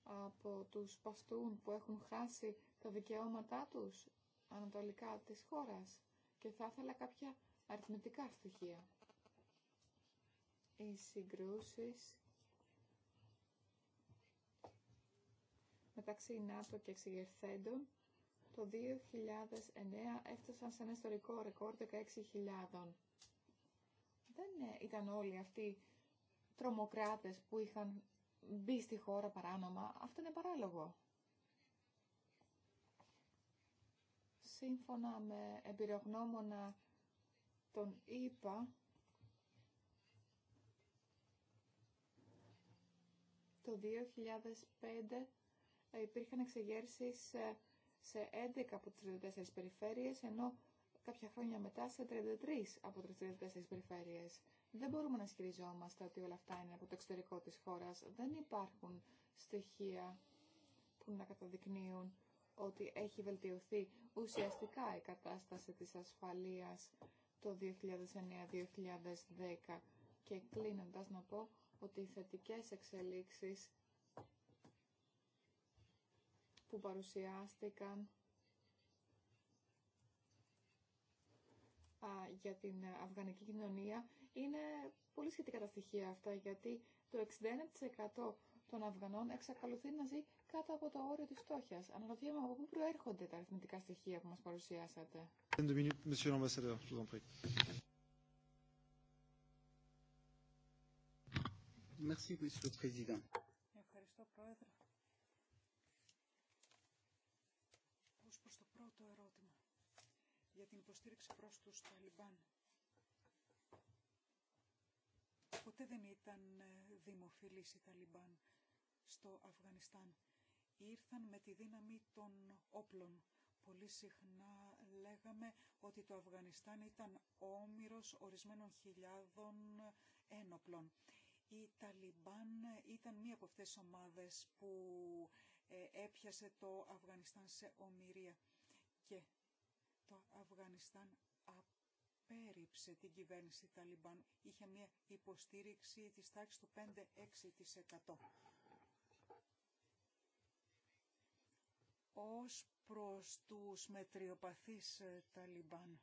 από τους παστούν που έχουν χάσει τα δικαιώματά τους ανατολικά της χώρας και θα ήθελα κάποια αριθμητικά στοιχεία. Οι συγκρούσεις μεταξύ ΝΑΤΟ και εξηγερθέντων το 2009 έφτασαν σε ένα ιστορικό ρεκόρ 16.000. Δεν ε, ήταν όλοι αυτοί τρομοκράτες που είχαν μπει στη χώρα παράνομα. Αυτό είναι παράλογο. Σύμφωνα με εμπειρογνώμονα τον είπα το 2005 ε, υπήρχαν εξεγέρσεις σε 11 από τις 34 περιφέρειες, ενώ κάποια χρόνια μετά σε 33 από τις 34 περιφέρειες. Δεν μπορούμε να ισχυριζόμαστε ότι όλα αυτά είναι από το εξωτερικό της χώρας. Δεν υπάρχουν στοιχεία που να καταδεικνύουν ότι έχει βελτιωθεί ουσιαστικά η κατάσταση της ασφαλείας το 2009-2010 και κλείνοντας να πω ότι οι θετικές εξελίξεις που παρουσιάστηκαν για την αφγανική κοινωνία είναι πολύ σχετικά τα στοιχεία αυτά γιατί το 61% των Αφγανών εξακολουθεί να ζει κάτω από το όριο της φτώχειας. Αναρωτιέμαι από πού προέρχονται τα αριθμητικά στοιχεία που μας παρουσιάσατε. Merci, Monsieur le Président. υποστήριξη προς τους Ταλιμπάν. Ποτέ δεν ήταν ε, δημοφιλής οι Ταλιμπάν στο Αφγανιστάν. Ήρθαν με τη δύναμη των όπλων. Πολύ συχνά λέγαμε ότι το Αφγανιστάν ήταν όμοιρος ορισμένων χιλιάδων ε, ένοπλων. Η Ταλιμπάν ήταν μία από αυτές τις ομάδες που ε, έπιασε το Αφγανιστάν σε ομοιρία και το Αφγανιστάν απέρριψε την κυβέρνηση Ταλιμπάν. Είχε μια υποστήριξη της τάξης του 5-6%. Ως προς τους μετριοπαθείς ε, Ταλιμπάν.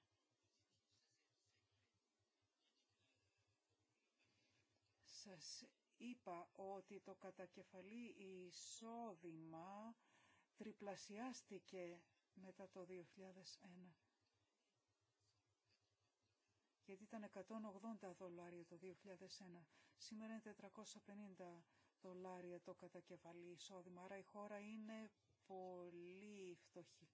Σας είπα ότι το κατακεφαλή εισόδημα τριπλασιάστηκε μετά το 2001. Γιατί ήταν 180 δολάρια το 2001. Σήμερα είναι 450 δολάρια το κατακεφαλή εισόδημα. Άρα η χώρα είναι πολύ φτωχή.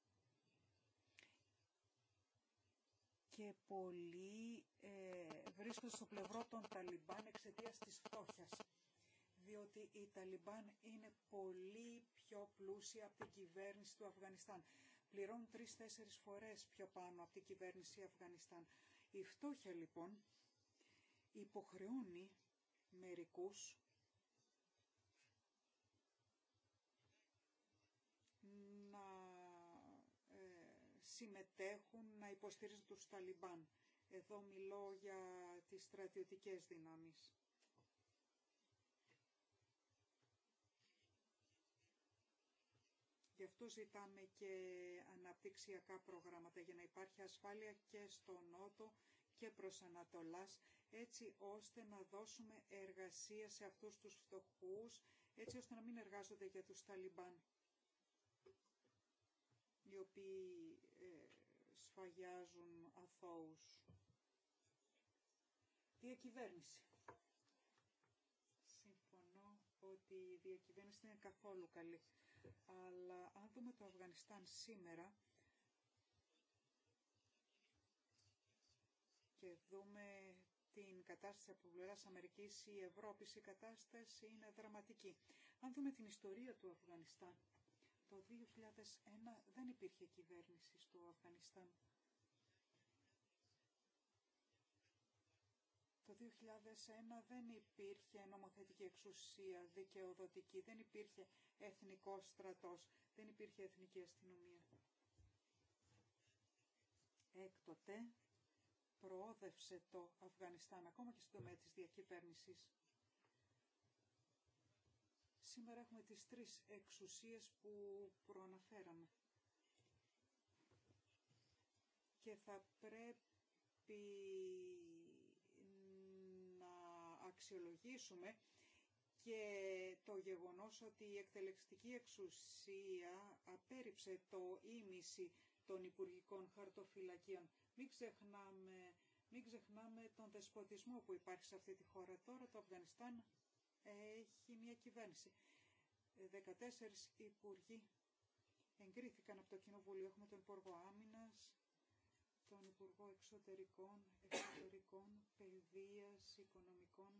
Και πολύ ε, βρίσκονται στο πλευρό των Ταλιμπάν εξαιτία της φτώχειας. Διότι οι Ταλιμπάν είναι πολύ πιο πλούσιοι από την κυβέρνηση του Αφγανιστάν πληρώνουν τρεις-τέσσερις φορές πιο πάνω από την κυβέρνηση Αφγανιστάν. Η φτώχεια λοιπόν υποχρεώνει μερικούς να ε, συμμετέχουν, να υποστηρίζουν τους Ταλιμπάν. Εδώ μιλώ για τις στρατιωτικές δυνάμεις. Γι' αυτό ζητάμε και αναπτυξιακά προγράμματα για να υπάρχει ασφάλεια και στο Νότο και προς Ανατολάς, έτσι ώστε να δώσουμε εργασία σε αυτούς τους φτωχούς, έτσι ώστε να μην εργάζονται για τους Ταλιμπάν, οι οποίοι ε, σφαγιάζουν αθώους. Διακυβέρνηση. Συμφωνώ ότι η διακυβέρνηση είναι καθόλου καλή αλλά αν δούμε το Αφγανιστάν σήμερα και δούμε την κατάσταση από πλευράς Αμερικής ή Ευρώπης, η κατάσταση είναι δραματική. Αν δούμε την ιστορία του Αφγανιστάν, το 2001 δεν υπήρχε κυβέρνηση στο Αφγανιστάν. Το 2001 δεν υπήρχε νομοθετική εξουσία δικαιοδοτική, δεν υπήρχε εθνικό στρατός, δεν υπήρχε εθνική αστυνομία. Έκτοτε προόδευσε το Αφγανιστάν, ακόμα και στην τομέα της διακυβέρνησης. Σήμερα έχουμε τις τρεις εξουσίες που προαναφέραμε. Και θα πρέπει αξιολογήσουμε και το γεγονός ότι η εκτελεστική εξουσία απέρριψε το ίμιση των Υπουργικών Χαρτοφυλακίων. Μην ξεχνάμε, μην ξεχνάμε τον δεσποτισμό που υπάρχει σε αυτή τη χώρα. Τώρα το Αφγανιστάν έχει μια κυβέρνηση. 14 υπουργοί εγκρίθηκαν από το Κοινοβούλιο. Έχουμε τον Υπουργό Άμυνας, τον Υπουργό Εξωτερικών, Εξωτερικών, Παιδείας, Οικονομικών.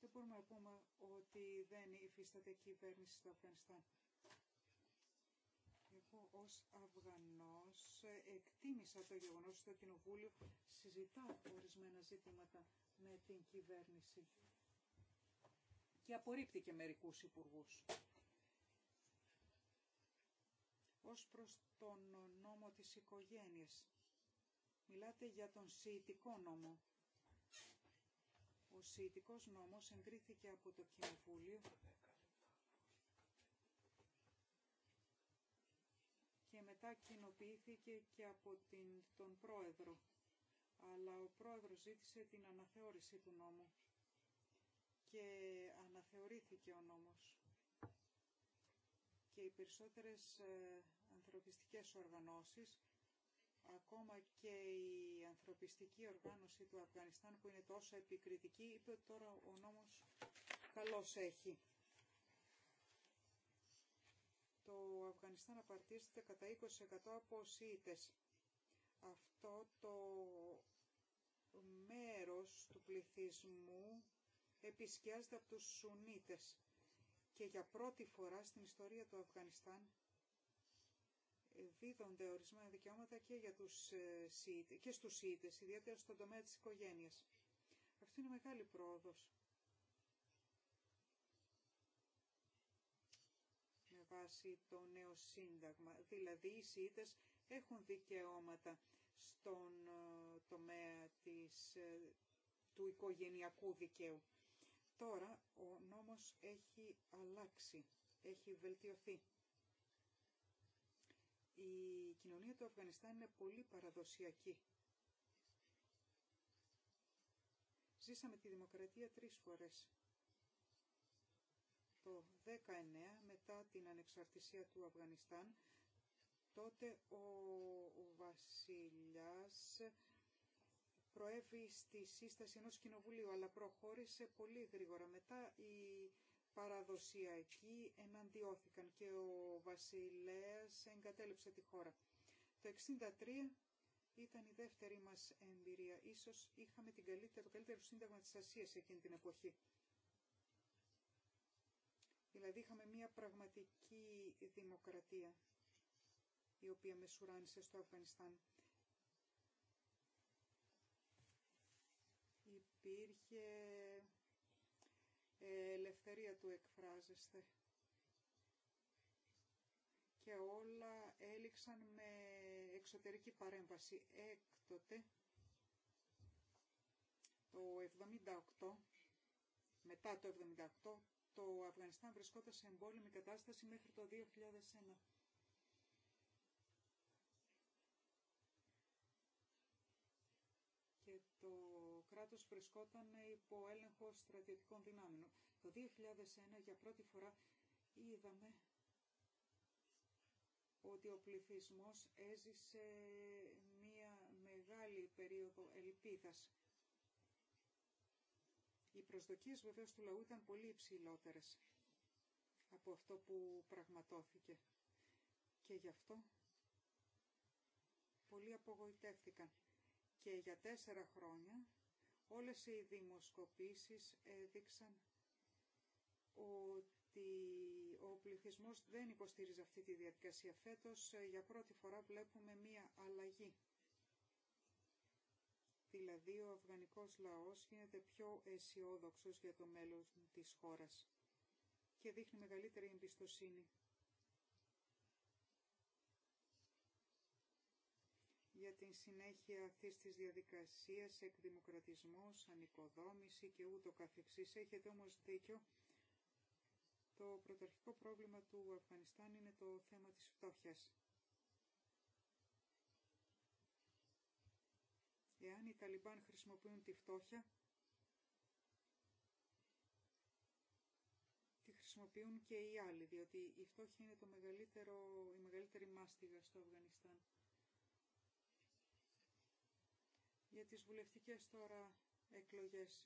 Δεν μπορούμε να πούμε ότι δεν υφίσταται κυβέρνηση στο Αφγανιστάν. Εγώ ως Αφγανός εκτίμησα το γεγονός ότι το Κοινοβούλιο συζητά ορισμένα ζήτηματα με την κυβέρνηση και απορρίπτει και μερικούς υπουργούς ως προς τον νόμο της οικογένειας. Μιλάτε για τον Σιητικό νόμο. Ο Σιητικός νόμος εγκρίθηκε από το Κοινοβούλιο και μετά κοινοποιήθηκε και από την, τον Πρόεδρο. Αλλά ο Πρόεδρος ζήτησε την αναθεώρηση του νόμου και αναθεωρήθηκε ο νόμος. Και οι περισσότερες ε, ανθρωπιστικές οργανώσεις, ακόμα και η ανθρωπιστική οργάνωση του Αφγανιστάν που είναι τόσο επικριτική, είπε ότι τώρα ο νόμος καλώς έχει. Το Αφγανιστάν απαρτίζεται κατά 20% από ΣΥΙΤΕΣ. Αυτό το μέρος του πληθυσμού επισκιάζεται από τους Σουνίτες και για πρώτη φορά στην ιστορία του Αφγανιστάν δίδονται ορισμένα δικαιώματα και, για τους, ε, και στους ΣΥΙΤΕΣ, ιδιαίτερα στον τομέα της οικογένειας. Αυτό είναι μεγάλη πρόοδος. Με βάση το νέο σύνταγμα. Δηλαδή οι ΣΥΙΤΕΣ έχουν δικαιώματα στον ε, τομέα της, ε, του οικογενειακού δικαίου. Τώρα ο νόμος έχει αλλάξει, έχει βελτιωθεί. Η κοινωνία του Αφγανιστάν είναι πολύ παραδοσιακή. Ζήσαμε τη δημοκρατία τρεις φορές. Το 19 μετά την ανεξαρτησία του Αφγανιστάν, τότε ο βασιλιάς προέβη στη σύσταση ενός κοινοβουλίου, αλλά προχώρησε πολύ γρήγορα. Μετά η παραδοσιακοί εναντιώθηκαν και ο βασιλέας εγκατέλειψε τη χώρα. Το 1963 ήταν η δεύτερη μας εμπειρία. Ίσως είχαμε την καλύτερη, το καλύτερο σύνταγμα της Ασίας εκείνη την εποχή. Δηλαδή είχαμε μια πραγματική δημοκρατία η οποία μεσουράνησε στο Αφγανιστάν. Υπήρχε ελευθερία του εκφράζεστε. Και όλα έληξαν με εξωτερική παρέμβαση. Έκτοτε, το 78, μετά το 78, το Αφγανιστάν βρισκόταν σε εμπόλεμη κατάσταση μέχρι το 2001. τους βρισκόταν υπό έλεγχο στρατιωτικών δυνάμεων. Το 2001 για πρώτη φορά είδαμε ότι ο πληθυσμός έζησε μία μεγάλη περίοδο ελπίδας. Οι προσδοκίες βεβαίως του λαού ήταν πολύ υψηλότερες από αυτό που πραγματώθηκε. Και γι' αυτό πολλοί απογοητεύτηκαν. Και για τέσσερα χρόνια Όλες οι δημοσκοπήσεις έδειξαν ότι ο πληθυσμός δεν υποστήριζε αυτή τη διαδικασία. Φέτος ε, για πρώτη φορά βλέπουμε μία αλλαγή. Δηλαδή ο αφγανικός λαός γίνεται πιο αισιόδοξο για το μέλλον της χώρας και δείχνει μεγαλύτερη εμπιστοσύνη για την συνέχεια αυτής της διαδικασίας, εκδημοκρατισμός, ανοικοδόμηση και ούτω καθεξής. Έχετε όμως δίκιο, το πρωταρχικό πρόβλημα του Αφγανιστάν είναι το θέμα της φτώχειας. Εάν οι Ταλιμπάν χρησιμοποιούν τη φτώχεια, τη χρησιμοποιούν και οι άλλοι, διότι η φτώχεια είναι το μεγαλύτερο, η μεγαλύτερη μάστιγα στο Αφγανιστάν. για τις βουλευτικές τώρα εκλογές.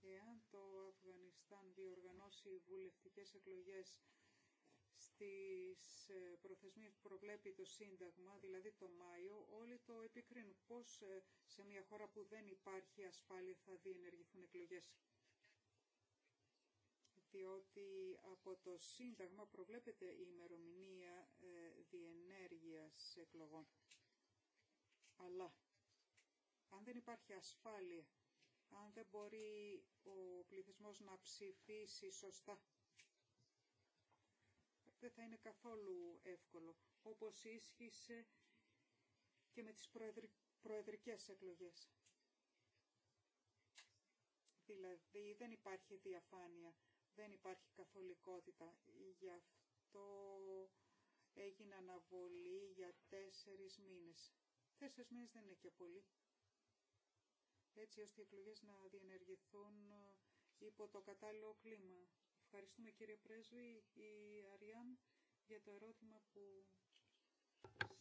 Εάν το Αφγανιστάν διοργανώσει βουλευτικές εκλογές στις ε, προθεσμίες που προβλέπει το Σύνταγμα, δηλαδή το Μάιο, όλοι το επικρίνουν. Πώς ε, σε μια χώρα που δεν υπάρχει ασφάλεια θα διενεργηθούν εκλογές. Διότι από το Σύνταγμα προβλέπεται η ημερομηνία ε, διενέργειας εκλογών. Αλλά αν δεν υπάρχει ασφάλεια, αν δεν μπορεί ο πληθυσμός να ψηφίσει σωστά, δεν θα είναι καθόλου εύκολο, όπως ίσχυσε και με τις προεδρικές εκλογές. Δηλαδή δεν υπάρχει διαφάνεια, δεν υπάρχει καθολικότητα, γι' αυτό έγινε αναβολή για τέσσερις μήνες. Τέσσερις μήνες δεν είναι και πολύ. Έτσι ώστε οι εκλογές να διενεργηθούν ε, υπό το κατάλληλο κλίμα. Ευχαριστούμε κύριε Πρέσβη, η Αριάν, για το ερώτημα που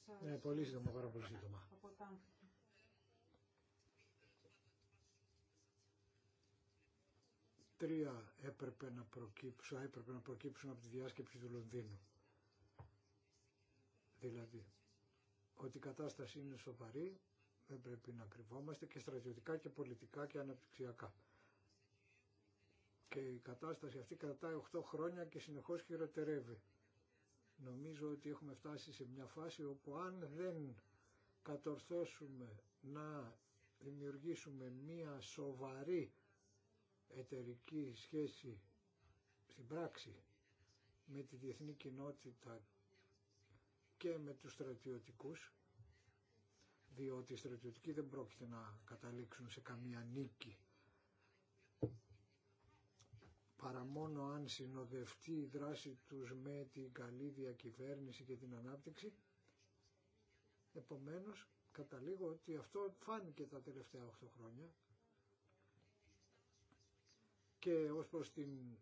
σας... Ναι, πολύ σύντομα, πάρα πολύ σύντομα. Τρία έπρεπε να προκύψουν, έπρεπε να προκύψουν από τη διάσκεψη του Λονδίνου. Δηλαδή, ότι η κατάσταση είναι σοβαρή, δεν πρέπει να κρυβόμαστε και στρατιωτικά και πολιτικά και αναπτυξιακά. Και η κατάσταση αυτή κρατάει 8 χρόνια και συνεχώς χειροτερεύει. Νομίζω ότι έχουμε φτάσει σε μια φάση όπου αν δεν κατορθώσουμε να δημιουργήσουμε μια σοβαρή εταιρική σχέση στην πράξη με τη διεθνή κοινότητα και με τους στρατιωτικούς διότι οι στρατιωτικοί δεν πρόκειται να καταλήξουν σε καμία νίκη παρά μόνο αν συνοδευτεί η δράση τους με την καλή διακυβέρνηση και την ανάπτυξη. Επομένως, καταλήγω ότι αυτό φάνηκε τα τελευταία 8 χρόνια και ως προς την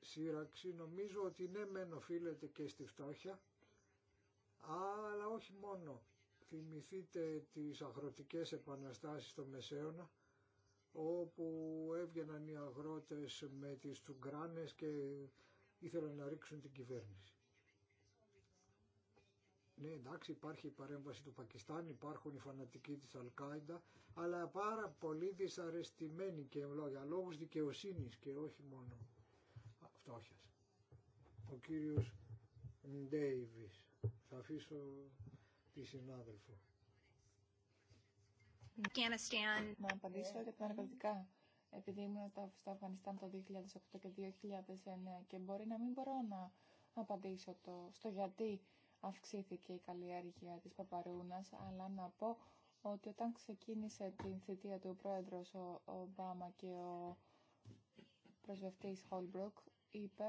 σύραξη νομίζω ότι ναι μεν οφείλεται και στη φτώχεια αλλά όχι μόνο. Θυμηθείτε τις αγροτικές επαναστάσεις στο Μεσαίωνα, όπου έβγαιναν οι αγρότες με τις τσουγκράνες και ήθελαν να ρίξουν την κυβέρνηση. Ναι, εντάξει, υπάρχει η παρέμβαση του Πακιστάν, υπάρχουν οι φανατικοί της Αλκάιντα, αλλά πάρα πολύ δυσαρεστημένοι και λόγια λόγους δικαιοσύνης και όχι μόνο φτώχειας. Ο κύριος Ντέιβις. Θα αφήσω τη συνάδελφο. Να απαντήσω για τα ανακαλυτικά. Επειδή ήμουν στο Αφγανιστάν το 2008 και 2009 και μπορεί να μην μπορώ να απαντήσω το, στο γιατί αυξήθηκε η καλλιέργεια της παπαρούνας, αλλά να πω ότι όταν ξεκίνησε την θητεία του πρόεδρος ο Ομπάμα και ο πρεσβευτής Χολμπρουκ είπε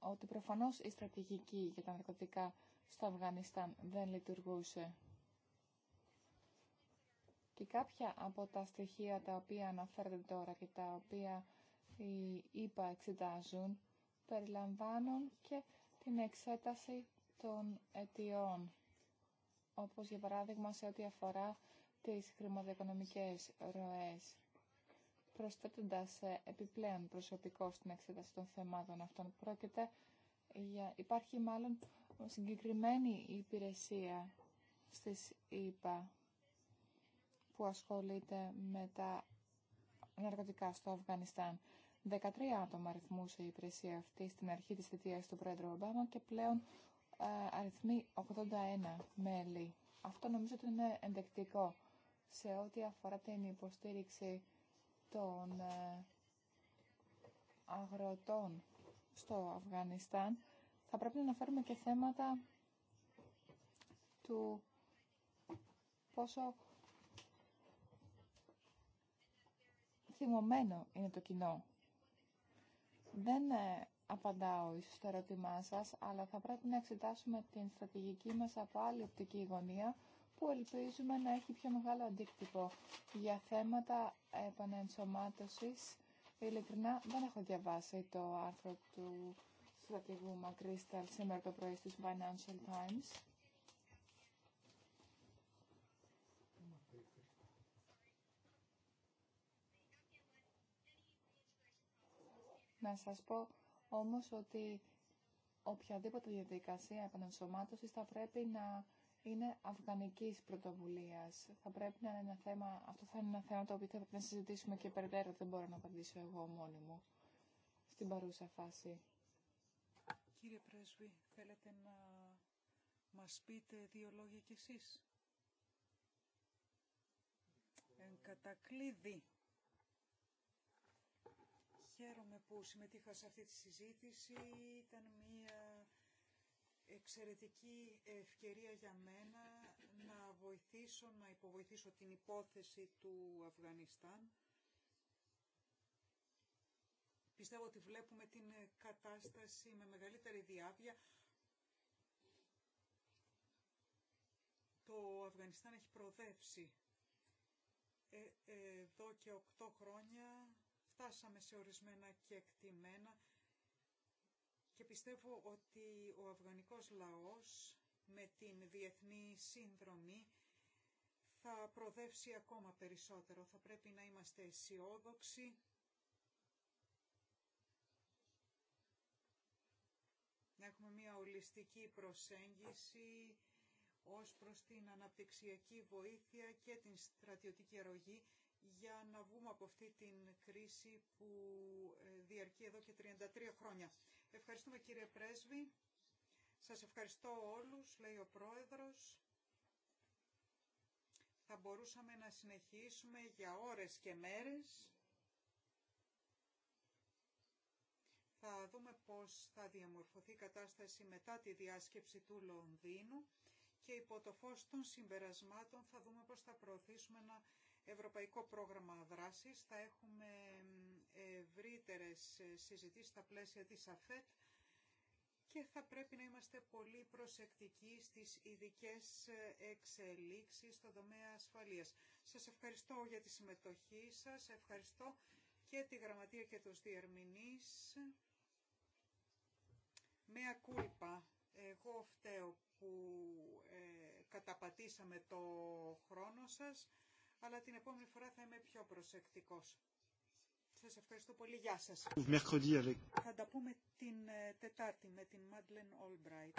ότι προφανώς η στρατηγική για τα ναρκωτικά στο Αφγανιστάν δεν λειτουργούσε. Και κάποια από τα στοιχεία τα οποία αναφέρονται τώρα και τα οποία οι ΙΠΑ εξετάζουν περιλαμβάνουν και την εξέταση των αιτιών. Όπως για παράδειγμα σε ό,τι αφορά τις χρηματοοικονομικές ροές προσθέτοντας ε, επιπλέον προσωπικό στην εξέταση των θεμάτων αυτών. Πρόκειται για, υπάρχει μάλλον συγκεκριμένη υπηρεσία στις ΙΠΑ που ασχολείται με τα ναρκωτικά στο Αφγανιστάν. 13 άτομα αριθμούσε η υπηρεσία αυτή στην αρχή της θητείας του Πρόεδρου Ομπάμα και πλέον ε, αριθμεί 81 μέλη. Αυτό νομίζω ότι είναι ενδεκτικό σε ό,τι αφορά την υποστήριξη των ε, αγροτών στο Αφγανιστάν, θα πρέπει να αναφέρουμε και θέματα του πόσο θυμωμένο είναι το κοινό. Δεν ε, απαντάω ίσως στο ερώτημά σας, αλλά θα πρέπει να εξετάσουμε την στρατηγική μας από άλλη οπτική γωνία, που ελπίζουμε να έχει πιο μεγάλο αντίκτυπο για θέματα επανενσωμάτωσης. Ειλικρινά δεν έχω διαβάσει το άρθρο του στρατηγού Μακρίσταλ σήμερα το πρωί στους Financial Times. Να σας πω όμως ότι οποιαδήποτε διαδικασία επανενσωμάτωσης θα πρέπει να είναι αφγανικής πρωτοβουλίας. Θα πρέπει να είναι ένα θέμα, αυτό θα είναι ένα θέμα το οποίο θα πρέπει να συζητήσουμε και περαιτέρω. Δεν μπορώ να απαντήσω εγώ μόνη μου στην παρούσα φάση. Κύριε Πρέσβη, θέλετε να μας πείτε δύο λόγια κι εσείς. Εν κατακλείδη. Χαίρομαι που συμμετείχα σε αυτή τη συζήτηση. Ήταν μια Εξαιρετική ευκαιρία για μένα να βοηθήσω, να υποβοηθήσω την υπόθεση του Αφγανιστάν. Πιστεύω ότι βλέπουμε την κατάσταση με μεγαλύτερη διάβια. Το Αφγανιστάν έχει προδέψει. Ε, ε, εδώ και 8 χρόνια φτάσαμε σε ορισμένα και εκτιμένα και πιστεύω ότι ο αφγανικός λαός με την διεθνή σύνδρομη θα προδεύσει ακόμα περισσότερο. Θα πρέπει να είμαστε αισιόδοξοι να έχουμε μια ολιστική προσέγγιση ως προς την αναπτυξιακή βοήθεια και την στρατιωτική αρρωγή για να βγούμε από αυτή την κρίση που ε, διαρκεί εδώ και 33 χρόνια. Ευχαριστούμε κύριε Πρέσβη. Σας ευχαριστώ όλους, λέει ο Πρόεδρος. Θα μπορούσαμε να συνεχίσουμε για ώρες και μέρες. Θα δούμε πώς θα διαμορφωθεί η κατάσταση μετά τη διάσκεψη του Λονδίνου και υπό το φως των συμπερασμάτων θα δούμε πώς θα προωθήσουμε ένα ευρωπαϊκό πρόγραμμα δράσης. Θα έχουμε ευρύτερες ε, συζητήσεις στα πλαίσια της ΑΦΕΤ και θα πρέπει να είμαστε πολύ προσεκτικοί στις ειδικέ ε, εξελίξεις στον τομέα ασφαλείας. Σας ευχαριστώ για τη συμμετοχή σας, ευχαριστώ και τη Γραμματεία και τους διερμηνείς. με ακούλπα εγώ φταίω που ε, καταπατήσαμε το χρόνο σας, αλλά την επόμενη φορά θα είμαι πιο προσεκτικός. Σας ευχαριστώ πολύ. Γεια σας. Θα τα πούμε την ε, Τετάρτη με την Μάντλεν Ολμπράιτ.